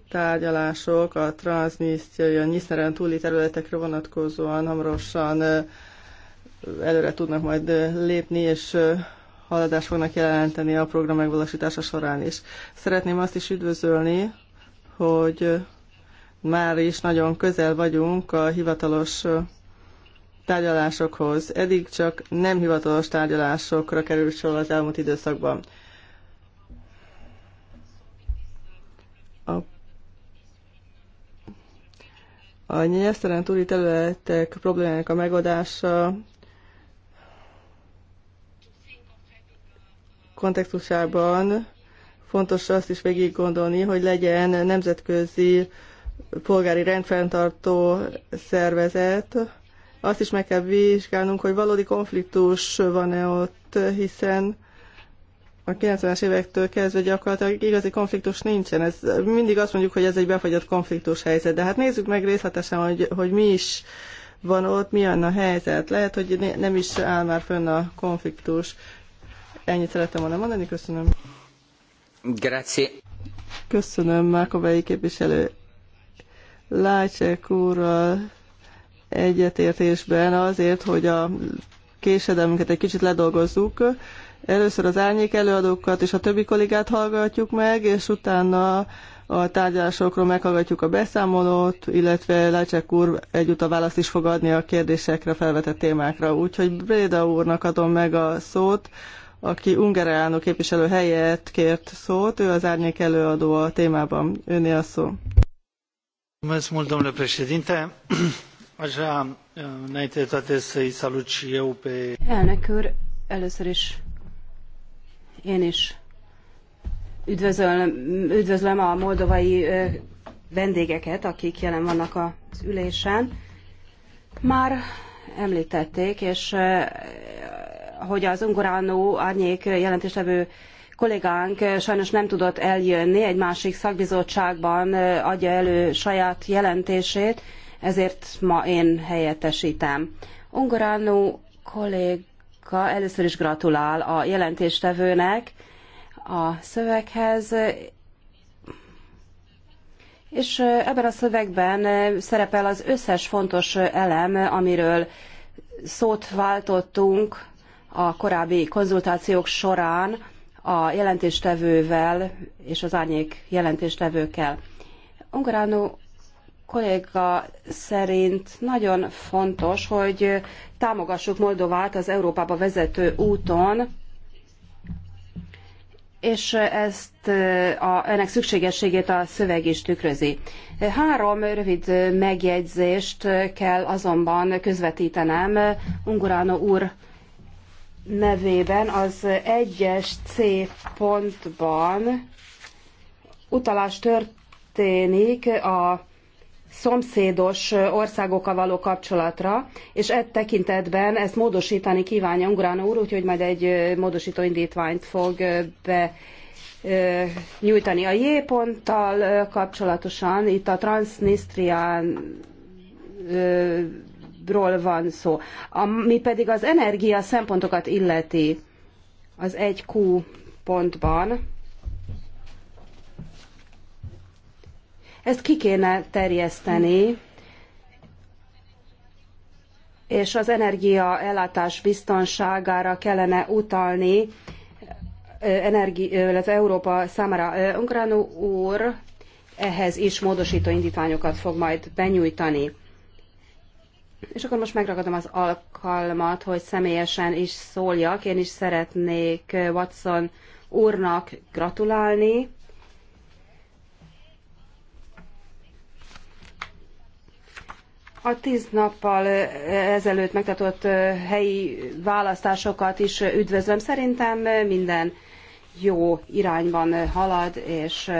tárgyalások a transznisztiai, a nyiszteren túli területekre vonatkozóan hamarosan előre tudnak majd lépni, és haladást fognak jelenteni a program megvalósítása során is. Szeretném azt is üdvözölni, hogy már is nagyon közel vagyunk a hivatalos tárgyalásokhoz. Eddig csak nem hivatalos tárgyalásokra került sor az elmúlt időszakban. A, a nyelvtelen túri területek problémának a megoldása kontextusában fontos azt is végig gondolni, hogy legyen nemzetközi polgári rendfenntartó szervezet. Azt is meg kell vizsgálnunk, hogy valódi konfliktus van-e ott, hiszen a 90-es évektől kezdve gyakorlatilag igazi konfliktus nincsen. Ez, mindig azt mondjuk, hogy ez egy befagyott konfliktus helyzet, de hát nézzük meg részletesen, hogy, hogy mi is van ott, milyen a helyzet. Lehet, hogy nem is áll már fönn a konfliktus. Ennyit szerettem volna mondani, köszönöm. Grazie. Köszönöm Mákovei képviselő Lájcsek úrral egyetértésben azért, hogy a késedelmünket egy kicsit ledolgozzuk. Először az árnyék előadókat és a többi kollégát hallgatjuk meg, és utána a tárgyalásokról meghallgatjuk a beszámolót, illetve Lácsek úr egyúttal választ is fog adni a kérdésekre, felvetett témákra. Úgyhogy Bréda úrnak adom meg a szót, aki elnök képviselő helyett kért szót, ő az árnyék előadó a témában. Őné a szó. Mulțumesc domnule președinte. Aș înainte de toate, să-i salut și eu pe... Elnök úr, először is én is üdvözlöm, üdvözlöm a moldovai vendégeket, akik jelen vannak az ülésen. Már említették, és hogy az Ungoránó árnyék jelentéstevő kollégánk sajnos nem tudott eljönni, egy másik szakbizottságban adja elő saját jelentését, ezért ma én helyettesítem. Ungoránó kolléga először is gratulál a jelentéstevőnek a szöveghez, és ebben a szövegben szerepel az összes fontos elem, amiről szót váltottunk a korábbi konzultációk során a jelentéstevővel és az árnyék jelentéstevőkkel. Ungaránó kolléga szerint nagyon fontos, hogy támogassuk Moldovát az Európába vezető úton, és ezt a, ennek szükségességét a szöveg is tükrözi. Három rövid megjegyzést kell azonban közvetítenem Ungurano úr nevében az egyes C pontban utalás történik a szomszédos országokkal való kapcsolatra, és e tekintetben ezt módosítani kívánja Ungrán úr, úgyhogy majd egy módosító indítványt fog be nyújtani. A J ponttal kapcsolatosan itt a Transnistrián ról van szó. Ami pedig az energia szempontokat illeti az 1Q pontban, ezt ki kéne terjeszteni, és az energia ellátás biztonságára kellene utalni, energi, illetve Európa számára Ungránó úr ehhez is módosító indítványokat fog majd benyújtani. És akkor most megragadom az alkalmat, hogy személyesen is szóljak. Én is szeretnék Watson úrnak gratulálni. A tíz nappal ezelőtt megtartott helyi választásokat is üdvözlöm. Szerintem minden jó irányban halad, és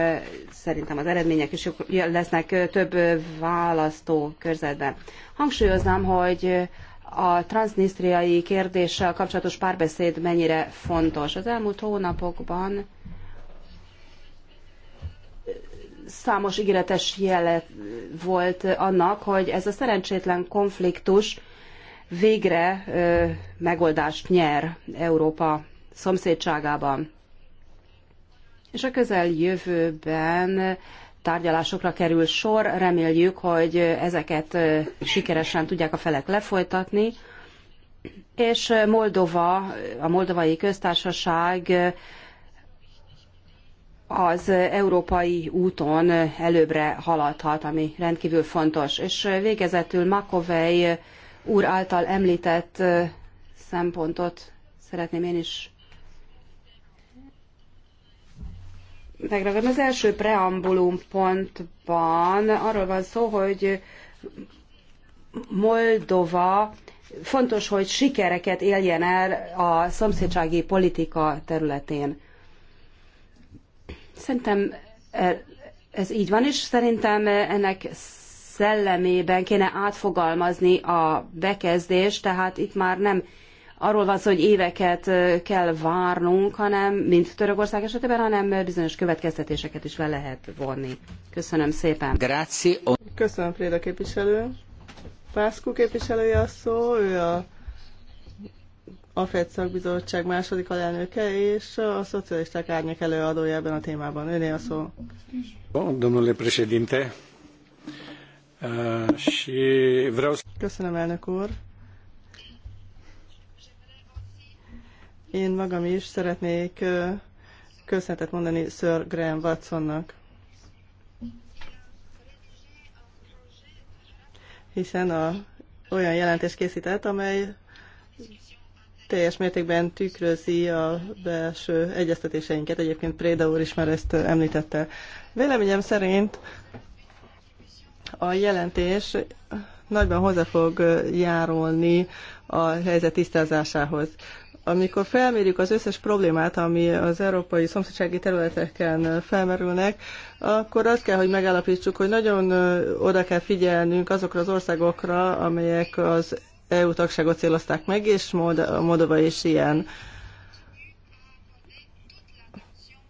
szerintem az eredmények is lesznek több választó körzetben. Hangsúlyoznám, hogy a transznisztriai kérdéssel kapcsolatos párbeszéd mennyire fontos. Az elmúlt hónapokban számos ígéretes jele volt annak, hogy ez a szerencsétlen konfliktus végre megoldást nyer Európa szomszédságában és a közel jövőben tárgyalásokra kerül sor. Reméljük, hogy ezeket sikeresen tudják a felek lefolytatni. És Moldova, a Moldovai Köztársaság az európai úton előbbre haladhat, ami rendkívül fontos. És végezetül Makovej úr által említett szempontot szeretném én is megragadom. Az első preambulum pontban arról van szó, hogy Moldova fontos, hogy sikereket éljen el a szomszédsági politika területén. Szerintem e- ez így van, és szerintem ennek szellemében kéne átfogalmazni a bekezdést, tehát itt már nem arról van szó, hogy éveket kell várnunk, hanem, mint Törökország esetében, hanem bizonyos következtetéseket is le lehet vonni. Köszönöm szépen. Grazie. Köszönöm, Fréda képviselő. Pászkú képviselője a szó, ő a AFED szakbizottság második alelnöke és a szocialisták árnyék előadója ebben a témában. Öné a szó. Domnule presidente, Köszönöm, elnök úr. Én magam is szeretnék köszönetet mondani Sir Graham Watsonnak. Hiszen a, olyan jelentést készített, amely teljes mértékben tükrözi a belső egyeztetéseinket. Egyébként Préda úr is már ezt említette. Véleményem szerint a jelentés nagyban hozzá fog járulni a helyzet tisztázásához amikor felmérjük az összes problémát, ami az európai szomszédsági területeken felmerülnek, akkor azt kell, hogy megállapítsuk, hogy nagyon oda kell figyelnünk azokra az országokra, amelyek az EU tagságot célozták meg, és Moldova is ilyen.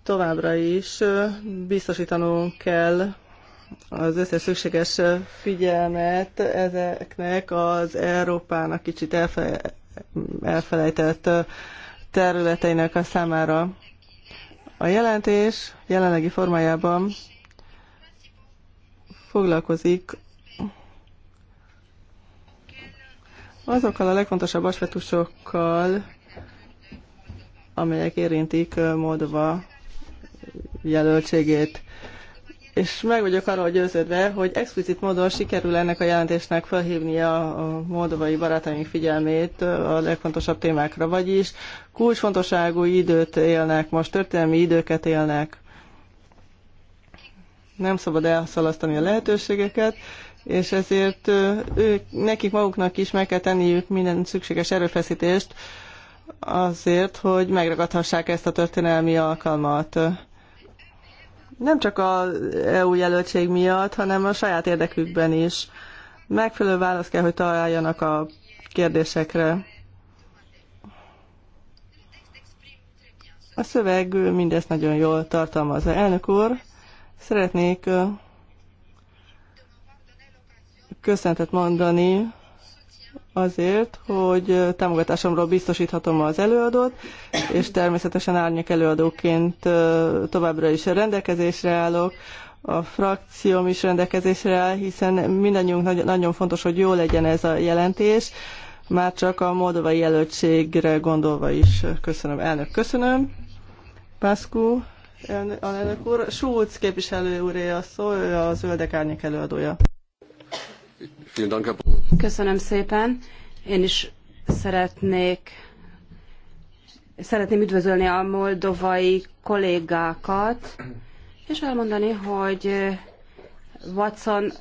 Továbbra is biztosítanunk kell az összes szükséges figyelmet ezeknek az Európának kicsit elfe elfelejtett területeinek a számára. A jelentés jelenlegi formájában foglalkozik azokkal a legfontosabb aspektusokkal, amelyek érintik Moldova jelöltségét és meg vagyok arról győződve, hogy explicit módon sikerül ennek a jelentésnek felhívnia a moldovai barátaink figyelmét a legfontosabb témákra, vagyis kulcsfontosságú időt élnek, most történelmi időket élnek. Nem szabad elszalasztani a lehetőségeket, és ezért ők, nekik maguknak is meg kell tenniük minden szükséges erőfeszítést azért, hogy megragadhassák ezt a történelmi alkalmat nem csak az EU jelöltség miatt, hanem a saját érdekükben is. Megfelelő választ kell, hogy találjanak a kérdésekre. A szöveg mindezt nagyon jól tartalmazza. Elnök úr, szeretnék köszöntet mondani azért, hogy támogatásomról biztosíthatom az előadót, és természetesen árnyék előadóként továbbra is rendelkezésre állok. A frakcióm is rendelkezésre áll, hiszen mindannyiunk nagyon fontos, hogy jó legyen ez a jelentés, már csak a moldovai jelöltségre gondolva is. Köszönöm, elnök, köszönöm. Pászkú, elnök úr, Schulz képviselő úré a szó, ő a zöldek árnyék előadója. Köszönöm szépen. Én is szeretnék szeretném üdvözölni a moldovai kollégákat, és elmondani, hogy Watson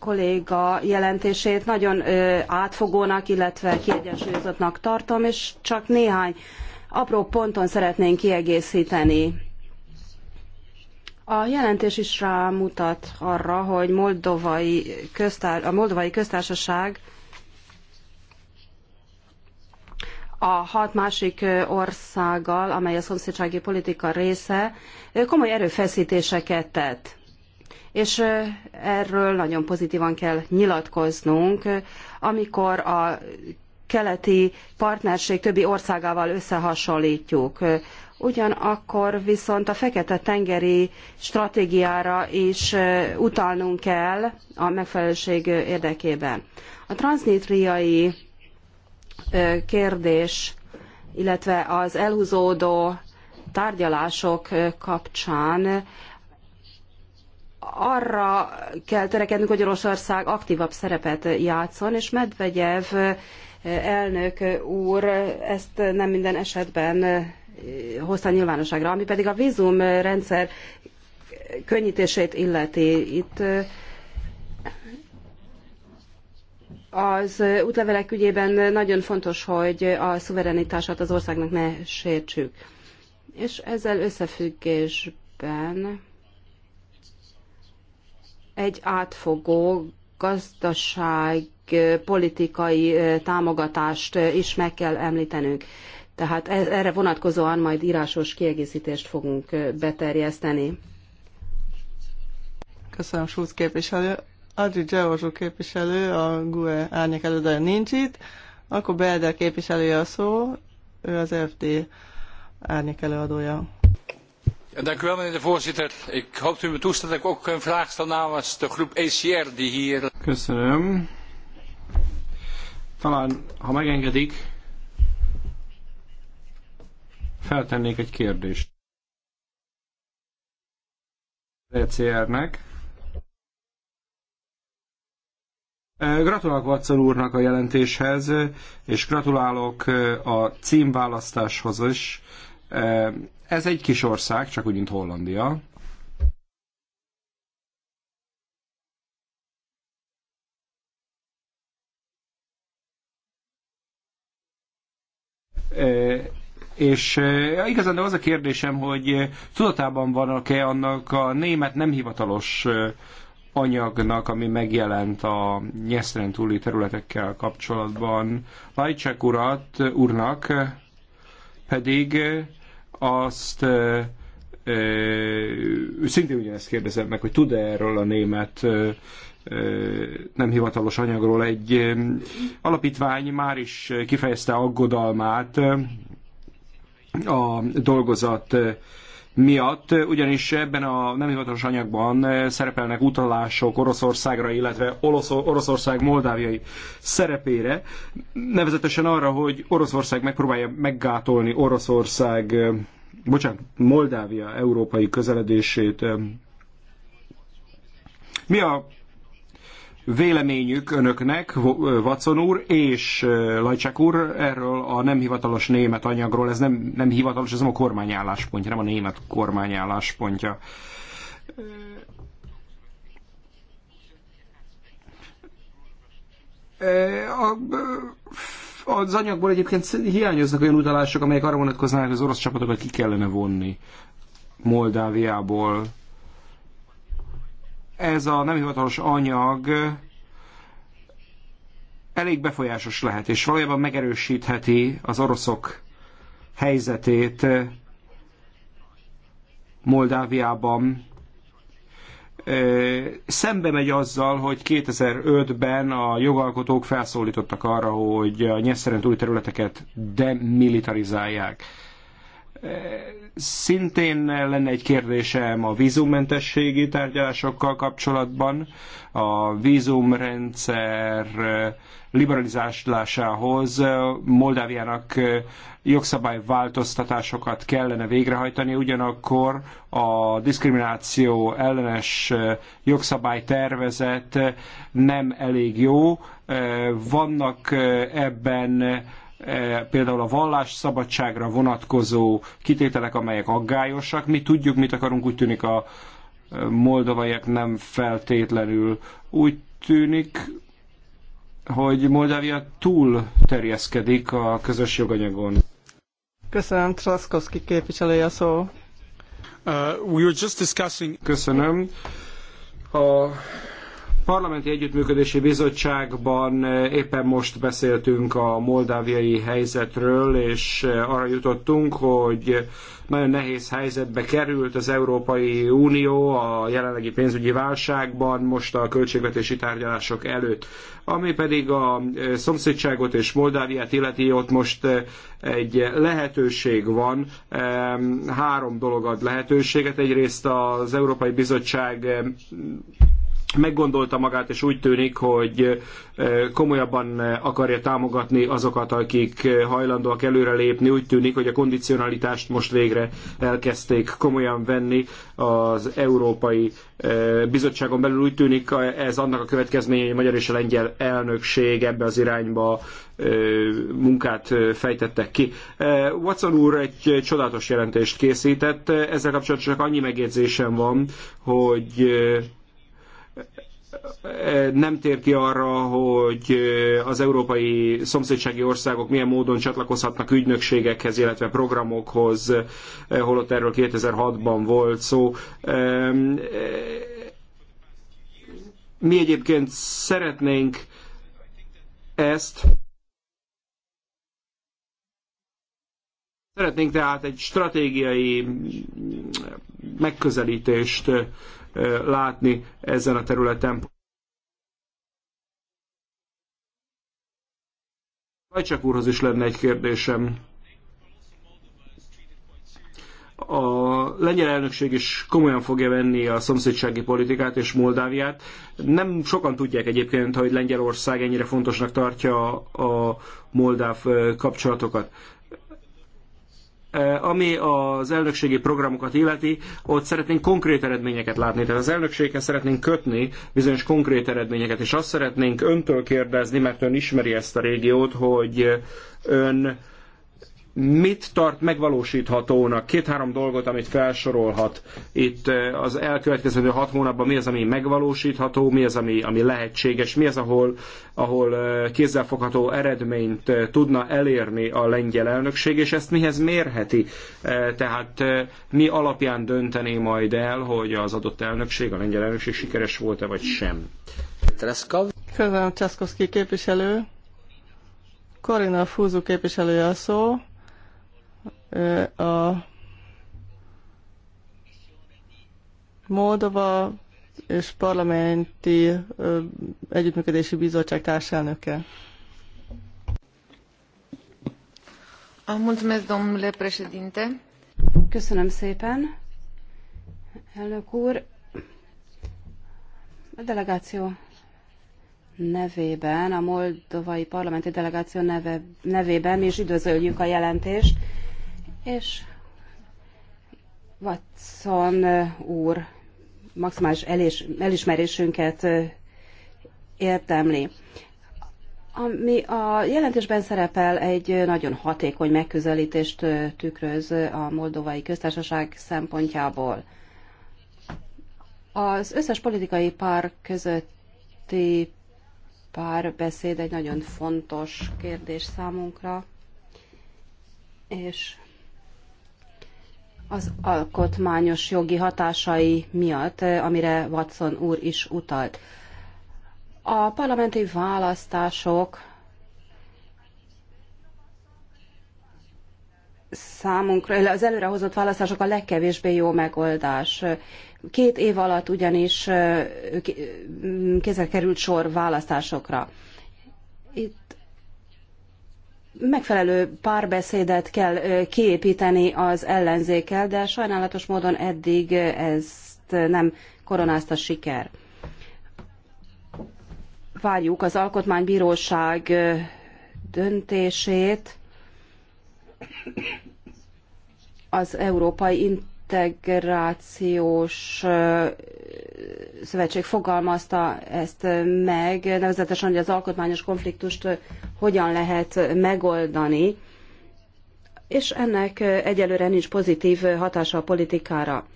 kolléga jelentését nagyon átfogónak, illetve kiegyensúlyozottnak tartom, és csak néhány apró ponton szeretnénk kiegészíteni. A jelentés is rámutat arra, hogy moldovai köztár, a moldovai köztársaság a hat másik országgal, amely a szomszédsági politika része, komoly erőfeszítéseket tett. És erről nagyon pozitívan kell nyilatkoznunk, amikor a keleti partnerség többi országával összehasonlítjuk. Ugyanakkor viszont a Fekete-tengeri stratégiára is utalnunk kell a megfelelőség érdekében. A transznitriai kérdés, illetve az elhúzódó tárgyalások kapcsán arra kell törekednünk, hogy Oroszország aktívabb szerepet játszon, és Medvegyev elnök úr ezt nem minden esetben hozta nyilvánosságra, ami pedig a vízumrendszer könnyítését illeti. Itt az útlevelek ügyében nagyon fontos, hogy a szuverenitását az országnak ne sértsük. És ezzel összefüggésben egy átfogó gazdaság politikai támogatást is meg kell említenünk. Tehát e, erre vonatkozóan majd írásos kiegészítést fogunk beterjeszteni. Köszönöm, Schulz képviselő. Adri Gyorzsó képviselő, a GUE árnyék előadója nincs itt. Akkor Belder képviselője a szó, ő az FD árnyék előadója. Dank u wel, meneer de voorzitter. Ik hoop u me toestaat dat ik ook een vraag stel namens de groep ECR die hier... Köszönöm. Talán, ha megengedik, Feltennék egy kérdést. ECR-nek. E, gratulálok Vatszal úrnak a jelentéshez, és gratulálok e, a címválasztáshoz is. E, ez egy kis ország, csak úgy, mint Hollandia. És eh, igazán de az a kérdésem, hogy eh, tudatában vannak-e annak a német nem hivatalos eh, anyagnak, ami megjelent a nyeszteren túli területekkel kapcsolatban. Lajcsek urat, úrnak pedig azt e, e, szintén ugyanezt kérdezem meg, hogy tud-e erről a német e, nem hivatalos anyagról egy alapítvány már is kifejezte aggodalmát a dolgozat miatt, ugyanis ebben a nem hivatalos anyagban szerepelnek utalások Oroszországra, illetve Oroszország moldáviai szerepére, nevezetesen arra, hogy Oroszország megpróbálja meggátolni Oroszország, bocsánat, Moldávia európai közeledését. Mi a véleményük önöknek, Vacon úr és Lajcsák úr erről a nem hivatalos német anyagról. Ez nem, nem hivatalos, ez nem a kormány álláspontja, nem a német kormány álláspontja. A, az anyagból egyébként hiányoznak olyan utalások, amelyek arra vonatkoznának, hogy az orosz csapatokat ki kellene vonni Moldáviából, ez a nem hivatalos anyag elég befolyásos lehet, és valójában megerősítheti az oroszok helyzetét Moldáviában. Szembe megy azzal, hogy 2005-ben a jogalkotók felszólítottak arra, hogy a nyelvszerint új területeket demilitarizálják. Szintén lenne egy kérdésem a vízummentességi tárgyalásokkal kapcsolatban. A vízumrendszer liberalizálásához Moldáviának jogszabály változtatásokat kellene végrehajtani, ugyanakkor a diszkrimináció ellenes jogszabálytervezet nem elég jó. Vannak ebben E, például a vallásszabadságra vonatkozó kitételek, amelyek aggályosak. Mi tudjuk, mit akarunk, úgy tűnik a e, moldovaiak nem feltétlenül. Úgy tűnik, hogy Moldávia túl terjeszkedik a közös joganyagon. Köszönöm, Traszkowski képviselője a szó. Uh, we were just discussing... Köszönöm. A Parlamenti Együttműködési Bizottságban eh, éppen most beszéltünk a moldáviai helyzetről, és eh, arra jutottunk, hogy nagyon nehéz helyzetbe került az Európai Unió a jelenlegi pénzügyi válságban, most a költségvetési tárgyalások előtt. Ami pedig a eh, szomszédságot és Moldáviát illeti, ott most egy lehetőség van, három dolog ad lehetőséget. Egyrészt az Európai Bizottság meggondolta magát, és úgy tűnik, hogy eh, komolyabban eh, akarja támogatni azokat, akik eh, hajlandóak előrelépni. Úgy tűnik, hogy a kondicionalitást most végre elkezdték komolyan venni az Európai Bizottságon belül. Úgy tűnik, ez annak a következménye, hogy a magyar és a lengyel elnökség ebbe az irányba munkát fejtettek ki. Watson úr egy csodálatos jelentést készített, ezzel kapcsolatban csak annyi megjegyzésem van, hogy nem tér ki arra, hogy az európai szomszédsági országok milyen módon csatlakozhatnak ügynökségekhez, illetve programokhoz, holott erről 2006-ban volt szó. Mi egyébként szeretnénk ezt Szeretnénk tehát egy stratégiai megközelítést látni ezen a területen. Lajcsák úrhoz is lenne egy kérdésem. A lengyel elnökség is komolyan fogja venni a szomszédsági politikát és Moldáviát. Nem sokan tudják egyébként, hogy Lengyelország ennyire fontosnak tartja a moldáv kapcsolatokat. Eh, ami az elnökségi programokat illeti, ott szeretnénk konkrét eredményeket látni. Tehát az elnökséghez szeretnénk kötni bizonyos konkrét eredményeket, és azt szeretnénk öntől kérdezni, mert ön ismeri ezt a régiót, hogy ön mit tart megvalósíthatónak? Két-három dolgot, amit felsorolhat itt eh, az elkövetkező hat hónapban, mi az, ami megvalósítható, mi az, ami, ami lehetséges, mi az, ahol, ahol eh, kézzelfogható eredményt eh, tudna elérni a lengyel elnökség, és ezt mihez mérheti? Tehát mi alapján döntené majd el, hogy az adott elnökség, a lengyel elnökség sikeres volt-e, vagy sem? Köszönöm, Császkowski képviselő. Korina Fúzu képviselője a szó a Moldova és parlamenti együttműködési bizottság társelnöke. Köszönöm szépen. Elnök úr, a delegáció nevében, a moldovai parlamenti delegáció neve, nevében mi is üdvözöljük a jelentést, és Watson úr maximális elés, elismerésünket értemli. Ami a jelentésben szerepel, egy nagyon hatékony megközelítést tükröz a moldovai köztársaság szempontjából. Az összes politikai pár közötti párbeszéd egy nagyon fontos kérdés számunkra, és az alkotmányos jogi hatásai miatt, eh, amire Watson úr is utalt. A parlamenti választások számunkra, az előrehozott választások a legkevésbé jó megoldás. Két év alatt ugyanis eh, mm, kézzel került sor választásokra. Itt megfelelő párbeszédet kell kiépíteni az ellenzékkel, de sajnálatos módon eddig ezt nem koronázta siker. Várjuk az Alkotmánybíróság döntését az európai integrációs Szövetség fogalmazta ezt meg, nevezetesen, hogy az alkotmányos konfliktust hogyan lehet megoldani, és ennek egyelőre nincs pozitív hatása a politikára.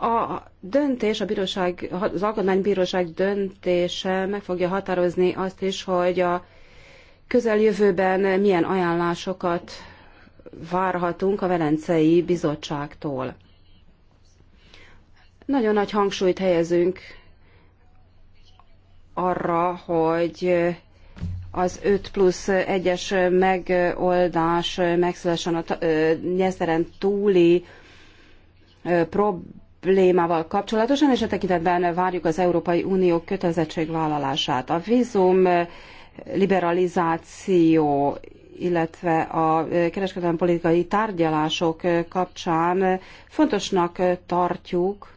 A döntés, a bíróság, az alkotmánybíróság döntése meg fogja határozni azt is, hogy a közeljövőben milyen ajánlásokat várhatunk a Velencei Bizottságtól. Nagyon nagy hangsúlyt helyezünk arra, hogy az 5 plusz 1-es megoldás megszülessen a nyeszteren túli problémával kapcsolatosan, és a tekintetben várjuk az Európai Unió kötelezettségvállalását. A vízum liberalizáció, illetve a kereskedelmi politikai tárgyalások kapcsán fontosnak tartjuk,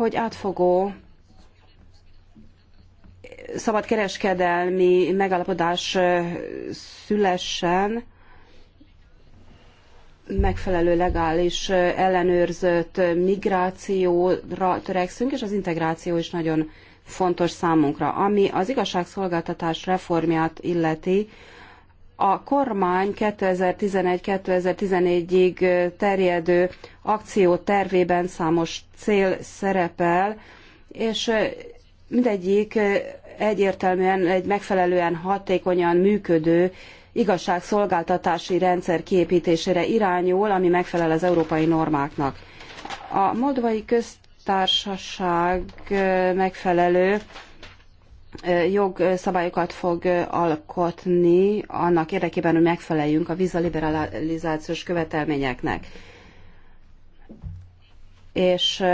hogy átfogó szabadkereskedelmi megállapodás szülessen, megfelelő legális ellenőrzött migrációra törekszünk, és az integráció is nagyon fontos számunkra. Ami az igazságszolgáltatás reformját illeti, a kormány 2011-2014-ig terjedő akciótervében számos cél szerepel, és mindegyik egyértelműen egy megfelelően hatékonyan működő igazságszolgáltatási rendszer kiépítésére irányul, ami megfelel az európai normáknak. A moldovai köztársaság megfelelő jogszabályokat fog alkotni annak érdekében, hogy megfeleljünk a vízaliberalizációs követelményeknek. És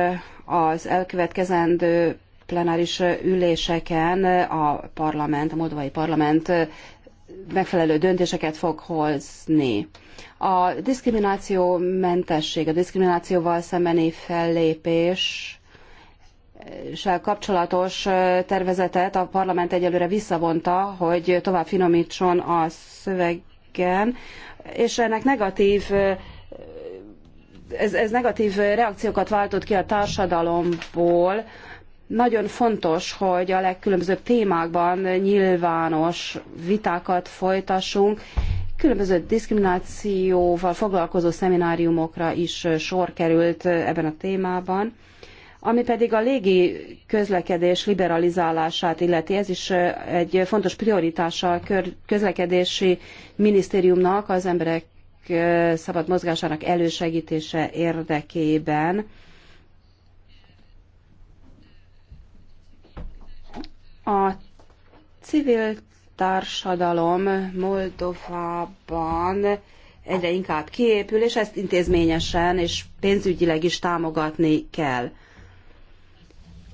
az elkövetkezendő plenáris üléseken a parlament, a moldovai parlament megfelelő döntéseket fog hozni. A diszkrimináció mentesség, a diszkriminációval szembeni fellépés kapcsolatos tervezetet a parlament egyelőre visszavonta, hogy tovább finomítson a szövegen, és ennek negatív ez, ez negatív reakciókat váltott ki a társadalomból. Nagyon fontos, hogy a legkülönbözőbb témákban nyilvános vitákat folytassunk. Különböző diszkriminációval foglalkozó szemináriumokra is sor került ebben a témában. Ami pedig a légi közlekedés liberalizálását illeti, ez is egy fontos prioritása a közlekedési minisztériumnak az emberek szabad mozgásának elősegítése érdekében. A civil társadalom Moldovában egyre inkább kiépül, és ezt intézményesen és pénzügyileg is támogatni kell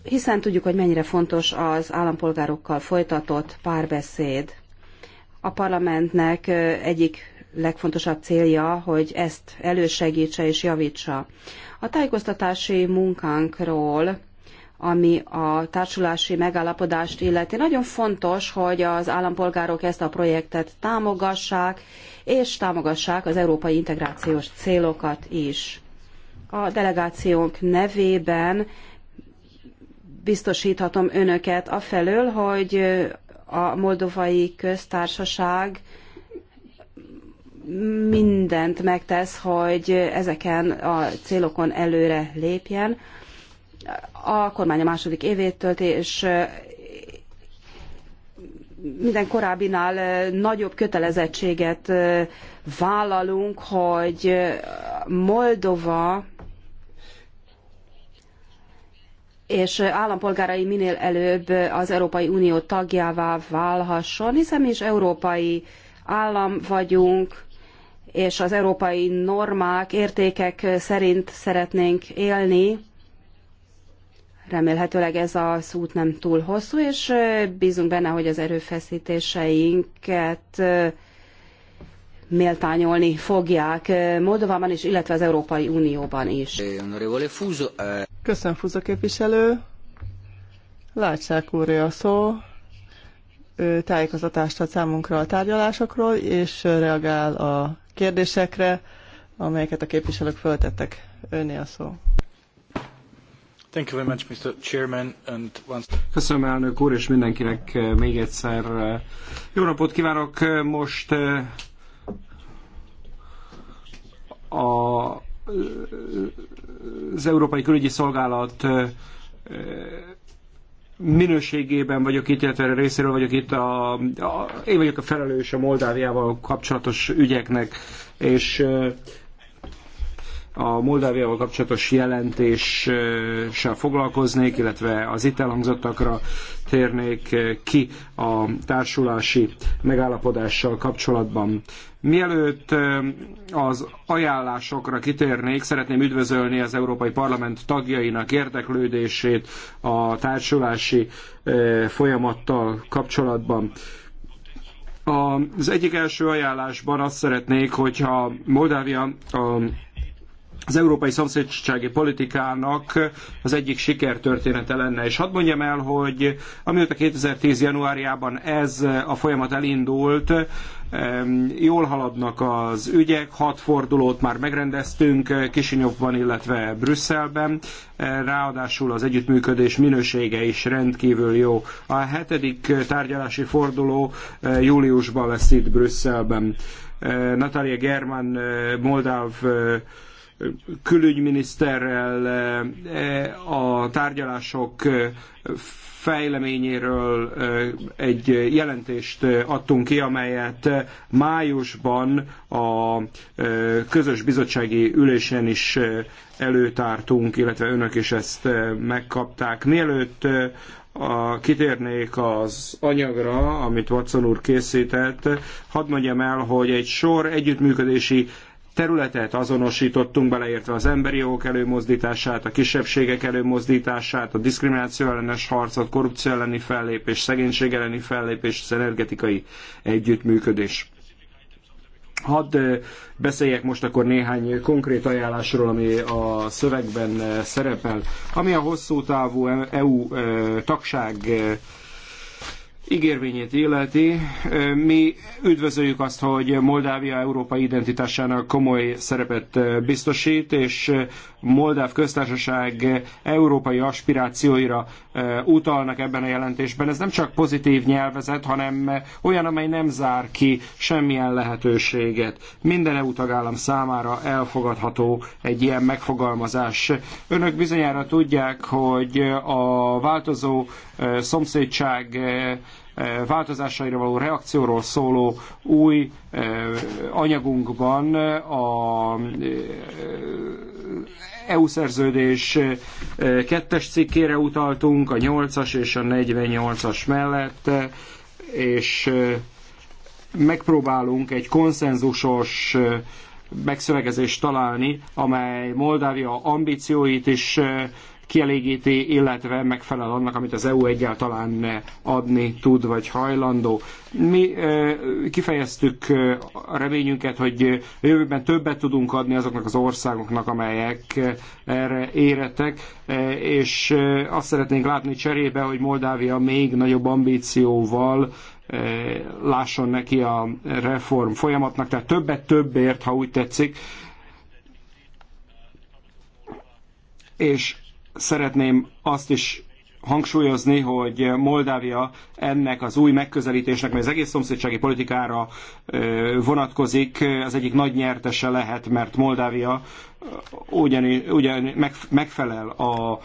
hiszen tudjuk, hogy mennyire fontos az állampolgárokkal folytatott párbeszéd. A parlamentnek egyik legfontosabb célja, hogy ezt elősegítse és javítsa. A tájékoztatási munkánkról ami a társulási megállapodást illeti. Nagyon fontos, hogy az állampolgárok ezt a projektet támogassák, és támogassák az európai integrációs célokat is. A delegációnk nevében biztosíthatom önöket afelől, hogy a Moldovai Köztársaság mindent megtesz, hogy ezeken a célokon előre lépjen. A kormány a második évét tölti, és minden korábbinál nagyobb kötelezettséget vállalunk, hogy Moldova és állampolgárai minél előbb az Európai Unió tagjává válhasson, hiszen mi is európai állam vagyunk, és az európai normák, értékek szerint szeretnénk élni. Remélhetőleg ez az út nem túl hosszú, és bízunk benne, hogy az erőfeszítéseinket méltányolni fogják Moldovában is, illetve az Európai Unióban is. Köszönöm, Fuza képviselő. Látszák úrja a szó. Ő tájékozatást ad számunkra a tárgyalásokról, és reagál a kérdésekre, amelyeket a képviselők föltettek. Önné a szó. Thank you very much, Mr. Chairman, and once... Köszönöm, elnök úr, és mindenkinek eh, még egyszer eh, jó napot kívánok. Most eh, a az Európai Külügyi Szolgálat minőségében vagyok itt, illetve részéről vagyok itt, a, a, én vagyok a felelős a Moldáviával kapcsolatos ügyeknek, és a Moldáviával kapcsolatos jelentéssel foglalkoznék, illetve az itt elhangzottakra térnék ki a társulási megállapodással kapcsolatban. Mielőtt az ajánlásokra kitérnék, szeretném üdvözölni az Európai Parlament tagjainak érdeklődését a társulási folyamattal kapcsolatban. Az egyik első ajánlásban azt szeretnék, hogyha Moldávia a az európai szomszédsági politikának az egyik sikertörténete lenne. És hadd mondjam el, hogy amióta 2010. januárjában ez a folyamat elindult, jól haladnak az ügyek, hat fordulót már megrendeztünk Kisinyovban, illetve Brüsszelben, ráadásul az együttműködés minősége is rendkívül jó. A hetedik tárgyalási forduló eh, júliusban lesz itt Brüsszelben. Eh, Natalia German, eh, Moldáv külügyminiszterrel eh, a tárgyalások eh, fejleményéről eh, egy jelentést adtunk ki, amelyet májusban a közös bizottsági ülésen is előtártunk, illetve önök is ezt megkapták. Mielőtt a, kitérnék az anyagra, amit Watson úr készített, hadd mondjam el, hogy egy sor együttműködési területet azonosítottunk, beleértve az emberi jogok előmozdítását, a kisebbségek előmozdítását, a diszkrimináció ellenes harcot, korrupció elleni fellépés, szegénység elleni fellépés, az energetikai együttműködés. Hadd eh, beszéljek most akkor néhány konkrét ajánlásról, ami a szövegben eh, szerepel. Ami a hosszú távú EU e eh, tagság ígérvényét illeti, mi üdvözöljük azt, hogy Moldávia európai identitásának komoly szerepet biztosít, és Moldáv köztársaság európai aspirációira utalnak ebben a jelentésben. Ez nem csak pozitív nyelvezet, hanem olyan, amely nem zár ki semmilyen lehetőséget. Minden EU tagállam számára elfogadható egy ilyen megfogalmazás. Önök bizonyára tudják, hogy a változó szomszédság változásaira való reakcióról szóló új anyagunkban a EU szerződés kettes cikkére utaltunk, a 8-as és a 48-as mellett, és megpróbálunk egy konszenzusos megszövegezést találni, amely Moldávia ambícióit is kielégíti, illetve megfelel annak, amit az EU egyáltalán adni tud, vagy hajlandó. Mi kifejeztük a reményünket, hogy a jövőben többet tudunk adni azoknak az országoknak, amelyek erre éretek, és azt szeretnénk látni cserébe, hogy Moldávia még nagyobb ambícióval lásson neki a reform folyamatnak, tehát többet többért, ha úgy tetszik. És szeretném azt is hangsúlyozni, hogy Moldávia ennek az új megközelítésnek, mely az egész szomszédsági politikára vonatkozik, az egyik nagy nyertese lehet, mert Moldávia ugyan, ugyan megfelel a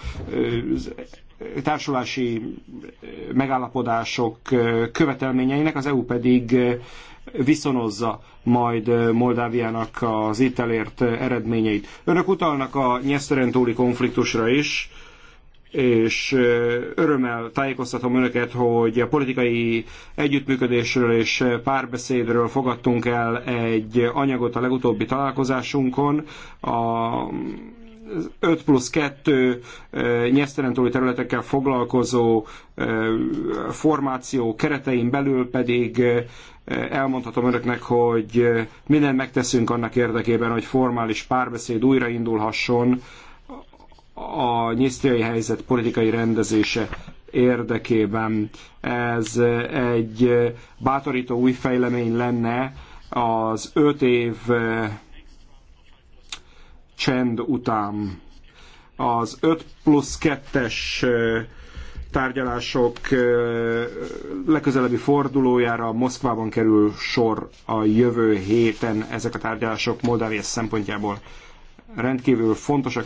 társulási megállapodások követelményeinek, az EU pedig viszonozza majd Moldáviának az itt elért eredményeit. Önök utalnak a nyeszteren túli konfliktusra is, és örömmel tájékoztatom önöket, hogy a politikai együttműködésről és párbeszédről fogadtunk el egy anyagot a legutóbbi találkozásunkon. A 5 plusz 2 túli területekkel foglalkozó formáció keretein belül pedig elmondhatom önöknek, hogy mindent megteszünk annak érdekében, hogy formális párbeszéd újraindulhasson a nyisztriai helyzet politikai rendezése érdekében. Ez egy bátorító új fejlemény lenne az öt év csend után. Az 5 plusz 2-es tárgyalások legközelebbi fordulójára Moszkvában kerül sor a jövő héten ezek a tárgyalások Moldávia szempontjából rendkívül fontosak.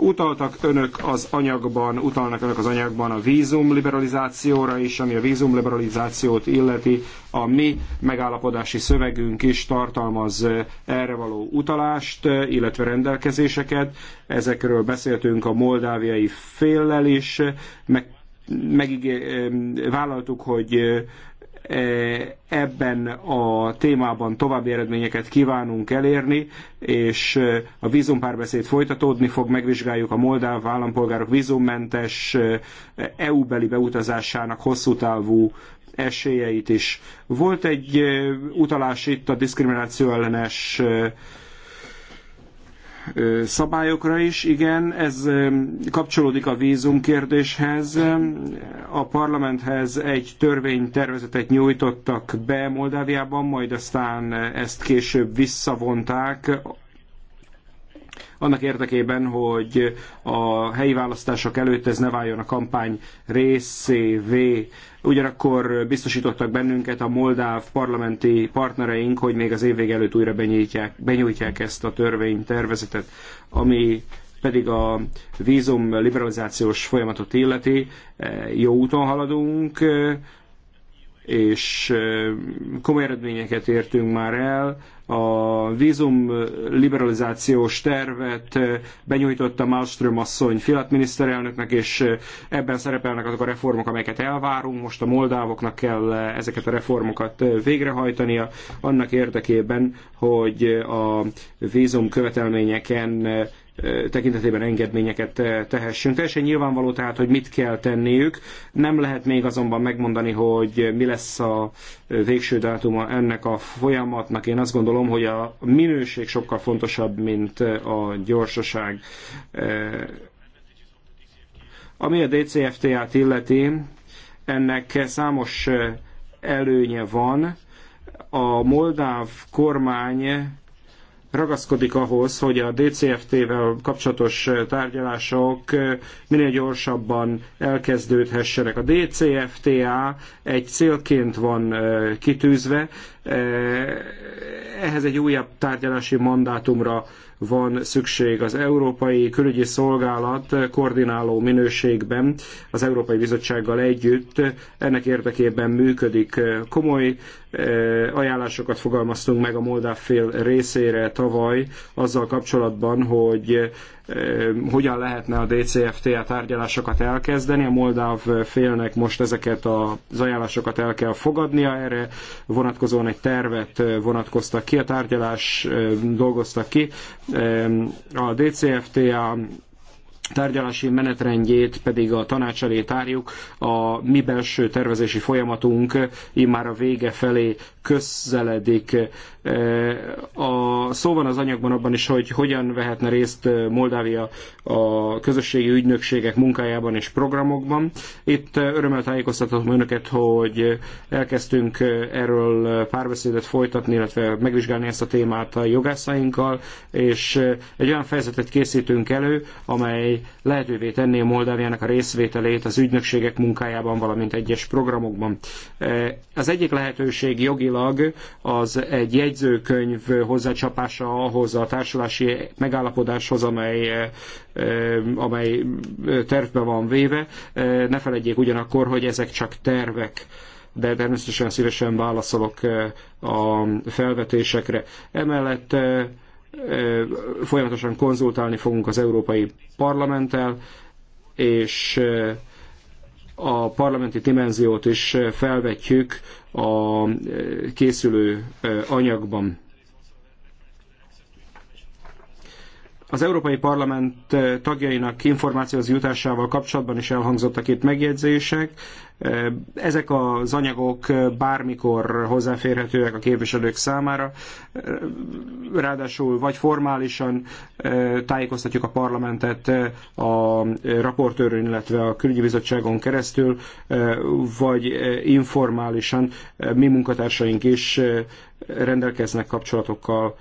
Utaltak önök az anyagban, utalnak önök az anyagban a vízum liberalizációra is, ami a vízum liberalizációt illeti. A mi megállapodási szövegünk is tartalmaz erre való utalást, illetve rendelkezéseket. Ezekről beszéltünk a moldáviai féllel is, meg megíg, vállaltuk, hogy e, ebben a témában további eredményeket kívánunk elérni, és a vízumpárbeszéd folytatódni fog, megvizsgáljuk a moldáv állampolgárok vízummentes EU-beli beutazásának hosszú távú esélyeit is. Volt egy utalás itt a diszkrimináció ellenes szabályokra is, igen, ez kapcsolódik a vízum kérdéshez. A parlamenthez egy törvénytervezetet nyújtottak be Moldáviában, majd aztán ezt később visszavonták annak érdekében, hogy a helyi választások előtt ez ne váljon a kampány részévé. Ugyanakkor biztosítottak bennünket a moldáv parlamenti partnereink, hogy még az évvég előtt újra benyújtják, benyújtják ezt a törvénytervezetet, ami pedig a vízum liberalizációs folyamatot illeti. Jó úton haladunk, és komoly eredményeket értünk már el a vízum liberalizációs tervet benyújtotta Malmström asszony fiat miniszterelnöknek, és ebben szerepelnek azok a reformok, amelyeket elvárunk. Most a moldávoknak kell ezeket a reformokat végrehajtania annak érdekében, hogy a vízum követelményeken tekintetében engedményeket eh, tehessünk. Teljesen nyilvánvaló tehát, hogy mit kell tenniük. Nem lehet még azonban megmondani, hogy mi lesz a végső dátuma ennek a folyamatnak. Én azt gondolom, hogy a minőség sokkal fontosabb, mint eh, a gyorsaság. Eh, ami a DCFTA-t illeti, ennek számos előnye van. A moldáv kormány ragaszkodik ahhoz, hogy a DCFT-vel kapcsolatos tárgyalások minél gyorsabban elkezdődhessenek. A DCFTA egy célként van kitűzve, ehhez egy újabb tárgyalási mandátumra van szükség. Az Európai Külügyi Szolgálat koordináló minőségben az Európai Bizottsággal együtt ennek érdekében működik. Komoly eh, ajánlásokat fogalmaztunk meg a Moldáv fél részére tavaly azzal kapcsolatban, hogy hogyan lehetne a DCFTA tárgyalásokat elkezdeni. A moldáv félnek most ezeket az ajánlásokat el kell fogadnia, erre vonatkozóan egy tervet vonatkoztak ki, a tárgyalás dolgoztak ki. A DCFTA tárgyalási menetrendjét pedig a tanács elé tárjuk. A mi belső tervezési folyamatunk immár a vége felé közeledik. Eh, a szó van az anyagban abban is, hogy hogyan vehetne részt Moldávia a közösségi ügynökségek munkájában és programokban. Itt örömmel tájékoztatom önöket, hogy elkezdtünk erről párbeszédet folytatni, illetve megvizsgálni ezt a témát a jogászainkkal, és egy olyan fejezetet készítünk elő, amely lehetővé tenné Moldáviának a részvételét az ügynökségek munkájában, valamint egyes programokban. E, az egyik lehetőség jogilag az egy jegyzőkönyv hozzácsapása ahhoz a társulási megállapodáshoz, amely, e, e, amely tervbe van véve. Ne feledjék ugyanakkor, hogy ezek csak tervek de természetesen szívesen válaszolok a felvetésekre. Emellett folyamatosan konzultálni fogunk az Európai Parlamenttel, és a parlamenti dimenziót is felvetjük a készülő anyagban. Az Európai Parlament tagjainak információhoz jutásával kapcsolatban is elhangzottak itt megjegyzések. Ezek az anyagok bármikor hozzáférhetőek a képviselők számára, ráadásul vagy formálisan eh, tájékoztatjuk a parlamentet eh, a raportőrön, illetve a külügyi bizottságon keresztül, eh, vagy informálisan mi munkatársaink is rendelkeznek kapcsolatokkal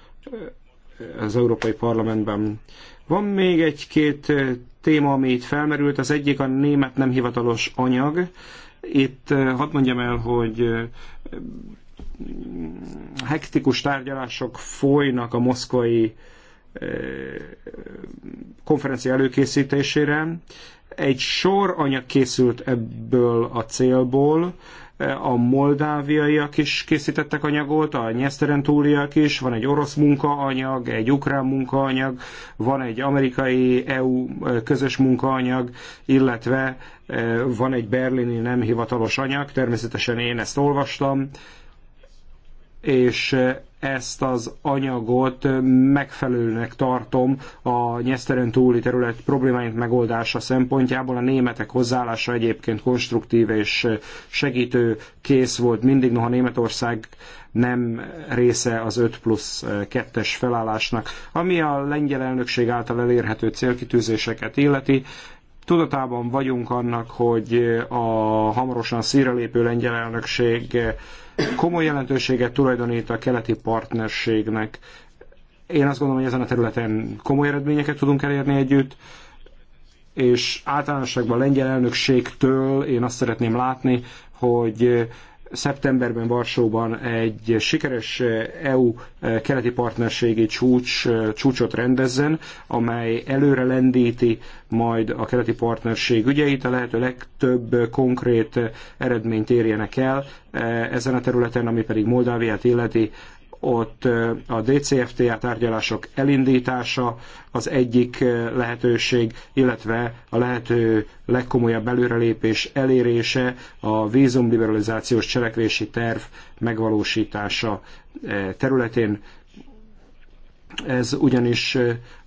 az Európai Parlamentben. Van még egy-két téma, ami itt felmerült. Az egyik a német nem hivatalos anyag, itt eh, hadd mondjam el, hogy eh, hektikus tárgyalások folynak a moszkvai eh, konferencia előkészítésére. Egy sor anyag készült ebből a célból, a moldáviaiak is készítettek anyagot, a nyeszteren túliak is, van egy orosz munkaanyag, egy ukrán munkaanyag, van egy amerikai EU közös munkaanyag, illetve van egy berlini nem hivatalos anyag, természetesen én ezt olvastam, és ezt az anyagot megfelelőnek tartom a nyeszteren túli terület problémáink megoldása szempontjából. A németek hozzáállása egyébként konstruktív és segítő kész volt mindig, noha Németország nem része az 5 plusz 2-es felállásnak. Ami a lengyel elnökség által elérhető célkitűzéseket illeti, Tudatában vagyunk annak, hogy a hamarosan szíra lépő lengyel elnökség komoly jelentőséget tulajdonít a keleti partnerségnek. Én azt gondolom, hogy ezen a területen komoly eredményeket tudunk elérni együtt, és általánosságban a lengyel elnökségtől én azt szeretném látni, hogy Szeptemberben Varsóban egy sikeres EU e, keleti partnerségi csúcs, e, csúcsot rendezzen, amely előre lendíti majd a keleti partnerség ügyeit, a lehető legtöbb konkrét eredményt érjenek el e, ezen a területen, ami pedig Moldáviát illeti ott a DCFTA tárgyalások elindítása az egyik lehetőség, illetve a lehető legkomolyabb előrelépés elérése a vízumliberalizációs cselekvési terv megvalósítása területén ez ugyanis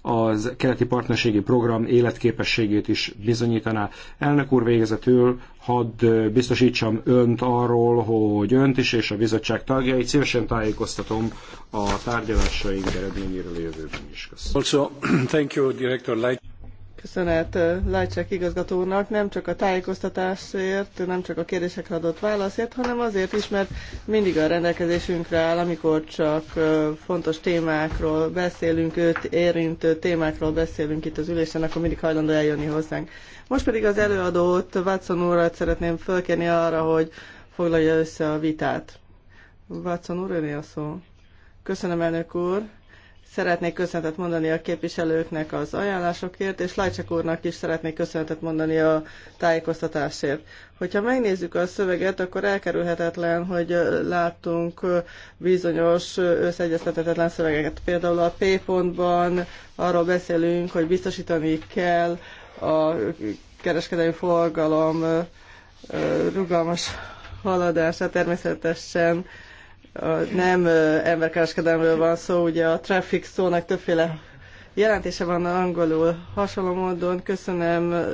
az keleti partnerségi program életképességét is bizonyítaná. Elnök úr végezetül hadd biztosítsam önt arról, hogy önt is és a bizottság tagjait szívesen tájékoztatom a tárgyalásaink eredményéről a jövőben is. Köszönöm. Also, thank you, Director Light. Köszönet eh, Lajcsák igazgató úrnak nem csak a tájékoztatásért, nem csak a kérdésekre adott válaszért, hanem azért is, mert mindig a rendelkezésünkre áll, amikor csak eh, fontos témákról beszélünk, őt érintő témákról beszélünk itt az ülésen, akkor mindig hajlandó eljönni hozzánk. Most pedig az előadót, Watson úrat szeretném fölkérni arra, hogy foglalja össze a vitát. Watson úr, öné a szó. Köszönöm, elnök úr. Szeretnék köszönetet mondani a képviselőknek az ajánlásokért, és Lajcsak úrnak is szeretnék köszönetet mondani a tájékoztatásért. Hogyha megnézzük a szöveget, akkor elkerülhetetlen, hogy láttunk bizonyos összeegyeztetetlen szövegeket. Például a P pontban arról beszélünk, hogy biztosítani kell a kereskedelmi forgalom rugalmas haladását természetesen nem emberkereskedelmről van szó, ugye a traffic szónak többféle jelentése van angolul. Hasonló módon köszönöm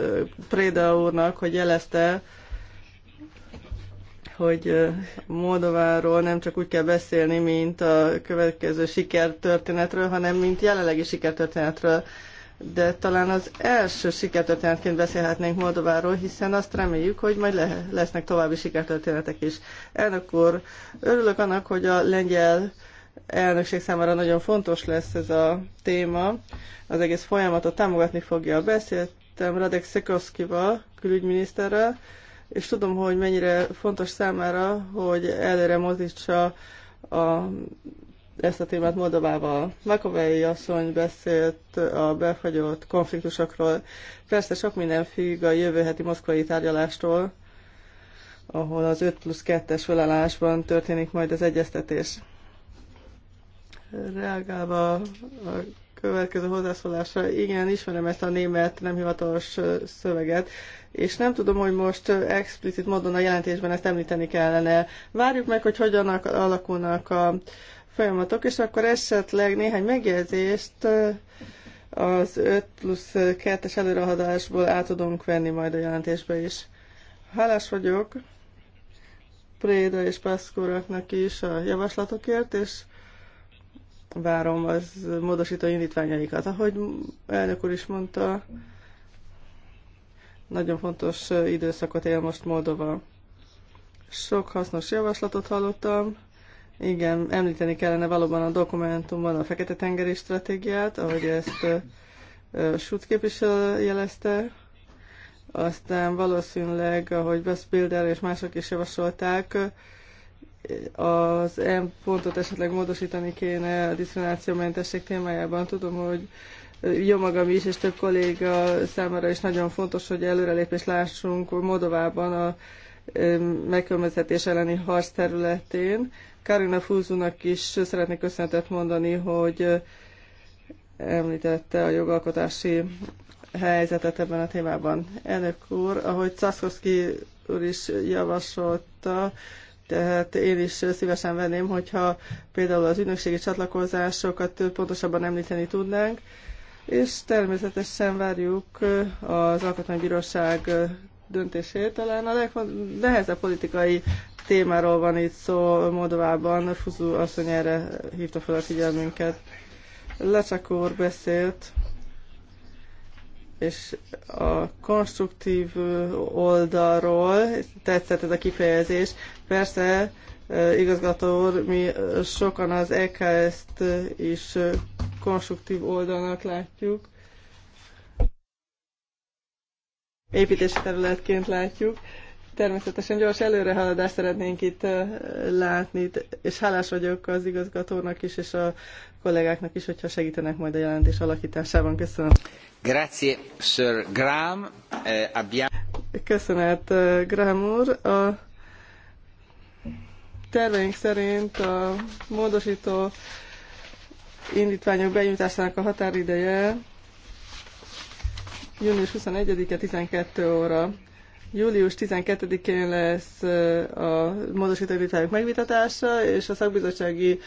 Préda úrnak, hogy jelezte, hogy Moldováról nem csak úgy kell beszélni, mint a következő sikertörténetről, hanem mint jelenlegi sikertörténetről de talán az első sikertörténetként beszélhetnénk Moldováról, hiszen azt reméljük, hogy majd le- lesznek további sikertörténetek is. Elnök úr, örülök annak, hogy a lengyel elnökség számára nagyon fontos lesz ez a téma. Az egész folyamatot támogatni fogja. Beszéltem Radek Szekoszkival, külügyminiszterrel, és tudom, hogy mennyire fontos számára, hogy előre mozdítsa a ezt a témát Moldovával. Makovei asszony beszélt a befagyott konfliktusokról. Persze sok minden függ a jövő heti moszkvai tárgyalástól, ahol az 5 plusz 2-es felállásban történik majd az egyeztetés. Reagálva a következő hozzászólásra, igen, ismerem ezt a német nem hivatalos szöveget, és nem tudom, hogy most explicit módon a jelentésben ezt említeni kellene. Várjuk meg, hogy hogyan alakulnak a folyamatok, és akkor esetleg néhány megjegyzést az 5 plusz 2-es előrehadásból át tudunk venni majd a jelentésbe is. Hálás vagyok Préda és Pászkóraknak is a javaslatokért, és várom az módosító indítványaikat. Ahogy elnök úr is mondta, nagyon fontos időszakot él most Moldova. Sok hasznos javaslatot hallottam, igen, említeni kellene valóban a dokumentumban a Fekete-tengeri stratégiát, ahogy ezt Schutz képviselő jelezte. Aztán valószínűleg, ahogy Wes Bilder és mások is javasolták, az M pontot esetleg módosítani kéne a diszkriminációmentesség témájában. Tudom, hogy jó magam is, és több kolléga számára is nagyon fontos, hogy előrelépés lássunk Moldovában a megkülönbözhetés elleni harc területén. Karina Fúzúnak is szeretnék köszönetet mondani, hogy említette a jogalkotási helyzetet ebben a témában. Elnök úr, ahogy Czaszkowski úr is javasolta, tehát én is szívesen venném, hogyha például az ügynökségi csatlakozásokat pontosabban említeni tudnánk, és természetesen várjuk az Alkotmánybíróság döntését. Talán a nehezebb politikai témáról van itt szó Modovában, Fuzu asszony erre hívta fel a figyelmünket. Lecsakor beszélt, és a konstruktív oldalról tetszett ez a kifejezés. Persze, e, igazgató úr, mi sokan az EKS-t is konstruktív oldalnak látjuk, építési területként látjuk, Természetesen gyors előrehaladást szeretnénk itt látni, és hálás vagyok az igazgatónak is, és a kollégáknak is, hogyha segítenek majd a jelentés alakításában. Köszönöm. Grazie, Sir Graham. Eh, abbiamo... Köszönet, Graham úr. A terveink szerint a módosító indítványok benyújtásának a határideje június 21-e 12 óra. Július 12-én lesz a módosítóvitájuk megvitatása, és a szakbizottsági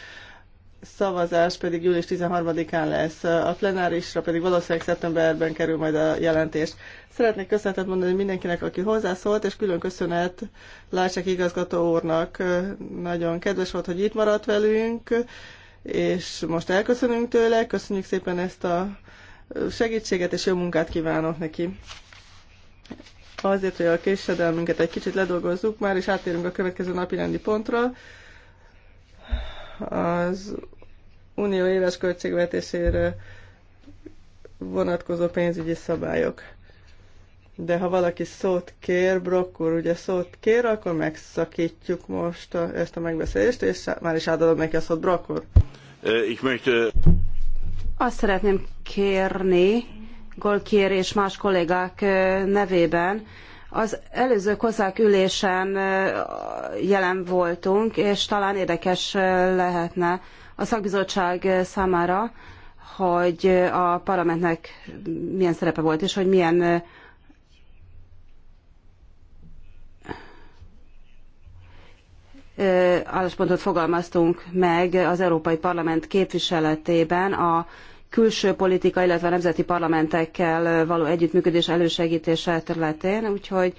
szavazás pedig július 13-án lesz, a plenárisra pedig valószínűleg szeptemberben kerül majd a jelentés. Szeretnék köszönetet mondani mindenkinek, aki hozzászólt, és külön köszönet Lácsek igazgató úrnak. Nagyon kedves volt, hogy itt maradt velünk, és most elköszönünk tőle. Köszönjük szépen ezt a segítséget, és jó munkát kívánok neki azért, hogy a késedelmünket egy kicsit ledolgozzuk már, és átérünk a következő napi rendi pontra. Az unió éves költségvetésére vonatkozó pénzügyi szabályok. De ha valaki szót kér, Brokkor ugye szót kér, akkor megszakítjuk most a, ezt a megbeszélést, és már is átadom neki a szót, Brokkor. Azt szeretném kérni, Golkier és más kollégák nevében. Az előző kozák ülésen jelen voltunk, és talán érdekes lehetne a szakbizottság számára, hogy a parlamentnek milyen szerepe volt, és hogy milyen álláspontot fogalmaztunk meg az Európai Parlament képviseletében a külső politika, illetve a nemzeti parlamentekkel való együttműködés elősegítése területén, úgyhogy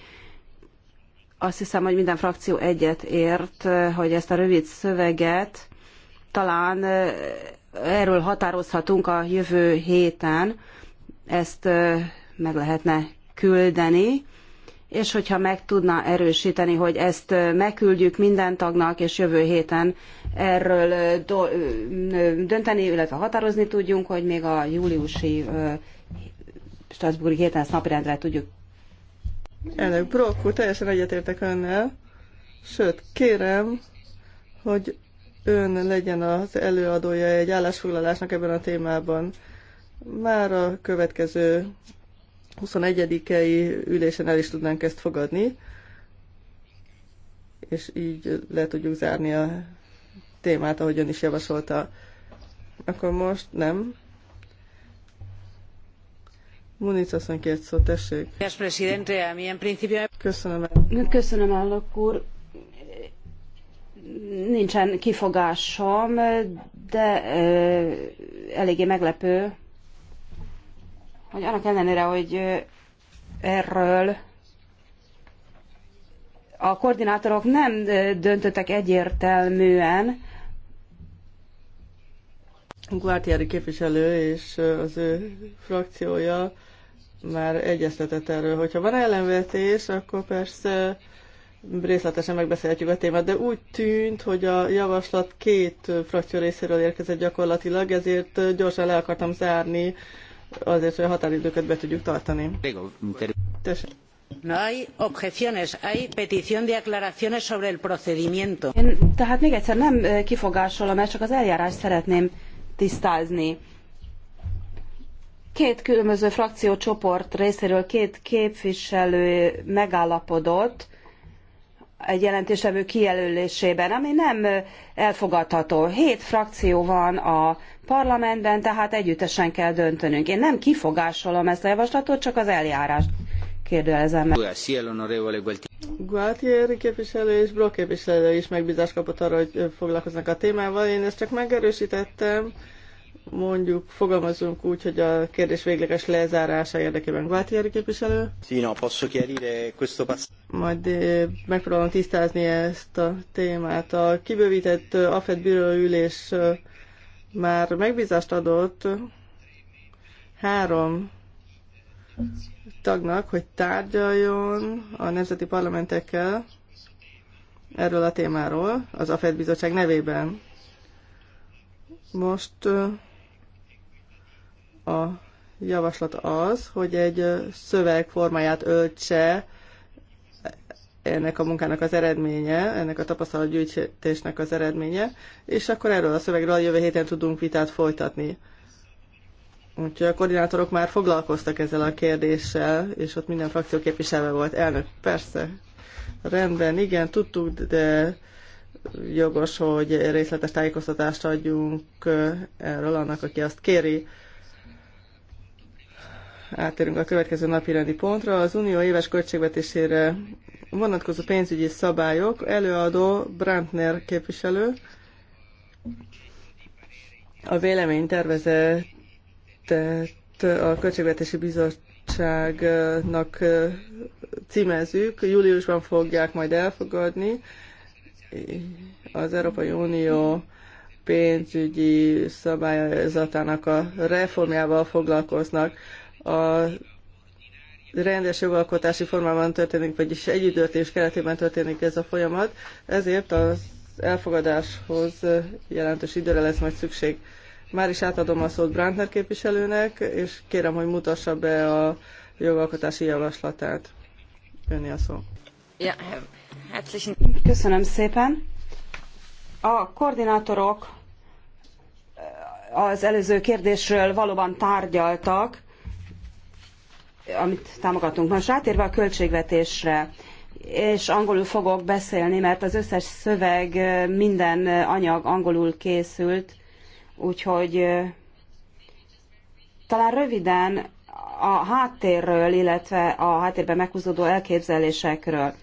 azt hiszem, hogy minden frakció egyet ért, hogy ezt a rövid szöveget talán erről határozhatunk a jövő héten, ezt meg lehetne küldeni és hogyha meg tudná erősíteni, hogy ezt megküldjük minden tagnak, és jövő héten erről dönteni, illetve határozni tudjunk, hogy még a júliusi Strasburgi héten ezt napirendre tudjuk. Elnök Brock úr, teljesen egyetértek önnel, sőt, kérem, hogy ön legyen az előadója egy állásfoglalásnak ebben a témában. Már a következő 21-i ülésen el is tudnánk ezt fogadni, és így le tudjuk zárni a témát, ahogy ön is javasolta. Akkor most nem. Muniz asszony kért szót, tessék. Köszönöm. Köszönöm, elnök úr. Nincsen kifogásom, de eléggé meglepő, hogy annak ellenére, hogy erről a koordinátorok nem döntöttek egyértelműen, Guártiári képviselő és az ő frakciója már egyeztetett erről. Hogyha van ellenvetés, akkor persze részletesen megbeszélhetjük a témát, de úgy tűnt, hogy a javaslat két frakció részéről érkezett gyakorlatilag, ezért gyorsan le akartam zárni azért, hogy a határidőket be tudjuk tartani. Tessék. No hay objeciones, hay petición de aclaraciones sobre el procedimiento. Én tehát még egyszer nem eh, kifogásolom, mert csak az eljárás szeretném tisztázni. Két különböző frakciócsoport részéről két képviselő megállapodott egy jelentésevő kijelölésében, ami nem eh, elfogadható. Hét frakció van a parlamentben, tehát együttesen kell döntenünk. Én nem kifogásolom ezt a javaslatot, csak az eljárást kérdőjelezem meg. Gualtieri képviselő és Brock képviselő is megbízást kapott arra, hogy foglalkoznak a témával. Én ezt csak megerősítettem. Mondjuk fogalmazunk úgy, hogy a kérdés végleges lezárása érdekében Gualtieri képviselő. Majd eh, megpróbálom tisztázni ezt a témát. A kibővített eh, AFED bíró ülés eh, már megbízást adott három tagnak, hogy tárgyaljon a nemzeti parlamentekkel erről a témáról, az AFED bizottság nevében. Most a javaslat az, hogy egy szöveg formáját öltse ennek a munkának az eredménye, ennek a tapasztalatgyűjtésnek az eredménye, és akkor erről a szövegről a jövő héten tudunk vitát folytatni. Úgyhogy a koordinátorok már foglalkoztak ezzel a kérdéssel, és ott minden frakció képviselve volt. Elnök, persze, rendben, igen, tudtuk, de jogos, hogy részletes tájékoztatást adjunk eh, erről annak, aki azt kéri. Átérünk a következő napi rendi pontra. Az unió éves költségvetésére vonatkozó pénzügyi szabályok, előadó Brandner képviselő, a véleménytervezetet a Költségvetési Bizottságnak címezzük, júliusban fogják majd elfogadni az Európai Unió pénzügyi szabályozatának a reformjával foglalkoznak. A rendes jogalkotási formában történik, vagyis együttöltés keretében történik ez a folyamat, ezért az elfogadáshoz jelentős időre lesz majd szükség. Már is átadom a szót Brandner képviselőnek, és kérem, hogy mutassa be a jogalkotási javaslatát. Önni a szó. Köszönöm szépen. A koordinátorok az előző kérdésről valóban tárgyaltak, amit támogatunk. Most rátérve a költségvetésre, és angolul fogok beszélni, mert az összes szöveg, minden anyag angolul készült, úgyhogy talán röviden a háttérről, illetve a háttérben meghúzódó elképzelésekről.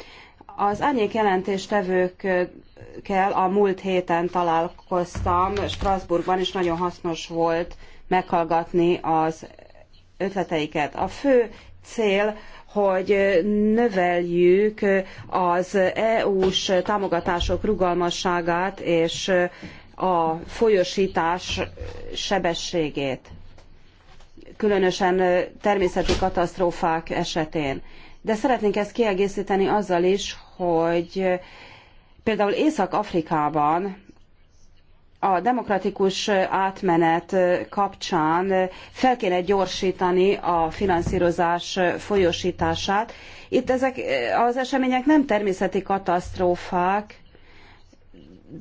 Az árnyék jelentéstevőkkel a múlt héten találkoztam Strasbourgban, és nagyon hasznos volt meghallgatni az ötleteiket. A fő cél, hogy növeljük az EU-s támogatások rugalmasságát és a folyosítás sebességét, különösen természeti katasztrófák esetén. De szeretnénk ezt kiegészíteni azzal is, hogy például Észak-Afrikában a demokratikus átmenet kapcsán fel kéne gyorsítani a finanszírozás folyosítását. Itt ezek az események nem természeti katasztrófák,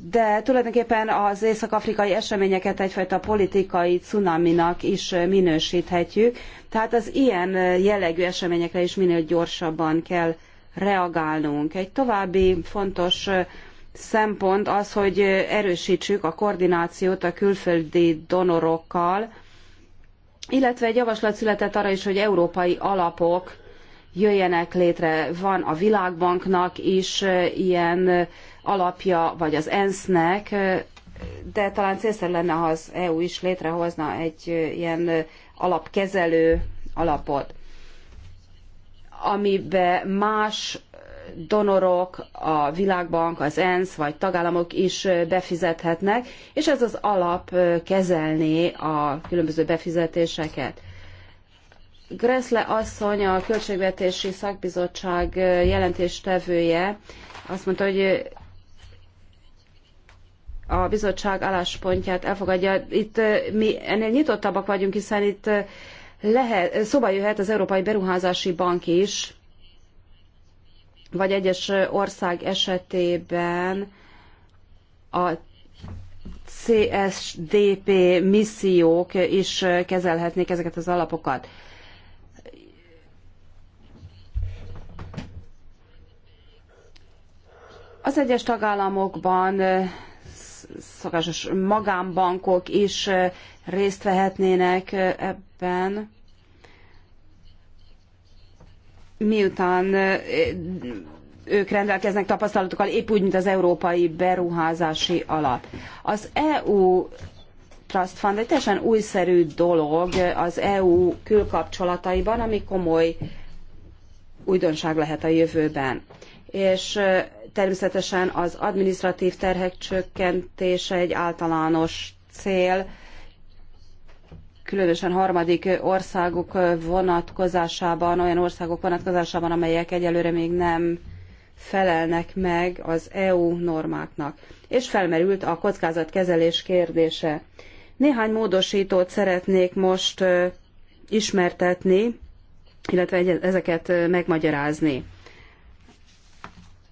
de tulajdonképpen az észak-afrikai eseményeket egyfajta politikai cunaminak is minősíthetjük. Tehát az ilyen jellegű eseményekre is minél gyorsabban kell reagálnunk. Egy további fontos szempont az, hogy erősítsük a koordinációt a külföldi donorokkal, illetve egy javaslat született arra is, hogy európai alapok jöjjenek létre. Van a Világbanknak is ilyen alapja, vagy az ENSZ-nek, de talán célszerű lenne, ha az EU is létrehozna egy ilyen alapkezelő alapot, amibe más donorok, a Világbank, az ENSZ vagy tagállamok is befizethetnek, és ez az alap kezelné a különböző befizetéseket. Gressle asszony, a Költségvetési Szakbizottság jelentéstevője azt mondta, hogy a bizottság álláspontját elfogadja. Itt mi ennél nyitottabbak vagyunk, hiszen itt lehet, szóba jöhet az Európai Beruházási Bank is, vagy egyes ország esetében a CSDP missziók is kezelhetnék ezeket az alapokat. Az egyes tagállamokban szokásos magánbankok is részt vehetnének ebben miután ők rendelkeznek tapasztalatokkal, épp úgy, mint az Európai Beruházási Alap. Az EU Trust Fund egy teljesen újszerű dolog az EU külkapcsolataiban, ami komoly újdonság lehet a jövőben. És természetesen az administratív terhek csökkentése egy általános cél, különösen harmadik országok vonatkozásában, olyan országok vonatkozásában, amelyek egyelőre még nem felelnek meg az EU normáknak. És felmerült a kockázatkezelés kérdése. Néhány módosítót szeretnék most ismertetni, illetve ezeket megmagyarázni.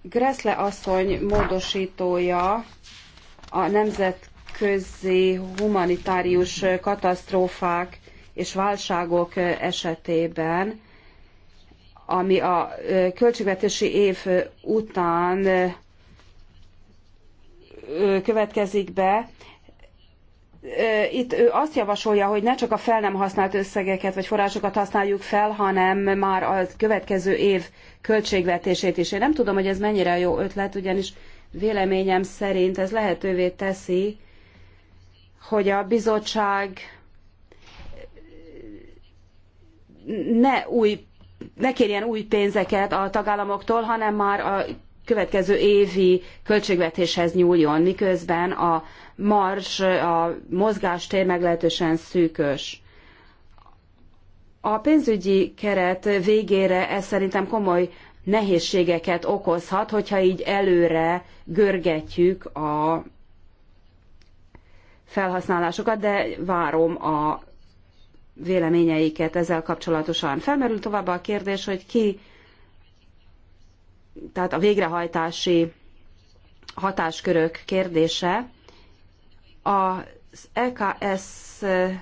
Gressle asszony módosítója a nemzet nemzetközi humanitárius katasztrófák és válságok esetében, ami a költségvetési év után következik be, itt ő azt javasolja, hogy ne csak a fel nem használt összegeket vagy forrásokat használjuk fel, hanem már a következő év költségvetését is. Én nem tudom, hogy ez mennyire jó ötlet, ugyanis véleményem szerint ez lehetővé teszi, hogy a bizottság ne, új, ne kérjen új pénzeket a tagállamoktól, hanem már a következő évi költségvetéshez nyúljon, miközben a mars, a mozgástér meglehetősen szűkös. A pénzügyi keret végére ez szerintem komoly nehézségeket okozhat, hogyha így előre görgetjük a felhasználásokat, de várom a véleményeiket ezzel kapcsolatosan. Felmerül továbbá a kérdés, hogy ki, tehát a végrehajtási hatáskörök kérdése. Az EKS-szel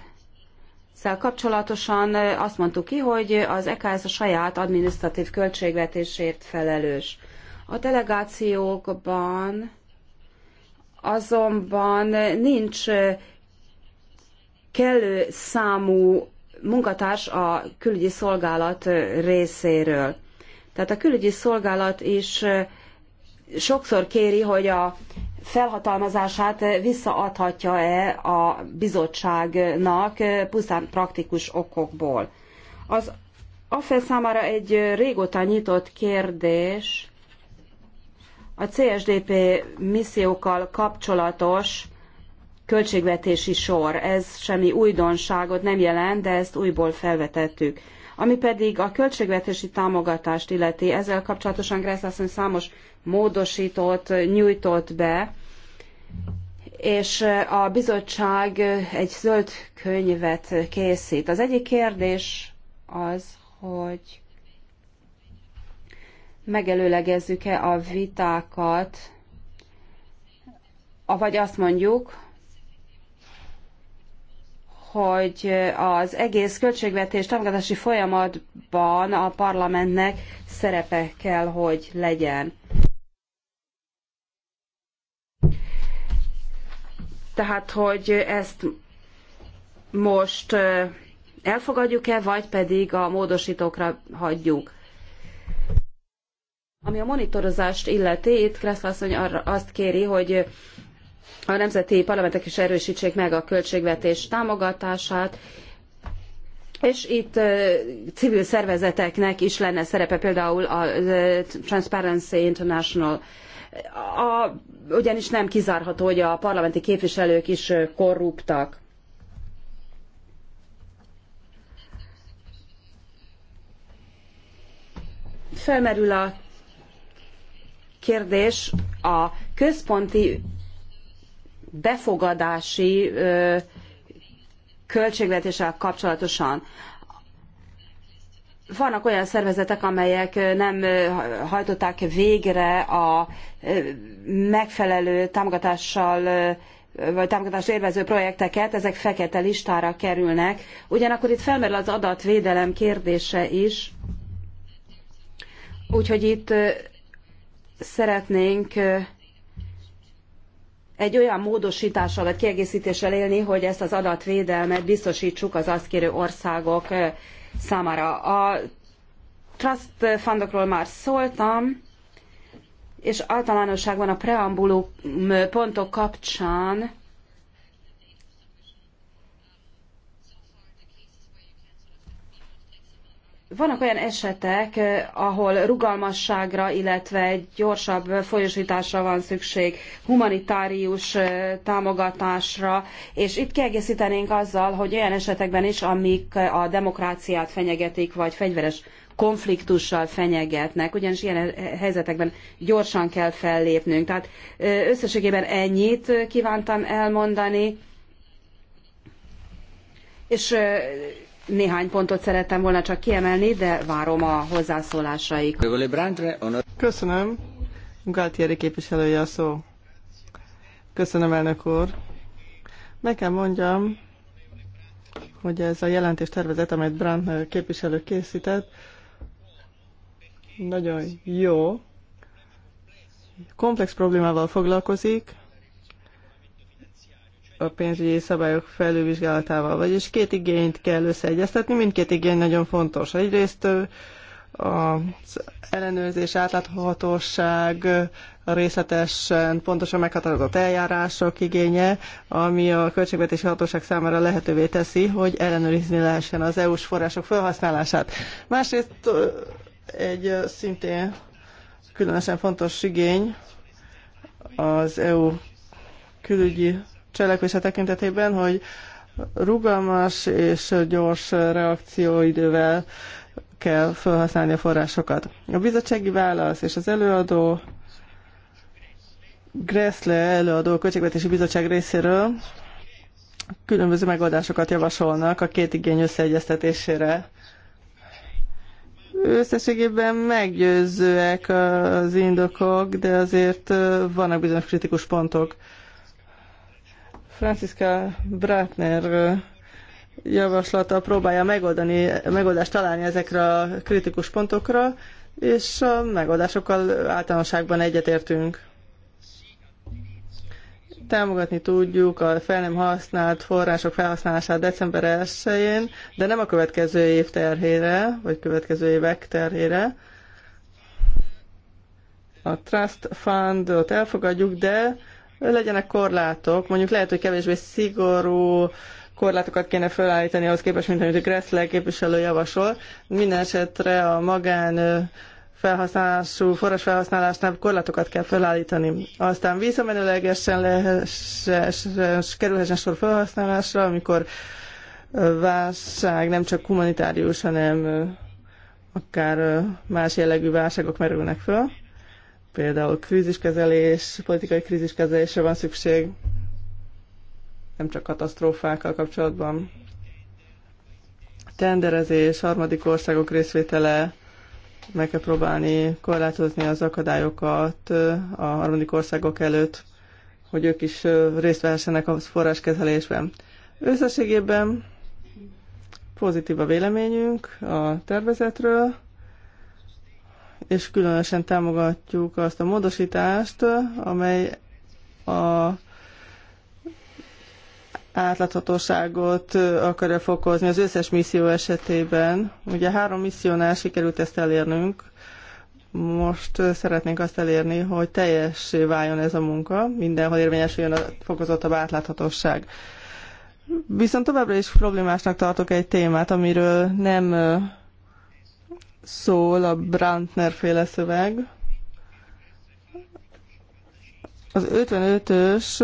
kapcsolatosan azt mondtuk ki, hogy az EKS a saját administratív költségvetésért felelős. A delegációkban azonban nincs kellő számú munkatárs a külügyi szolgálat részéről. Tehát a külügyi szolgálat is sokszor kéri, hogy a felhatalmazását visszaadhatja-e a bizottságnak pusztán praktikus okokból. Az AFE számára egy régóta nyitott kérdés, a CSDP missziókkal kapcsolatos költségvetési sor. Ez semmi újdonságot nem jelent, de ezt újból felvetettük. Ami pedig a költségvetési támogatást illeti, ezzel kapcsolatosan asszony számos módosítót nyújtott be, és a bizottság egy zöld könyvet készít. Az egyik kérdés az, hogy megelőlegezzük-e a vitákat, vagy azt mondjuk, hogy az egész költségvetés támogatási folyamatban a parlamentnek szerepe kell, hogy legyen. Tehát, hogy ezt most eh, elfogadjuk-e, vagy pedig a módosítókra hagyjuk. Ami a monitorozást illeti, itt Kresszlasszony arra azt kéri, hogy a nemzeti parlamentek is erősítsék meg a költségvetés támogatását, és itt civil szervezeteknek is lenne szerepe, például a Transparency International. A, ugyanis nem kizárható, hogy a parlamenti képviselők is korruptak. Felmerül a kérdés a központi befogadási költségvetéssel kapcsolatosan. Vannak olyan szervezetek, amelyek nem hajtották végre a megfelelő támogatással vagy támogatást élvező projekteket, ezek fekete listára kerülnek. Ugyanakkor itt felmerül az adatvédelem kérdése is. Úgyhogy itt szeretnénk egy olyan módosítással vagy kiegésztéssel élni, hogy ezt az adatvédelmet biztosítsuk az azt kérő országok számára. A trust fundokról már szóltam, és általánosságban a preambulum pontok kapcsán Vannak olyan esetek, eh, ahol rugalmasságra, illetve egy gyorsabb folyosításra van szükség, humanitárius eh, támogatásra, és itt kiegészítenénk azzal, hogy olyan esetekben is, amik eh, a demokráciát fenyegetik, vagy fegyveres konfliktussal fenyegetnek, ugyanis ilyen helyzetekben gyorsan kell fellépnünk. Tehát összességében ennyit kívántam elmondani, és néhány pontot szerettem volna csak kiemelni, de várom a hozzászólásaikat. Köszönöm. Galtieri képviselője a szó. Köszönöm, elnök úr. Nekem mondjam, hogy ez a jelentés tervezet, amelyet Brandt képviselő készített, nagyon jó. Komplex problémával foglalkozik, a pénzügyi szabályok felülvizsgálatával. Vagyis két igényt kell összeegyeztetni, mindkét igény nagyon fontos. Egyrészt az ellenőrzés, átláthatóság, részletesen pontosan meghatározott eljárások igénye, ami a költségvetési hatóság számára lehetővé teszi, hogy ellenőrizni lehessen az EU-s források felhasználását. Másrészt egy szintén különösen fontos igény az EU külügyi cselekvése tekintetében, hogy rugalmas és gyors reakcióidővel kell felhasználni a forrásokat. A bizottsági válasz és az előadó Gressle előadó Költségvetési Bizottság részéről különböző megoldásokat javasolnak a két igény összeegyeztetésére. Összességében meggyőzőek az indokok, de azért vannak bizonyos kritikus pontok. Franciska Bratner javaslata próbálja megoldani, megoldást találni ezekre a kritikus pontokra, és a megoldásokkal általánosságban egyetértünk. Támogatni tudjuk a fel nem használt források felhasználását december 1-én, de nem a következő év terhére, vagy következő évek terhére. A Trust Fundot elfogadjuk, de legyenek korlátok, mondjuk lehet, hogy kevésbé szigorú korlátokat kéne felállítani ahhoz képest, mint amit a Gressler képviselő javasol. Minden esetre a magán felhasználású, felhasználásnál korlátokat kell felállítani. Aztán visszamenőlegesen kerülhessen sor felhasználásra, amikor válság nem csak humanitárius, hanem akár más jellegű válságok merülnek föl. Például kríziskezelés, politikai kríziskezelésre van szükség, nem csak katasztrófákkal kapcsolatban. Tenderezés, harmadik országok részvétele, meg kell próbálni korlátozni az akadályokat a harmadik országok előtt, hogy ők is részt vehessenek a forráskezelésben. Összességében pozitív a véleményünk a tervezetről, és különösen támogatjuk azt a módosítást, amely a átláthatóságot akarja fokozni az összes misszió esetében. Ugye három missziónál sikerült ezt elérnünk, most szeretnénk azt elérni, hogy teljes váljon ez a munka, mindenhol érvényesüljön a fokozottabb átláthatóság. Viszont továbbra is problémásnak tartok egy témát, amiről nem szól a Brandner féle szöveg. Az 55-ös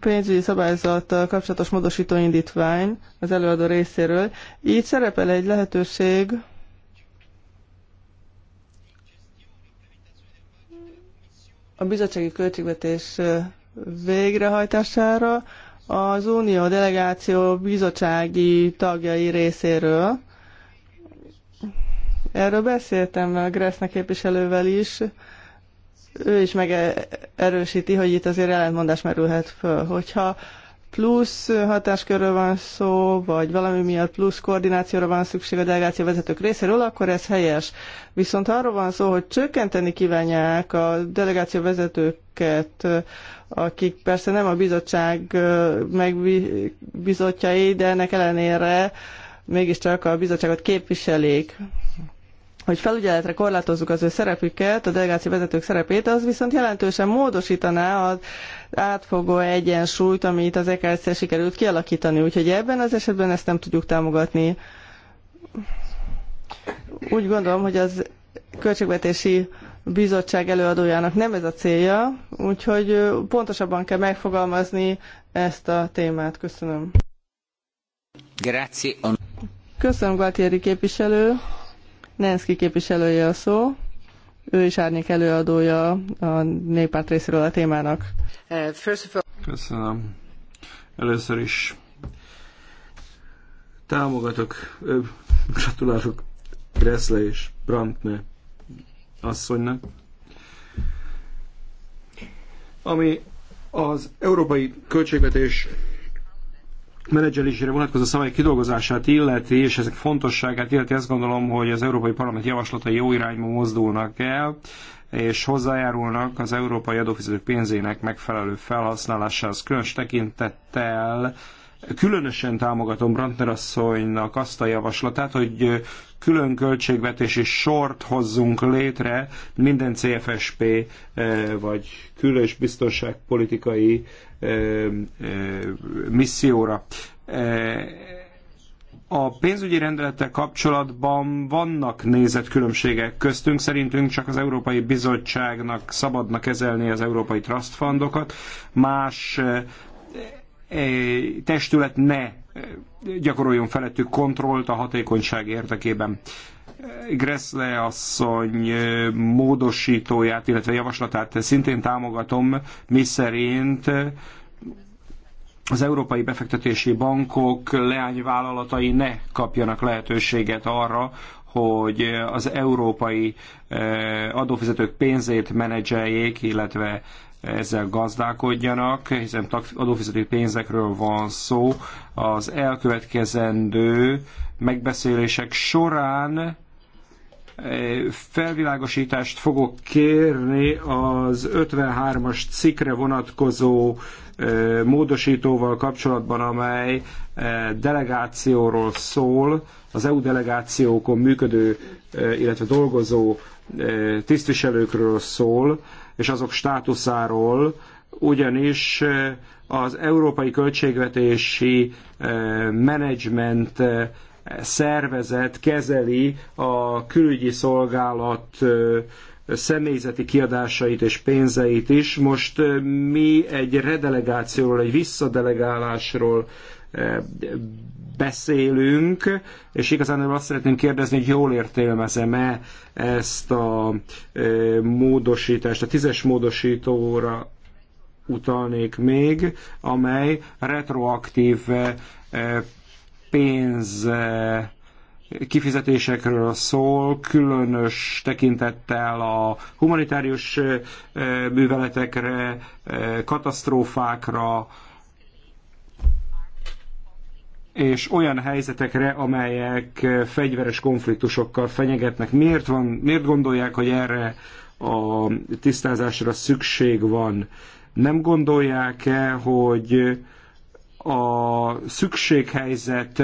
pénzügyi szabályzattal kapcsolatos módosító indítvány az előadó részéről. Így szerepel egy lehetőség a bizottsági költségvetés végrehajtására az Unió delegáció bizottsági tagjai részéről Erről beszéltem a Gressnek képviselővel is, ő is megerősíti, e- hogy itt azért ellentmondás merülhet föl. Hogyha plusz hatáskörről van szó, vagy valami miatt plusz koordinációra van szükség a delegáció vezetők részéről, akkor ez helyes. Viszont arról van szó, hogy csökkenteni kívánják a delegáció vezetőket, akik persze nem a bizottság megbizotjai, de ennek ellenére mégiscsak a bizottságot képviselik hogy felügyeletre korlátozzuk az ő szerepüket, a delegáció vezetők szerepét, az viszont jelentősen módosítaná az átfogó egyensúlyt, amit az eksz sikerült kialakítani. Úgyhogy ebben az esetben ezt nem tudjuk támogatni. Úgy gondolom, hogy az költségvetési bizottság előadójának nem ez a célja, úgyhogy pontosabban kell megfogalmazni ezt a témát. Köszönöm. Grazie. Köszönöm, Gualtieri képviselő. Nenszki képviselője a szó, ő is árnyék előadója a néppárt részéről a témának. Köszönöm. Először is támogatok, gratulálok Gressle és Brantne asszonynak. Ami az európai költségvetés menedzselésére vonatkozó szabály kidolgozását illeti, és ezek fontosságát illeti, azt gondolom, hogy az Európai Parlament javaslatai jó irányba mozdulnak el, és hozzájárulnak az európai adófizetők pénzének megfelelő felhasználásához, különös tekintettel Különösen támogatom Brantner asszonynak azt a javaslatát, hogy külön költségvetési sort hozzunk létre minden CFSP eh, vagy különös biztonságpolitikai eh, eh, misszióra. A pénzügyi rendelettel kapcsolatban vannak nézetkülönbségek köztünk, szerintünk csak az Európai Bizottságnak szabadna kezelni az európai trust fundokat, más E, testület ne e, gyakoroljon felettük kontrollt a hatékonyság érdekében. E, Gressle asszony módosítóját, illetve javaslatát szintén támogatom, miszerint az európai befektetési bankok leányvállalatai ne kapjanak lehetőséget arra, hogy az európai adófizetők pénzét menedzseljék, illetve ezzel gazdálkodjanak, hiszen adófizető pénzekről van szó. Az elkövetkezendő megbeszélések során eh, felvilágosítást fogok kérni az 53-as cikkre vonatkozó eh, módosítóval kapcsolatban, amely eh, delegációról szól, az EU delegációkon működő, illetve dolgozó tisztviselőkről szól és azok státuszáról, ugyanis eh, az európai költségvetési eh, menedzsment eh, szervezet kezeli a külügyi szolgálat személyzeti kiadásait és pénzeit is. Most mi egy redelegációról, egy visszadelegálásról beszélünk, és igazán azt szeretném kérdezni, hogy jól értelmezem-e ezt a e, módosítást, a tízes módosítóra utalnék még, amely retroaktív e, e, pénz kifizetésekről szól, különös tekintettel a humanitárius műveletekre, katasztrófákra, és olyan helyzetekre, amelyek fegyveres konfliktusokkal fenyegetnek. Miért, van, miért gondolják, hogy erre a tisztázásra szükség van? Nem gondolják-e, hogy a szükséghelyzet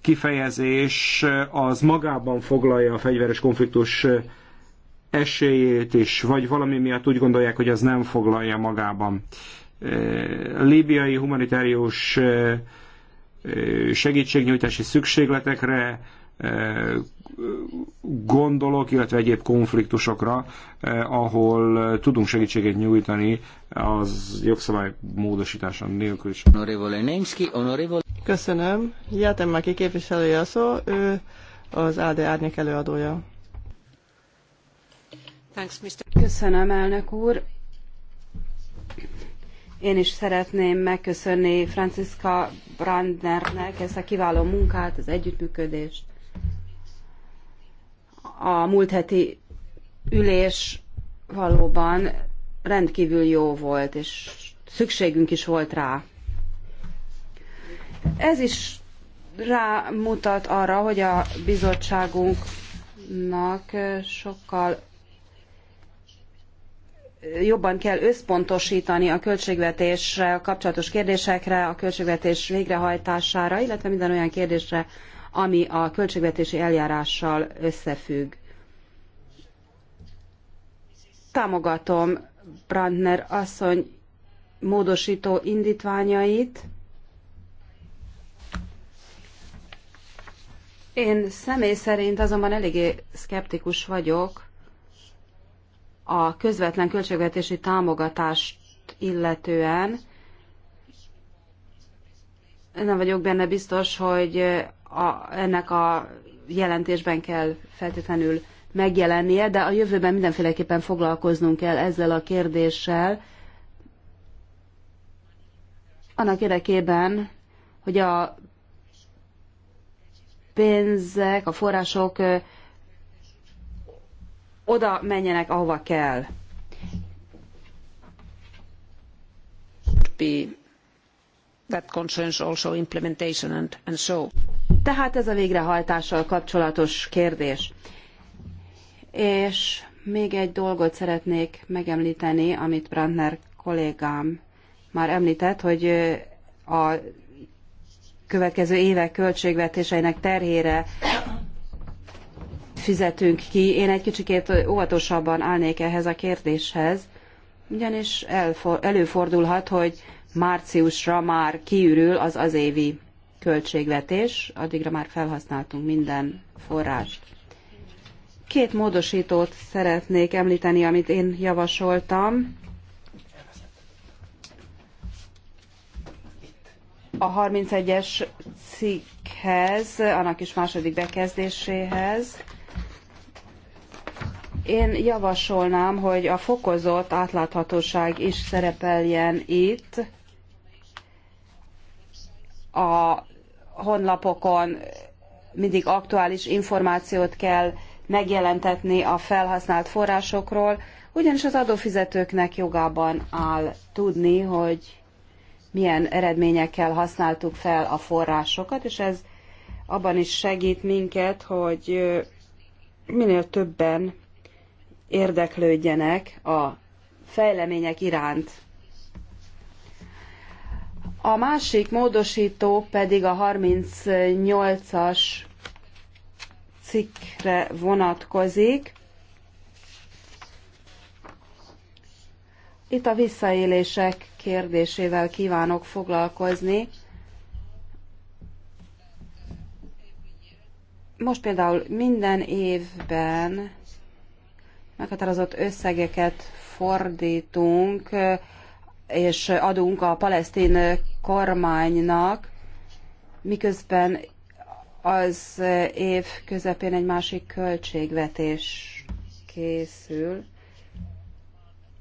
kifejezés az magában foglalja a fegyveres konfliktus esélyét is, vagy valami miatt úgy gondolják, hogy az nem foglalja magában. a libiai humanitárius segítségnyújtási szükségletekre e, gondolok, illetve egyéb konfliktusokra, e, ahol tudunk segítséget nyújtani az jogszabály módosítása nélkül is. Köszönöm. Jelten Maki képviselője a szó, ő az AD Árnyék előadója. Köszönöm, elnök úr. Én is szeretném megköszönni Franciska Brandnernek ezt a kiváló munkát, az együttműködést. A múlt heti ülés valóban rendkívül jó volt, és szükségünk is volt rá. Ez is rámutat arra, hogy a bizottságunknak sokkal jobban kell összpontosítani a költségvetéssel kapcsolatos kérdésekre, a költségvetés végrehajtására, illetve minden olyan kérdésre, ami a költségvetési eljárással összefügg. Támogatom Brandner asszony módosító indítványait. Én személy szerint azonban eléggé szkeptikus vagyok, a közvetlen költségvetési támogatást illetően nem vagyok benne biztos, hogy a, ennek a jelentésben kell feltétlenül megjelennie, de a jövőben mindenféleképpen foglalkoznunk kell ezzel a kérdéssel, annak érdekében, hogy a pénzek, a források oda menjenek, ahova kell. That concerns also implementation and, and so. Tehát ez a végrehajtással kapcsolatos kérdés. És még egy dolgot szeretnék megemlíteni, amit Brandner kollégám már említett, hogy a következő évek költségvetéseinek terhére fizetünk ki. Én egy kicsikét óvatosabban állnék ehhez a kérdéshez, ugyanis előfordulhat, hogy márciusra már kiürül az az évi költségvetés, addigra már felhasználtunk minden forrást. Két módosítót szeretnék említeni, amit én javasoltam. A 31-es cikkhez, annak is második bekezdéséhez. Én javasolnám, hogy a fokozott átláthatóság is szerepeljen itt. A honlapokon mindig aktuális információt kell megjelentetni a felhasznált forrásokról, ugyanis az adófizetőknek jogában áll tudni, hogy milyen eredményekkel használtuk fel a forrásokat, és ez abban is segít minket, hogy minél többen érdeklődjenek a fejlemények iránt. A másik módosító pedig a 38-as cikkre vonatkozik. Itt a visszaélések kérdésével kívánok foglalkozni. Most például minden évben meghatározott összegeket fordítunk és adunk a palesztin kormánynak, miközben az év közepén egy másik költségvetés készül.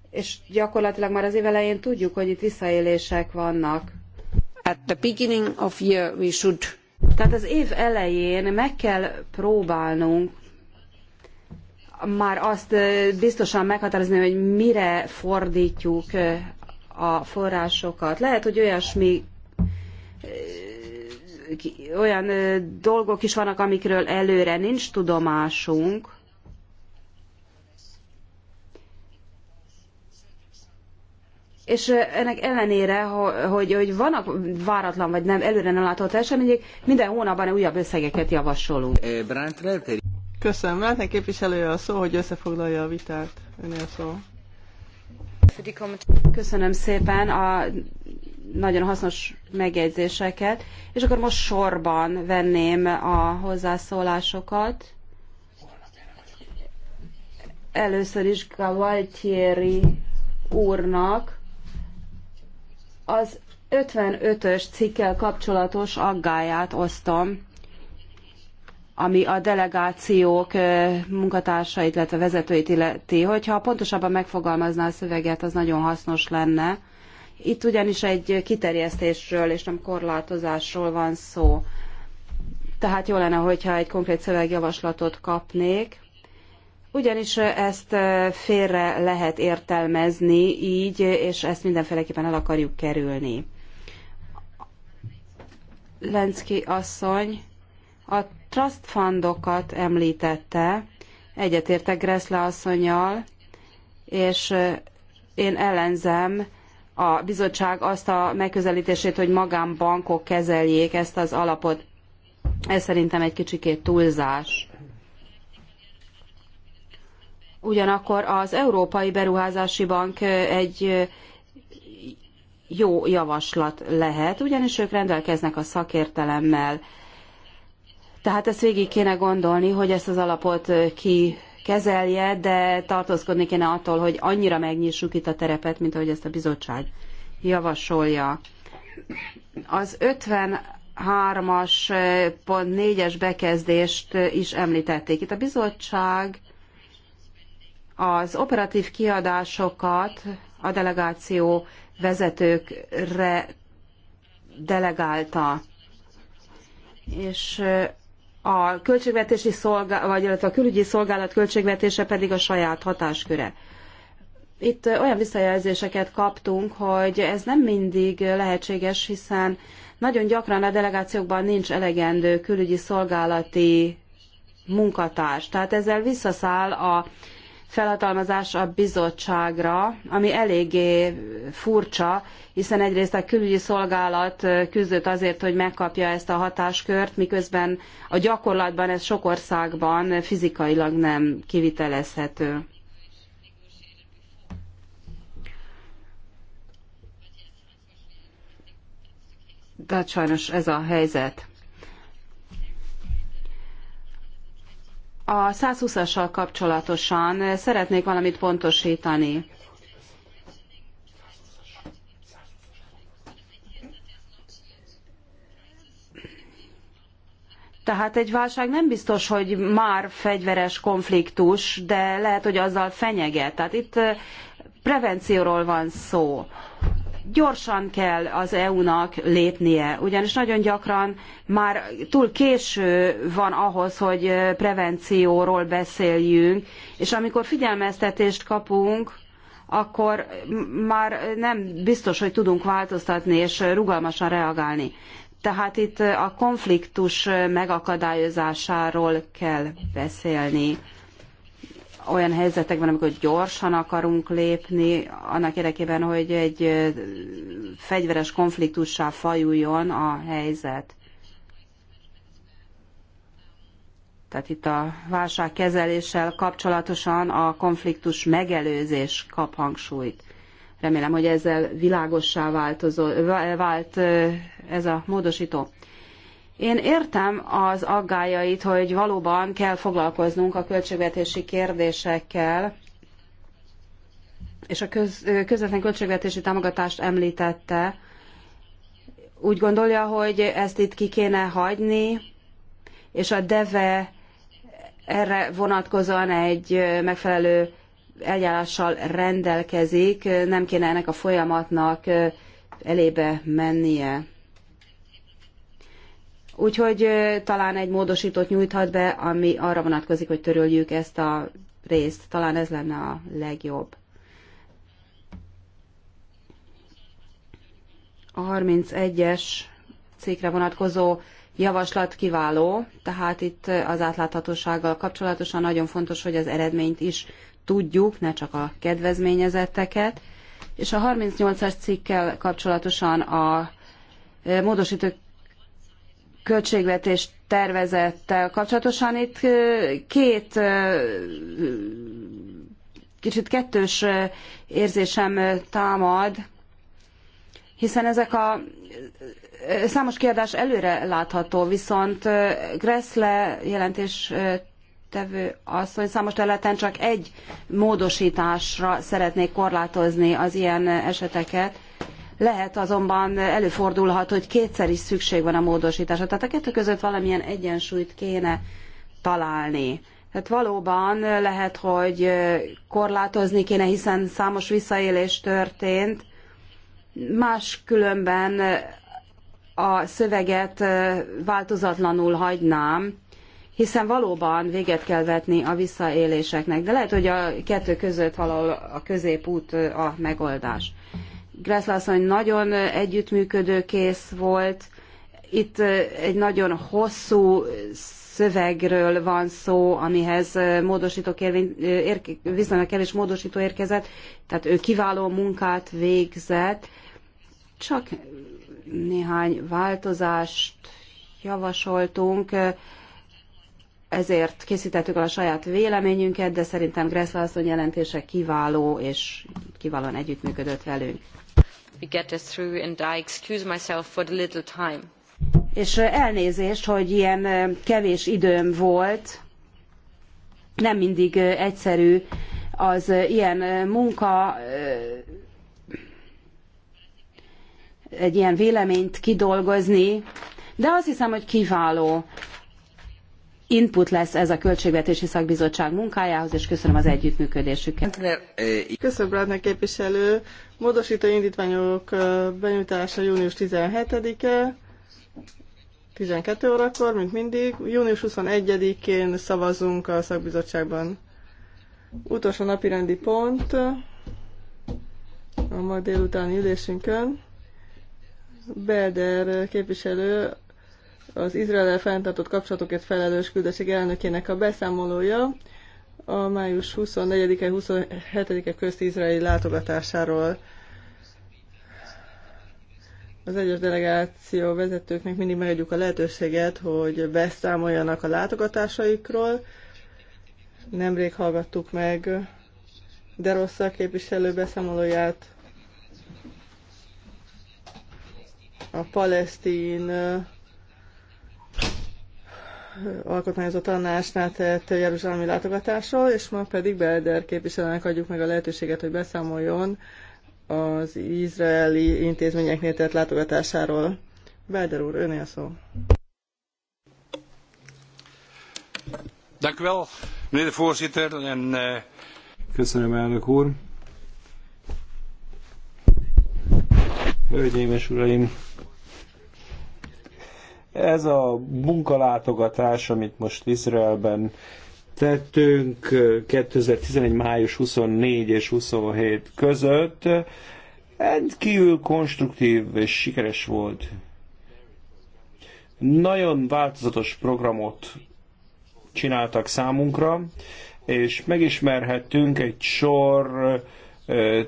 És gyakorlatilag már az év elején tudjuk, hogy itt visszaélések vannak. At the beginning of year we should... Tehát az év elején meg kell próbálnunk már azt biztosan meghatározni, hogy mire fordítjuk a forrásokat. Lehet, hogy olyasmi olyan dolgok is vannak, amikről előre nincs tudomásunk. És ennek ellenére, hogy, hogy vannak váratlan vagy nem előre nem látott események, minden hónapban újabb összegeket javasolunk. Köszönöm. Lehetne képviselője a szó, hogy összefoglalja a vitát. Önél szó. Köszönöm szépen a nagyon hasznos megjegyzéseket, és akkor most sorban venném a hozzászólásokat. Először is Gavaltieri úrnak az 55-ös cikkel kapcsolatos aggáját osztom ami a delegációk munkatársait, illetve vezetőit illeti. Hogyha pontosabban megfogalmazná a szöveget, az nagyon hasznos lenne. Itt ugyanis egy kiterjesztésről és nem korlátozásról van szó. Tehát jó lenne, hogyha egy konkrét szövegjavaslatot kapnék. Ugyanis ezt félre lehet értelmezni így, és ezt mindenféleképpen el akarjuk kerülni. Lenszki asszony, a trust fundokat említette, egyetértek Greszle asszonyjal, és én ellenzem a bizottság azt a megközelítését, hogy magánbankok kezeljék ezt az alapot. Ez szerintem egy kicsikét túlzás. Ugyanakkor az Európai Beruházási Bank egy jó javaslat lehet, ugyanis ők rendelkeznek a szakértelemmel, tehát ezt végig kéne gondolni, hogy ezt az alapot ki kezelje, de tartózkodni kéne attól, hogy annyira megnyissuk itt a terepet, mint ahogy ezt a bizottság javasolja. Az 53-as pont 4-es bekezdést is említették. Itt a bizottság az operatív kiadásokat a delegáció vezetőkre delegálta. És a költségvetési szolgálat, vagy illetve a külügyi szolgálat költségvetése pedig a saját hatásköre. Itt olyan visszajelzéseket kaptunk, hogy ez nem mindig lehetséges, hiszen nagyon gyakran a delegációkban nincs elegendő külügyi szolgálati munkatárs. Tehát ezzel visszaszáll a felhatalmazás a bizottságra, ami eléggé furcsa, hiszen egyrészt a külügyi szolgálat küzdött azért, hogy megkapja ezt a hatáskört, miközben a gyakorlatban ez sok országban fizikailag nem kivitelezhető. Tehát sajnos ez a helyzet. A 120-assal kapcsolatosan szeretnék valamit pontosítani. Tehát egy válság nem biztos, hogy már fegyveres konfliktus, de lehet, hogy azzal fenyeget. Tehát itt prevencióról van szó gyorsan kell az EU-nak lépnie, ugyanis nagyon gyakran már túl késő van ahhoz, hogy prevencióról beszéljünk, és amikor figyelmeztetést kapunk, akkor már nem biztos, hogy tudunk változtatni és rugalmasan reagálni. Tehát itt a konfliktus megakadályozásáról kell beszélni olyan helyzetekben, amikor gyorsan akarunk lépni, annak érdekében, hogy egy fegyveres konfliktussá fajuljon a helyzet. Tehát itt a válságkezeléssel kapcsolatosan a konfliktus megelőzés kap hangsúlyt. Remélem, hogy ezzel világossá változó, vált ez a módosító. Én értem az aggájait, hogy valóban kell foglalkoznunk a költségvetési kérdésekkel, és a köz, közvetlen költségvetési támogatást említette. Úgy gondolja, hogy ezt itt ki kéne hagyni, és a DEVE erre vonatkozóan egy megfelelő eljárással rendelkezik, nem kéne ennek a folyamatnak elébe mennie. Úgyhogy talán egy módosítót nyújthat be, ami arra vonatkozik, hogy töröljük ezt a részt. Talán ez lenne a legjobb. A 31-es cikkre vonatkozó javaslat kiváló, tehát itt az átláthatósággal kapcsolatosan nagyon fontos, hogy az eredményt is tudjuk, ne csak a kedvezményezetteket. És a 38-as cikkel kapcsolatosan a módosítók költségvetés tervezettel kapcsolatosan itt két kicsit kettős érzésem támad, hiszen ezek a számos kiadás előre látható, viszont Gressle jelentés tevő azt hogy számos területen csak egy módosításra szeretnék korlátozni az ilyen eseteket. Lehet azonban előfordulhat, hogy kétszer is szükség van a módosításra. Tehát a kettő között valamilyen egyensúlyt kéne találni. Hát valóban lehet, hogy korlátozni kéne, hiszen számos visszaélés történt. Más különben a szöveget változatlanul hagynám, hiszen valóban véget kell vetni a visszaéléseknek, de lehet, hogy a kettő között valahol a középút a megoldás asszony nagyon együttműködőkész volt. Itt egy nagyon hosszú szövegről van szó, amihez módosítók érvény, érke, viszonylag kevés módosító érkezett, tehát ő kiváló munkát végzett, csak néhány változást javasoltunk, ezért készítettük el a saját véleményünket, de szerintem Gressler asszony jelentése kiváló, és kiválóan együttműködött velünk. És elnézést, hogy ilyen kevés időm volt. Nem mindig egyszerű az ilyen munka egy ilyen véleményt kidolgozni, de azt hiszem, hogy kiváló input lesz ez a Költségvetési Szakbizottság munkájához, és köszönöm az együttműködésüket. Köszönöm, Brádner képviselő. Módosító indítványok benyújtása június 17-e, 12 órakor, mint mindig. Június 21-én szavazunk a szakbizottságban. Utolsó napirendi pont a ma délutáni ülésünkön. Belder képviselő az Izrael fenntartott kapcsolatokért felelős küldöttség elnökének a beszámolója a május 24-e 27-e közt izraeli látogatásáról. Az egyes delegáció vezetőknek mindig megadjuk a lehetőséget, hogy beszámoljanak a látogatásaikról. Nemrég hallgattuk meg de rossz a képviselő beszámolóját a palesztin alkotmányozó tanácsnál tett Jeruzsálemi látogatásról, és ma pedig Belder képviselőnek adjuk meg a lehetőséget, hogy beszámoljon az izraeli intézményeknél tett látogatásáról. Belder úr, öné a szó. Eh, Köszönöm, elnök úr. Hölgyeim és uraim, ez a munkalátogatás, amit most Izraelben tettünk 2011. május 24 és 27 között, rendkívül konstruktív és sikeres volt. Nagyon változatos programot csináltak számunkra, és megismerhettünk egy sor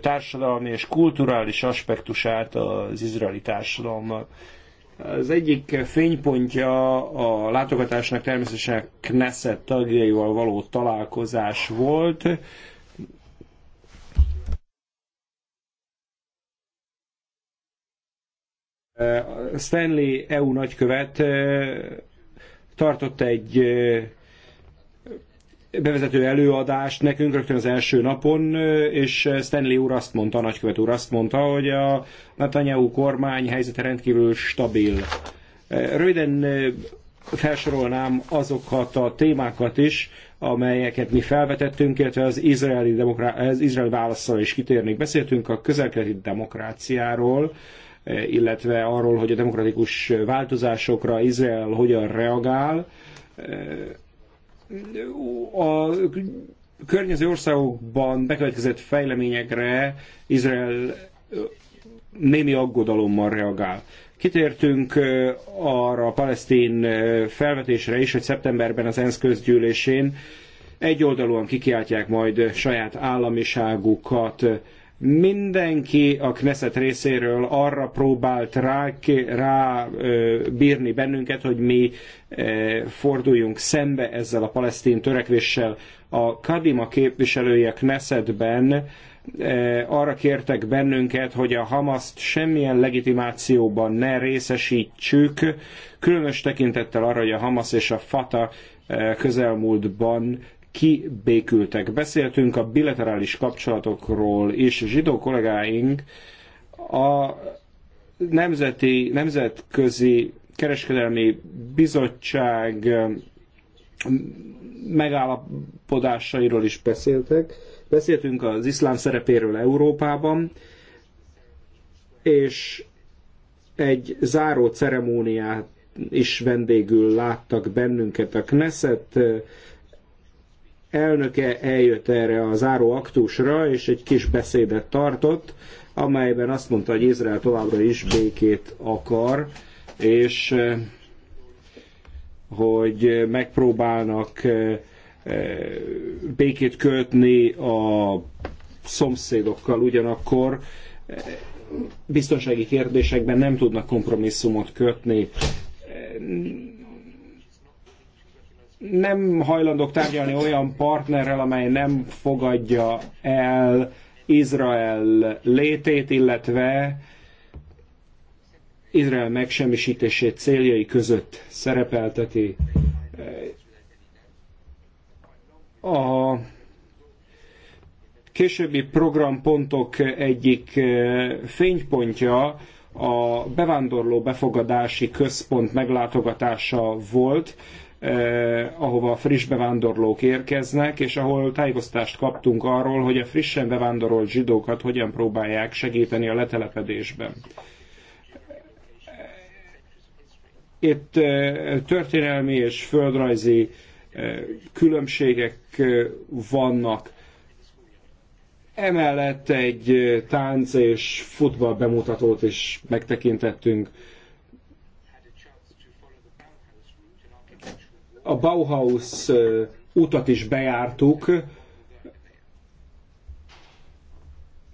társadalmi és kulturális aspektusát az izraeli társadalomnak. Az egyik fénypontja a látogatásnak természetesen Knesset tagjaival való találkozás volt. Stanley EU nagykövet tartott egy bevezető előadást nekünk rögtön az első napon, és Stanley úr azt mondta, a nagykövet úr azt mondta, hogy a Netanyahu kormány helyzete rendkívül stabil. Röviden felsorolnám azokat a témákat is, amelyeket mi felvetettünk, illetve az izraeli, demokrá- az izraeli válaszsal is kitérnék. Beszéltünk a közelkeleti demokráciáról, illetve arról, hogy a demokratikus változásokra Izrael hogyan reagál, a környező országokban bekövetkezett fejleményekre Izrael némi aggodalommal reagál. Kitértünk arra a palesztin felvetésre is, hogy szeptemberben az ENSZ közgyűlésén egyoldalúan kikiáltják majd saját államiságukat mindenki a Knesset részéről arra próbált rá, rá bírni bennünket, hogy mi forduljunk szembe ezzel a palesztin törekvéssel. A Kadima képviselője Knessetben arra kértek bennünket, hogy a Hamaszt semmilyen legitimációban ne részesítsük, különös tekintettel arra, hogy a Hamas és a fata közelmúltban kibékültek. Beszéltünk a bilaterális kapcsolatokról, és zsidó kollégáink a nemzeti, nemzetközi kereskedelmi bizottság megállapodásairól is beszéltek. Beszéltünk az iszlám szerepéről Európában, és egy záró ceremóniát is vendégül láttak bennünket. A Knesset elnöke eljött erre a záró aktusra, és egy kis beszédet tartott, amelyben azt mondta, hogy Izrael továbbra is békét akar, és eh, hogy megpróbálnak eh, eh, békét kötni a szomszédokkal ugyanakkor biztonsági kérdésekben nem tudnak kompromisszumot kötni nem hajlandók tárgyalni olyan partnerrel, amely nem fogadja el Izrael létét, illetve Izrael megsemmisítését céljai között szerepelteti. A későbbi programpontok egyik eh, fénypontja a bevándorló befogadási központ meglátogatása volt, Eh, ahova friss bevándorlók érkeznek, és ahol tájékoztást kaptunk arról, hogy a frissen bevándorolt zsidókat hogyan próbálják segíteni a letelepedésben. Itt eh, történelmi és földrajzi eh, különbségek vannak. Emellett egy tánc és futball bemutatót is megtekintettünk A Bauhaus utat is bejártuk,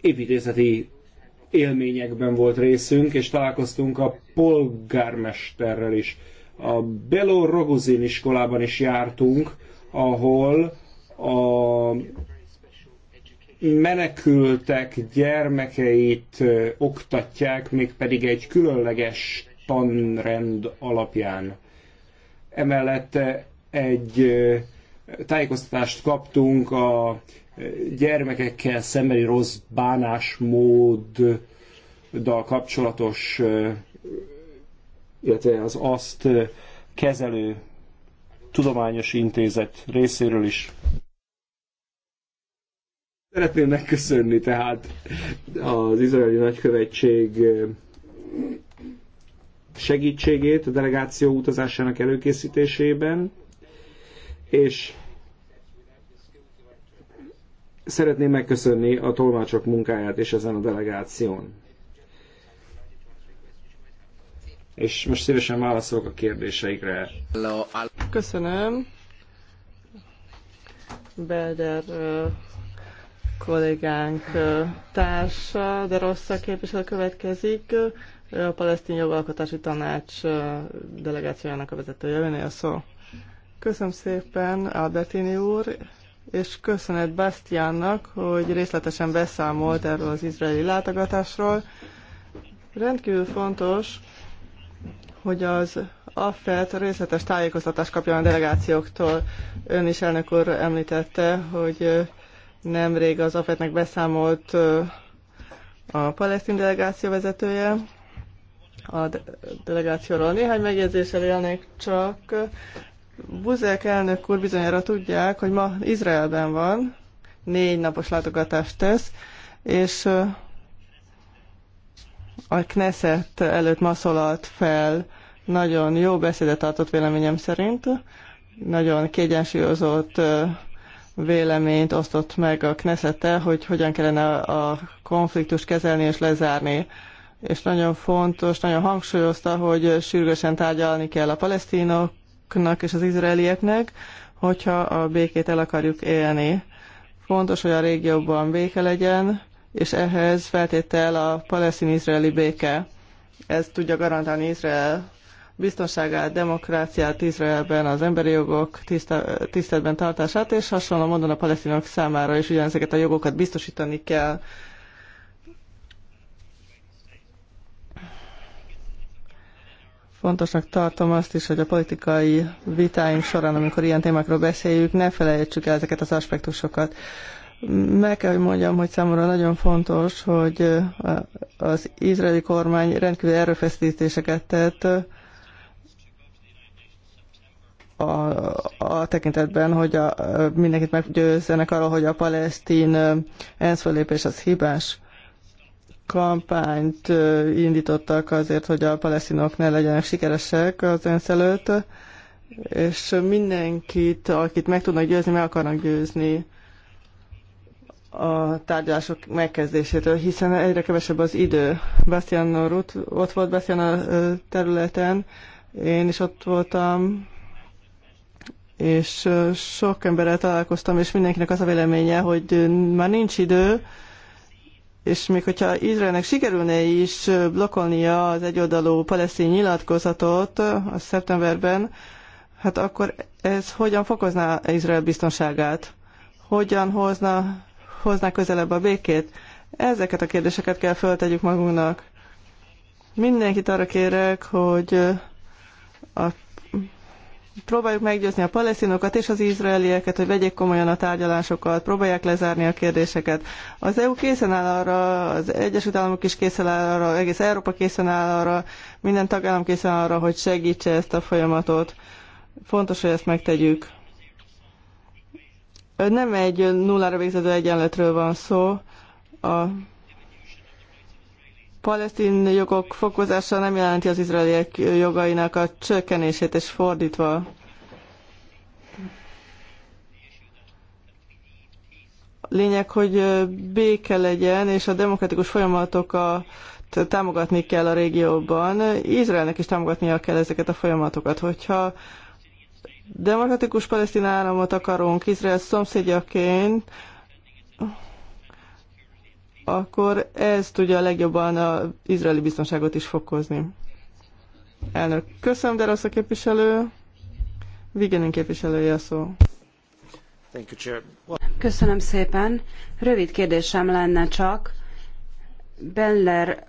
építészeti élményekben volt részünk, és találkoztunk a polgármesterrel is. A Belo Rogozin iskolában is jártunk, ahol a menekültek gyermekeit oktatják, mégpedig egy különleges tanrend alapján. Emellett eh, egy eh, tájékoztatást kaptunk a eh, gyermekekkel szembeni rossz bánásmóddal kapcsolatos, illetve az azt kezelő tudományos intézet részéről is. Szeretném megköszönni tehát az izraeli nagykövetség segítségét a delegáció utazásának előkészítésében, és szeretném megköszönni a tolmácsok munkáját és ezen a delegáción. És most szívesen válaszolok a kérdéseikre. Köszönöm. Belder kollégánk társa, de rossz a képviselő következik. A palesztin jogalkotási tanács delegációjának a vezetője, önél szó. Köszönöm szépen, Albertini úr, és köszönet Bastiannak, hogy részletesen beszámolt erről az izraeli látogatásról. Rendkívül fontos, hogy az AFET részletes tájékoztatást kapjon a delegációktól. Ön is elnök úr említette, hogy nemrég az AFET-nek beszámolt a palesztin delegáció vezetője, a delegációról. Néhány megjegyzéssel élnék csak. Buzek elnök úr bizonyára tudják, hogy ma Izraelben van, négy napos látogatást tesz, és a Knesset előtt ma szólalt fel, nagyon jó beszédet tartott véleményem szerint, nagyon kiegyensúlyozott véleményt osztott meg a Knessettel, hogy hogyan kellene a konfliktust kezelni és lezárni és nagyon fontos, nagyon hangsúlyozta, hogy sürgősen tárgyalni kell a palesztinoknak és az izraelieknek, hogyha a békét el akarjuk élni. Fontos, hogy a régióban béke legyen, és ehhez feltétel a palesztin-izraeli béke. Ez tudja garantálni Izrael biztonságát, demokráciát Izraelben, az emberi jogok tiszteletben tartását, és hasonló módon a palesztinok számára is ugyanezeket a jogokat biztosítani kell. Fontosnak tartom azt is, hogy a politikai vitáink során, amikor ilyen témákról beszéljük, ne felejtsük el ezeket az aspektusokat. Meg kell, hogy mondjam, hogy számomra nagyon fontos, hogy az izraeli kormány rendkívül erőfeszítéseket tett a, a tekintetben, hogy a, mindenkit meggyőzzenek arról, hogy a palesztin eh, ENSZ fölépés az hibás kampányt indítottak azért, hogy a palesztinok ne legyenek sikeresek az ENSZ előtt, és mindenkit, akit meg tudnak győzni, meg akarnak győzni a tárgyalások megkezdésétől, hiszen egyre kevesebb az idő. Bastian Rut, ott volt Bastian a területen, én is ott voltam, és sok emberrel találkoztam, és mindenkinek az a véleménye, hogy már nincs idő, és még hogyha Izraelnek sikerülne is blokkolnia az egyoldalú palesztin nyilatkozatot a szeptemberben, hát akkor ez hogyan fokozná Izrael biztonságát? Hogyan hozna, hozná közelebb a békét? Ezeket a kérdéseket kell föltegyük magunknak. Mindenkit arra kérek, hogy a próbáljuk meggyőzni a palesztinokat és az izraelieket, hogy vegyék komolyan a tárgyalásokat, próbálják lezárni a kérdéseket. Az EU készen áll arra, az Egyesült Államok is készen áll arra, egész Európa készen áll arra, minden tagállam készen áll arra, hogy segítse ezt a folyamatot. Fontos, hogy ezt megtegyük. Nem egy nullára végződő egyenletről van szó. A palesztin jogok fokozása nem jelenti az izraeliek jogainak a csökkenését, és fordítva. Lényeg, hogy béke legyen, és a demokratikus folyamatokat támogatni kell a régióban. Izraelnek is támogatnia kell ezeket a folyamatokat. Hogyha demokratikus palesztin államot akarunk Izrael szomszédjaként, akkor ez tudja a legjobban az izraeli biztonságot is fokozni. Elnök, köszönöm, de rossz a képviselő. Vigenin képviselője a szó. Köszönöm szépen. Rövid kérdésem lenne csak. Beller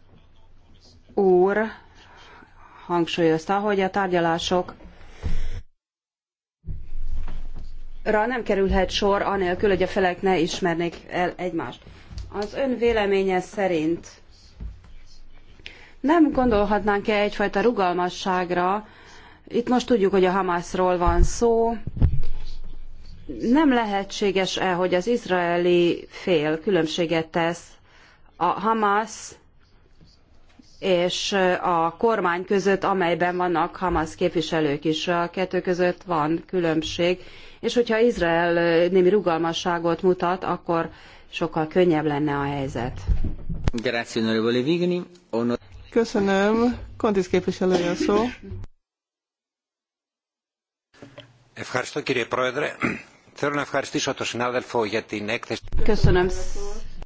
úr hangsúlyozta, hogy a tárgyalások Rá nem kerülhet sor anélkül, hogy a felek ne ismernék el egymást. Az ön véleménye szerint nem gondolhatnánk-e egyfajta rugalmasságra? Itt most tudjuk, hogy a Hamászról van szó. Nem lehetséges-e, hogy az izraeli fél különbséget tesz a Hamász és a kormány között, amelyben vannak Hamas képviselők is, a kettő között van különbség, és hogyha Izrael némi rugalmasságot mutat, akkor sokkal könnyebb lenne a helyzet. Köszönöm. Kontis képviselője a szó. Köszönöm.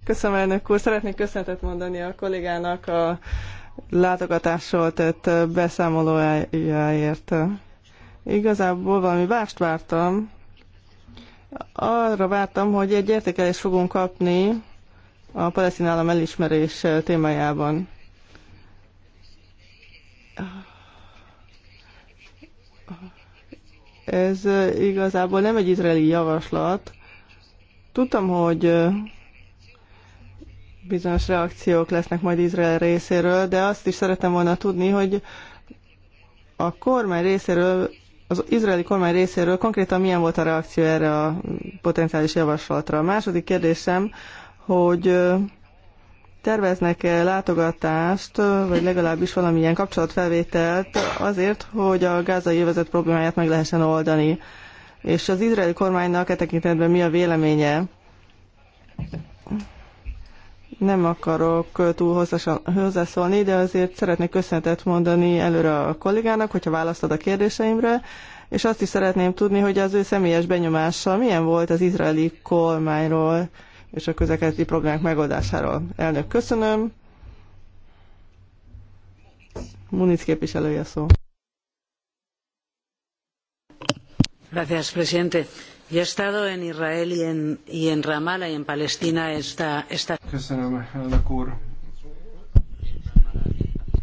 Köszönöm, elnök úr. Szeretnék köszönetet mondani a kollégának a látogatásról tett beszámolójáért. Igazából valami vást vártam, arra vártam, hogy egy értékelést fogunk kapni a palesztin állam elismerés eh, témájában. Ez eh, igazából nem egy izraeli javaslat. Tudtam, hogy eh, bizonyos reakciók lesznek majd Izrael részéről, de azt is szeretem volna tudni, hogy a kormány részéről az izraeli kormány részéről konkrétan milyen volt a reakció erre a potenciális javaslatra? A második kérdésem, hogy terveznek-e látogatást, vagy legalábbis valamilyen kapcsolatfelvételt azért, hogy a gázai övezet problémáját meg lehessen oldani. És az izraeli kormánynak e tekintetben mi a véleménye? Nem akarok túl hosszasan hozzászólni, de azért szeretnék köszönetet mondani előre a kollégának, hogyha választod a kérdéseimre, és azt is szeretném tudni, hogy az ő személyes benyomása milyen volt az izraeli kormányról és a közeketi problémák megoldásáról. Elnök, köszönöm. Muniz képviselője szó. Gracias, presidente he estado en Israel y en, y en Ramallah y en Palestina esta... esta... Köszönöm, elnök úr.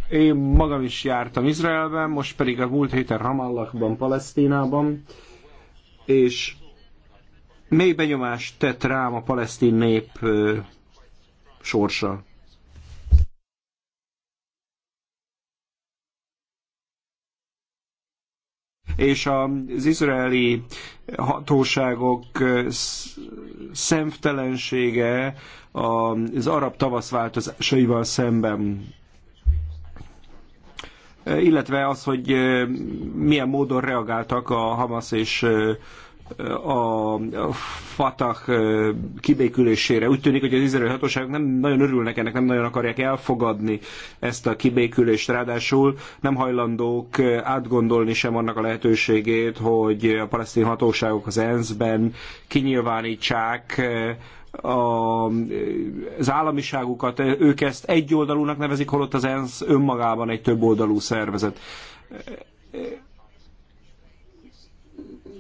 Én magam is jártam Izraelben, most pedig a múlt héten Ramallahban, Palesztinában, és mély benyomást tett rám a palesztin nép sorsa. és az izraeli hatóságok szemtelensége az arab tavasz változásaival szemben illetve az, hogy milyen módon reagáltak a Hamas és a Fatah kibékülésére. Úgy tűnik, hogy az izraeli hatóságok nem nagyon örülnek ennek, nem nagyon akarják elfogadni ezt a kibékülést, ráadásul nem hajlandók átgondolni sem annak a lehetőségét, hogy a palesztin hatóságok az ENSZ-ben kinyilvánítsák a, az államiságukat, ők ezt egyoldalúnak nevezik, holott az ENSZ önmagában egy többoldalú szervezet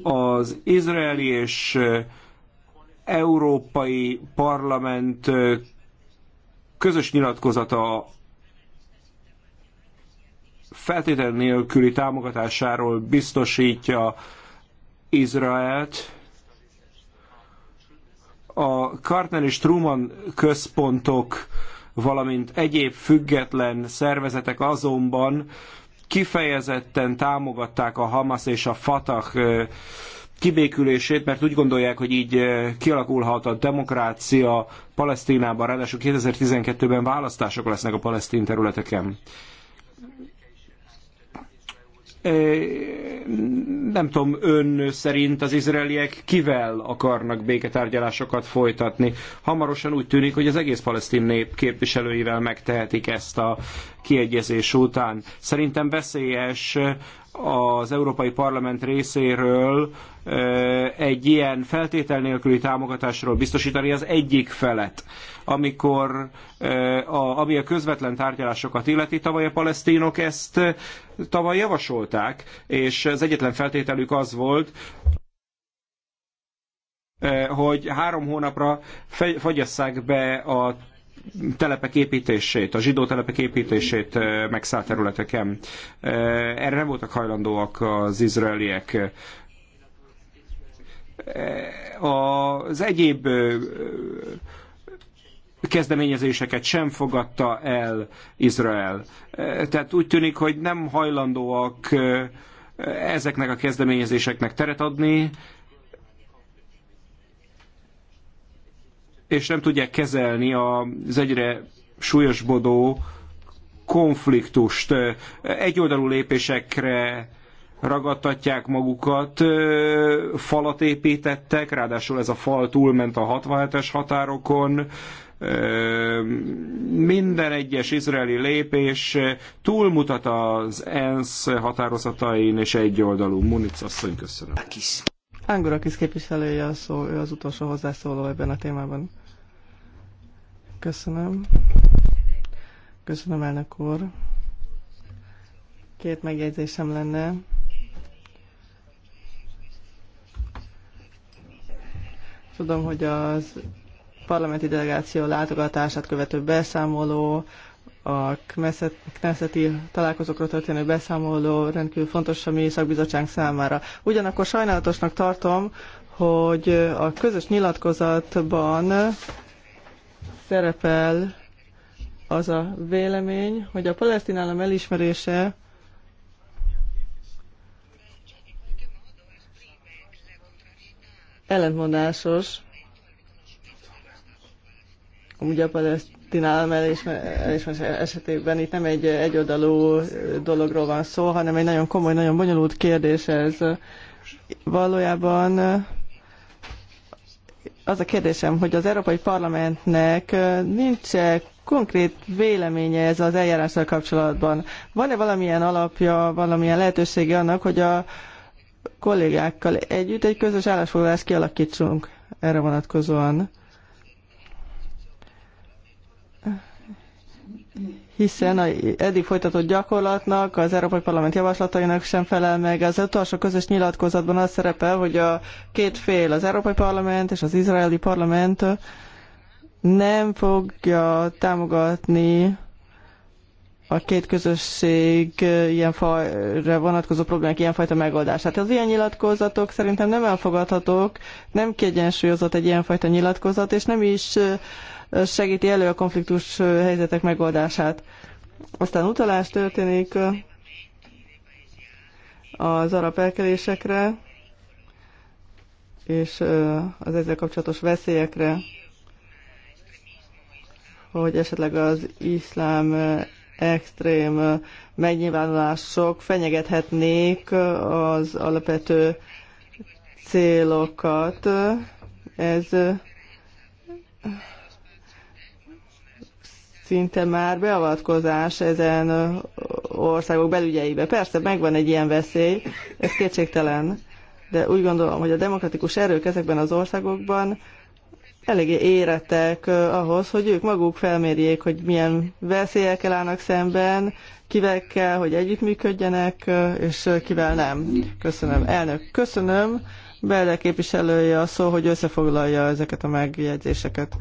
az izraeli és európai parlament közös nyilatkozata feltétel nélküli támogatásáról biztosítja Izraelt. A Kartner és Truman központok, valamint egyéb független szervezetek azonban kifejezetten támogatták a Hamas és a Fatah kibékülését, mert úgy gondolják, hogy így kialakulhat a demokrácia Palesztinában, ráadásul 2012-ben választások lesznek a palesztin területeken. Nem tudom, ön szerint az izraeliek kivel akarnak béketárgyalásokat folytatni? Hamarosan úgy tűnik, hogy az egész palesztin nép képviselőivel megtehetik ezt a kiegyezés után. Szerintem veszélyes az Európai Parlament részéről egy ilyen feltétel nélküli támogatásról biztosítani az egyik felet. Amikor, a, ami a közvetlen tárgyalásokat illeti, tavaly a palesztinok ezt tavaly javasolták, és az egyetlen feltételük az volt, hogy három hónapra fagyasszák be a telepek építését, a zsidó telepek építését megszállt területeken. Erre nem voltak hajlandóak az izraeliek. Az egyéb kezdeményezéseket sem fogadta el Izrael. Tehát úgy tűnik, hogy nem hajlandóak ezeknek a kezdeményezéseknek teret adni, és nem tudják kezelni az egyre súlyosbodó konfliktust. Egyoldalú lépésekre ragadtatják magukat, falat építettek, ráadásul ez a fal túlment a 67-es határokon, minden egyes izraeli lépés túlmutat az ENSZ határozatain és egyoldalú. Munic asszony, köszönöm. kis képviselője a szó, ő az utolsó hozzászóló ebben a témában. Köszönöm. Köszönöm, elnök úr. Két megjegyzésem lenne. Tudom, hogy az parlamenti delegáció látogatását követő beszámoló, a Knesseti találkozókról történő beszámoló rendkívül fontos a mi szakbizottság számára. Ugyanakkor sajnálatosnak tartom, hogy a közös nyilatkozatban szerepel az a vélemény, hogy a palesztin állam elismerése ellentmondásos. Ugye a palesztin állam elismerése esetében itt nem egy egyoldalú dologról van szó, hanem egy nagyon komoly, nagyon bonyolult kérdés ez. Valójában az a kérdésem, hogy az Európai Parlamentnek nincs -e konkrét véleménye ez az eljárással kapcsolatban? Van-e valamilyen alapja, valamilyen lehetősége annak, hogy a kollégákkal együtt egy közös állásfoglalást kialakítsunk erre vonatkozóan? hiszen a eddig folytatott gyakorlatnak, az Európai Parlament javaslatainak sem felel meg. Az utolsó közös nyilatkozatban az szerepel, hogy a két fél, az Európai Parlament és az izraeli parlament nem fogja támogatni a két közösség ilyenfajra vonatkozó problémák ilyenfajta megoldását. Az ilyen nyilatkozatok szerintem nem elfogadhatók, nem kiegyensúlyozott egy ilyenfajta nyilatkozat, és nem is segíti elő a konfliktus helyzetek megoldását. Aztán utalás történik az arab elkelésekre és az ezzel kapcsolatos veszélyekre, hogy esetleg az iszlám extrém megnyilvánulások fenyegethetnék az alapvető célokat. Ez szinte már beavatkozás ezen országok belügyeibe. Persze megvan egy ilyen veszély, ez kétségtelen, de úgy gondolom, hogy a demokratikus erők ezekben az országokban eléggé érettek ahhoz, hogy ők maguk felmérjék, hogy milyen veszélyekkel állnak szemben, kivel kell, hogy együttműködjenek, és kivel nem. Köszönöm. Elnök, köszönöm. Bele képviselője a szó, hogy összefoglalja ezeket a megjegyzéseket.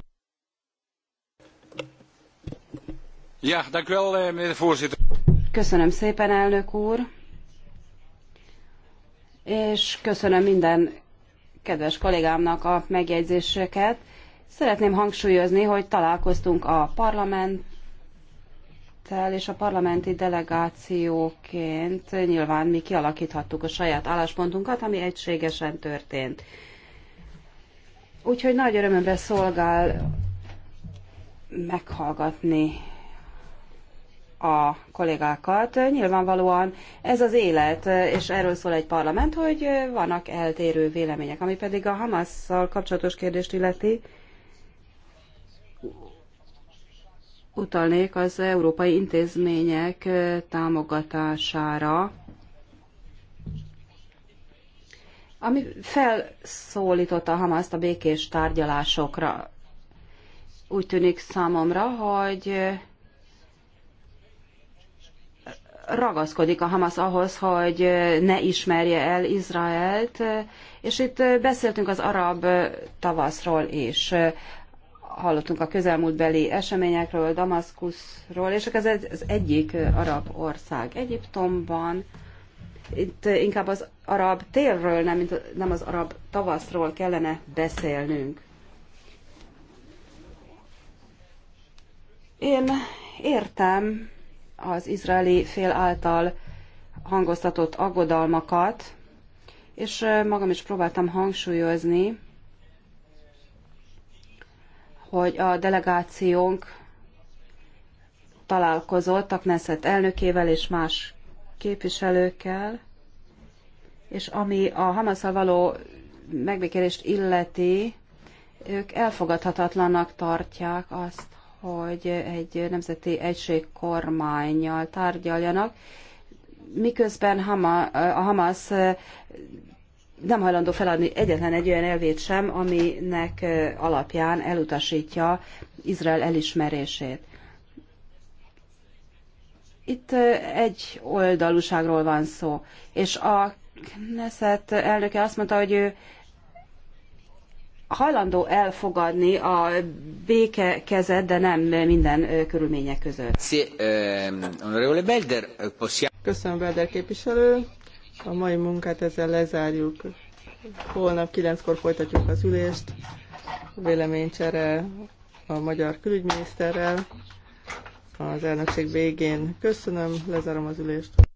Eh, voorzitter. Köszönöm szépen, elnök úr. És köszönöm minden kedves kollégámnak a megjegyzéseket. Szeretném hangsúlyozni, hogy találkoztunk a parlamenttel és a parlamenti delegációként nyilván mi kialakíthattuk a saját álláspontunkat, ami egységesen történt. Úgyhogy nagy örömömre szolgál meghallgatni a kollégákat. Nyilvánvalóan ez az élet, és erről szól egy parlament, hogy vannak eltérő vélemények, ami pedig a Hamasszal kapcsolatos kérdést illeti. Utalnék az európai intézmények támogatására, ami felszólította Hamaszt a békés tárgyalásokra. Úgy tűnik számomra, hogy ragaszkodik a Hamas ahhoz, hogy ne ismerje el Izraelt, és itt beszéltünk az arab tavaszról is, hallottunk a közelmúltbeli eseményekről, Damaszkuszról, és ez az egyik arab ország Egyiptomban. Itt inkább az arab térről, nem, nem az arab tavaszról kellene beszélnünk. Én értem, az izraeli fél által hangoztatott aggodalmakat, és magam is próbáltam hangsúlyozni, hogy a delegációnk találkozott a Knesset elnökével és más képviselőkkel, és ami a Hamasszal való megbékélést illeti, ők elfogadhatatlannak tartják azt, hogy egy nemzeti egység kormányjal tárgyaljanak, miközben Hama, a Hamas nem hajlandó feladni egyetlen egy olyan elvét sem, aminek alapján elutasítja Izrael elismerését. Itt egy oldalúságról van szó, és a Knesset elnöke azt mondta, hogy ő hajlandó elfogadni a béke kezet, de nem minden körülmények között. Ehm, eh, Köszönöm, Belder képviselő. A mai munkát ezzel lezárjuk. Holnap kilenckor folytatjuk az ülést. Véleménycsere a magyar külügyminiszterrel az elnökség végén. Köszönöm, lezárom az ülést.